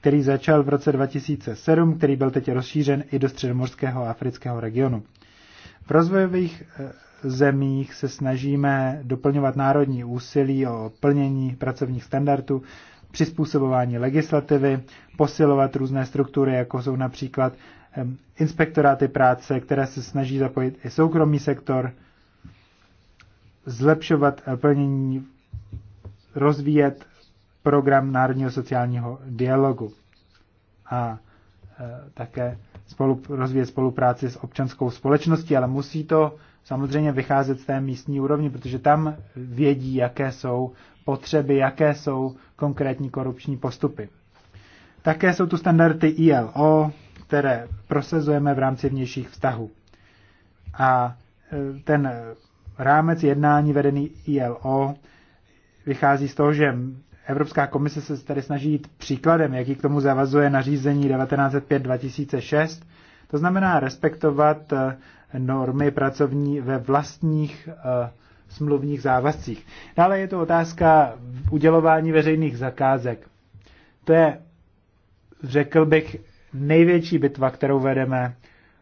který začal v roce 2007, který byl teď rozšířen i do středomorského a afrického regionu. V rozvojových eh, zemích se snažíme doplňovat národní úsilí o plnění pracovních standardů přizpůsobování legislativy, posilovat různé struktury, jako jsou například inspektoráty práce, které se snaží zapojit i soukromý sektor, zlepšovat eh, plnění, rozvíjet program Národního sociálního dialogu a eh, také spolu, rozvíjet spolupráci s občanskou společností, ale musí to samozřejmě vycházet z té místní úrovni, protože tam vědí, jaké jsou potřeby, jaké jsou konkrétní korupční postupy. Také jsou tu standardy ILO, které prosazujeme v rámci vnějších vztahů. A e, ten rámec jednání vedený ILO vychází z toho, že Evropská komise se tady snaží jít příkladem, jaký k tomu zavazuje nařízení 1905-2006, to znamená respektovat e, normy pracovní ve vlastních e, smluvních závazcích. Dále je to otázka udělování veřejných zakázek. To je, řekl bych, největší bitva, kterou vedeme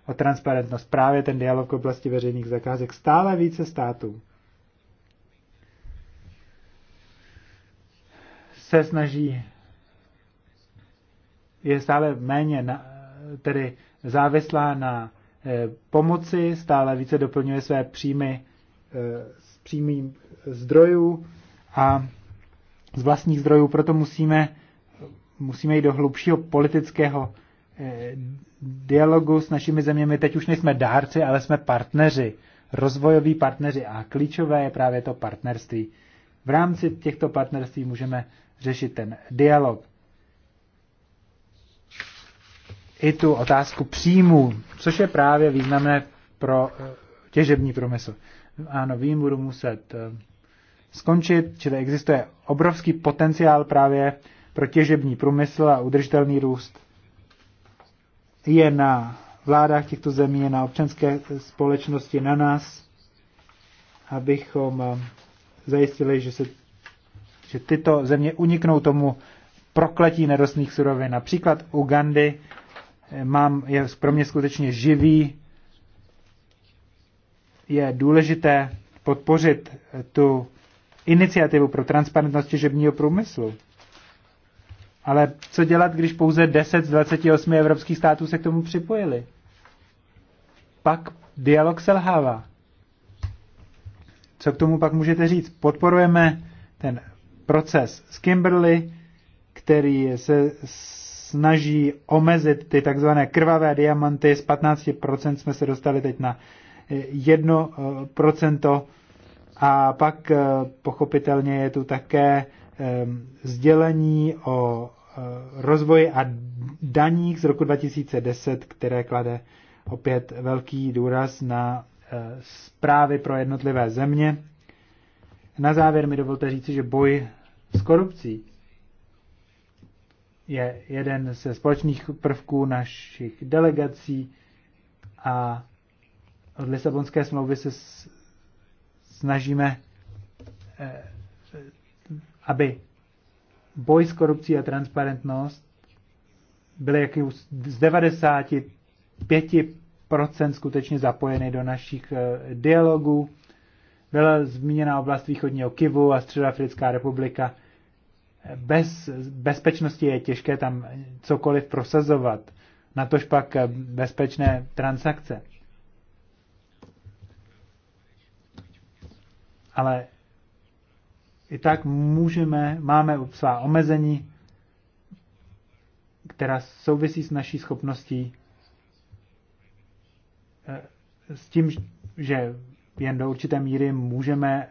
o transparentnost. Právě ten dialog v oblasti veřejných zakázek stále více států se snaží je stále méně na, tedy závislá na eh, pomoci, stále více doplňuje své příjmy eh, přímým zdrojů a z vlastních zdrojů, proto musíme, musíme jít do hlubšího politického eh, dialogu s našimi zeměmi. Teď už nejsme dárci, ale jsme partneři, rozvojoví partneři a klíčové je právě to partnerství. V rámci těchto partnerství můžeme řešit ten dialog. I tu otázku příjmů, což je právě významné pro eh, těžební průmysl. Ano, vím, budu muset eh, skončit, čili existuje obrovský potenciál právě pro těžební průmysl a udržitelný růst. Je na vládách těchto zemí, je na občanské společnosti, na nás, abychom eh, zajistili, že, se, že tyto země uniknou tomu prokletí nerostných surovin. Například Ugandy eh, mám, je pro mě skutečně živý je důležité podpořit tu iniciativu pro transparentnost těžebního průmyslu. Ale co dělat, když pouze 10 z 28 evropských států se k tomu připojili? Pak dialog selhává. Co k tomu pak můžete říct? Podporujeme ten proces z Kimberly, který se snaží omezit ty takzvané krvavé diamanty. Z 15% jsme se dostali teď na 1%. Eh, a pak eh, pochopitelně je tu také ehm, sdělení o eh, rozvoji a daních z roku 2010, které klade opět velký důraz na zprávy pro jednotlivé země. Na závěr mi dovolte říci, že boj s korupcí je jeden ze společných prvků našich delegací a od Lisabonské smlouvy se snažíme, eh, aby boj s korupcí a transparentnost byly jaký z 95% skutečně zapojeny do našich eh, dialogů. Byla zmíněna oblast východního Kivu a Středoafrická republika. Bez bezpečnosti je těžké tam cokoliv prosazovat, tož pak eh, bezpečné transakce. ale i tak můžeme, máme svá omezení, která souvisí s naší schopností eh, s tím, že jen do určité míry můžeme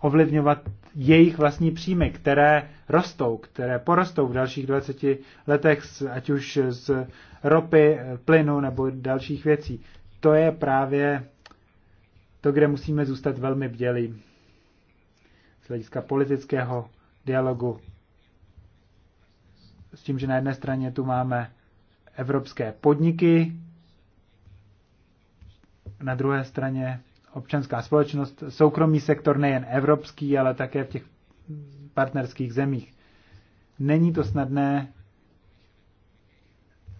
ovlivňovat jejich vlastní příjmy, které rostou, které porostou v dalších 20 letech, ať už z ropy, eh, plynu nebo dalších věcí. To je právě to, kde musíme zůstat velmi bdělí z hlediska politického dialogu. S tím, že na jedné straně tu máme evropské podniky, na druhé straně občanská společnost, soukromý sektor nejen evropský, ale také v těch partnerských zemích. Není to snadné,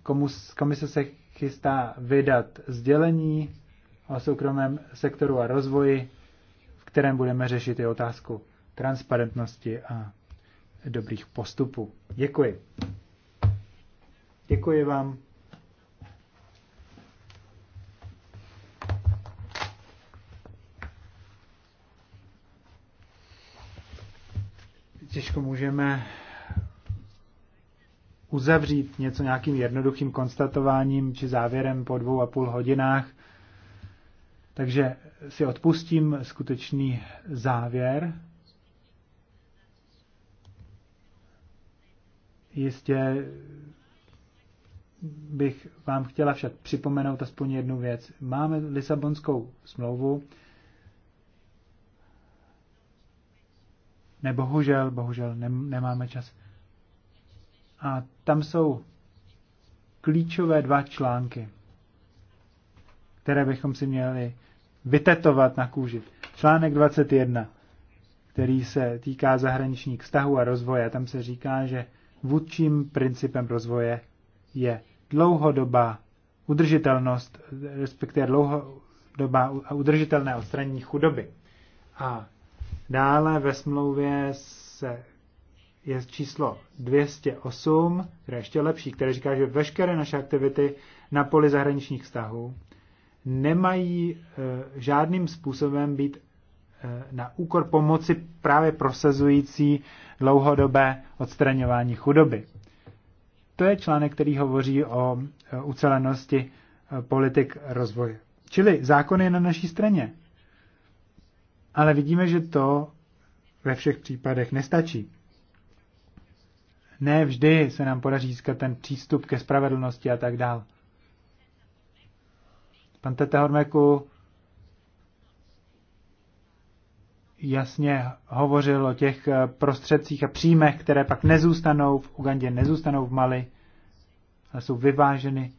komu komise se chystá vydat sdělení o soukromém sektoru a rozvoji, v kterém budeme řešit i otázku transparentnosti a dobrých postupů. Děkuji. Děkuji vám. Těžko můžeme uzavřít něco nějakým jednoduchým konstatováním či závěrem po dvou a půl hodinách. Takže si odpustím skutečný závěr. Jistě bych vám chtěla však připomenout aspoň jednu věc. Máme Lisabonskou smlouvu. Nebohužel, bohužel, bohužel, ne, nemáme čas. A tam jsou klíčové dva články, které bychom si měli vytetovat na kůži. Článek 21, který se týká zahraničních vztahů a rozvoje, tam se říká, že vůdčím principem rozvoje je dlouhodobá udržitelnost, respektive dlouhodobá a udržitelné odstranění chudoby. A dále ve smlouvě se je číslo 208, které je ještě lepší, které říká, že veškeré naše aktivity na poli zahraničních vztahů nemají eh, žádným způsobem být eh, na úkor pomoci právě prosazující dlouhodobé odstraňování chudoby. To je článek, který hovoří o eh, ucelenosti politik rozvoje. Čili zákon je na naší straně. Ale vidíme, že to ve všech případech nestačí. Ne vždy se nám podaří získat ten přístup ke spravedlnosti a tak dále. Pan Tete Hormeku jasně hovořil o těch eh, prostředcích a příjmech, které pak nezůstanou v Ugandě, nezůstanou v Mali, ale jsou vyváženy.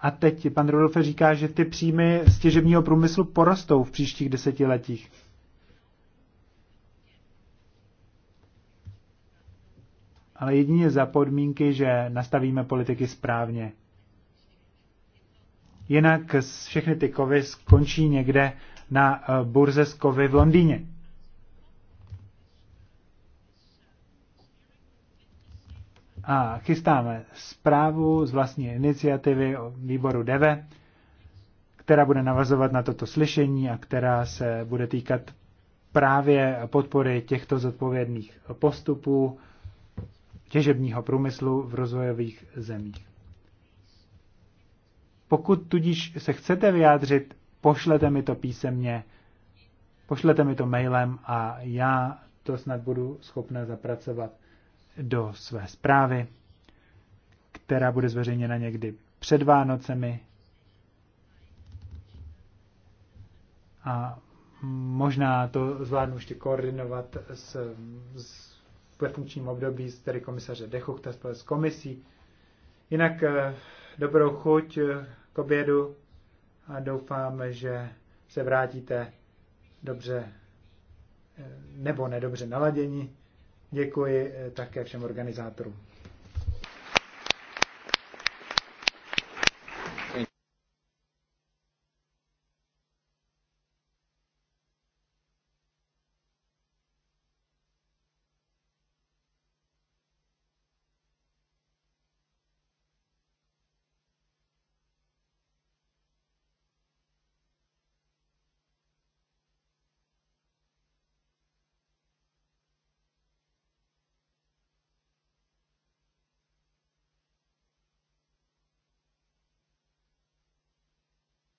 A teď pan Rudolfe říká, že ty příjmy z těžebního průmyslu porostou v příštích desetiletích. Ale jedině za podmínky, že nastavíme politiky správně. Jinak všechny ty kovy skončí někde na eh, burze z kovy v Londýně. A chystáme zprávu z vlastní iniciativy o výboru DEVE, která bude navazovat na toto slyšení a která se bude týkat právě podpory těchto zodpovědných postupů těžebního průmyslu v rozvojových zemích. Pokud tudíž se chcete vyjádřit, pošlete mi to písemně, pošlete mi to mailem a já to snad budu schopna zapracovat do své zprávy, která bude zveřejněna někdy před Vánocemi. A možná to zvládnu ještě koordinovat s, s ve funkčním období s tedy komisaře Dechuchta s komisí. Jinak eh, dobrou chuť eh, k obědu a doufám, že se vrátíte dobře eh, nebo nedobře naladění. Děkuji eh, také všem organizátorům.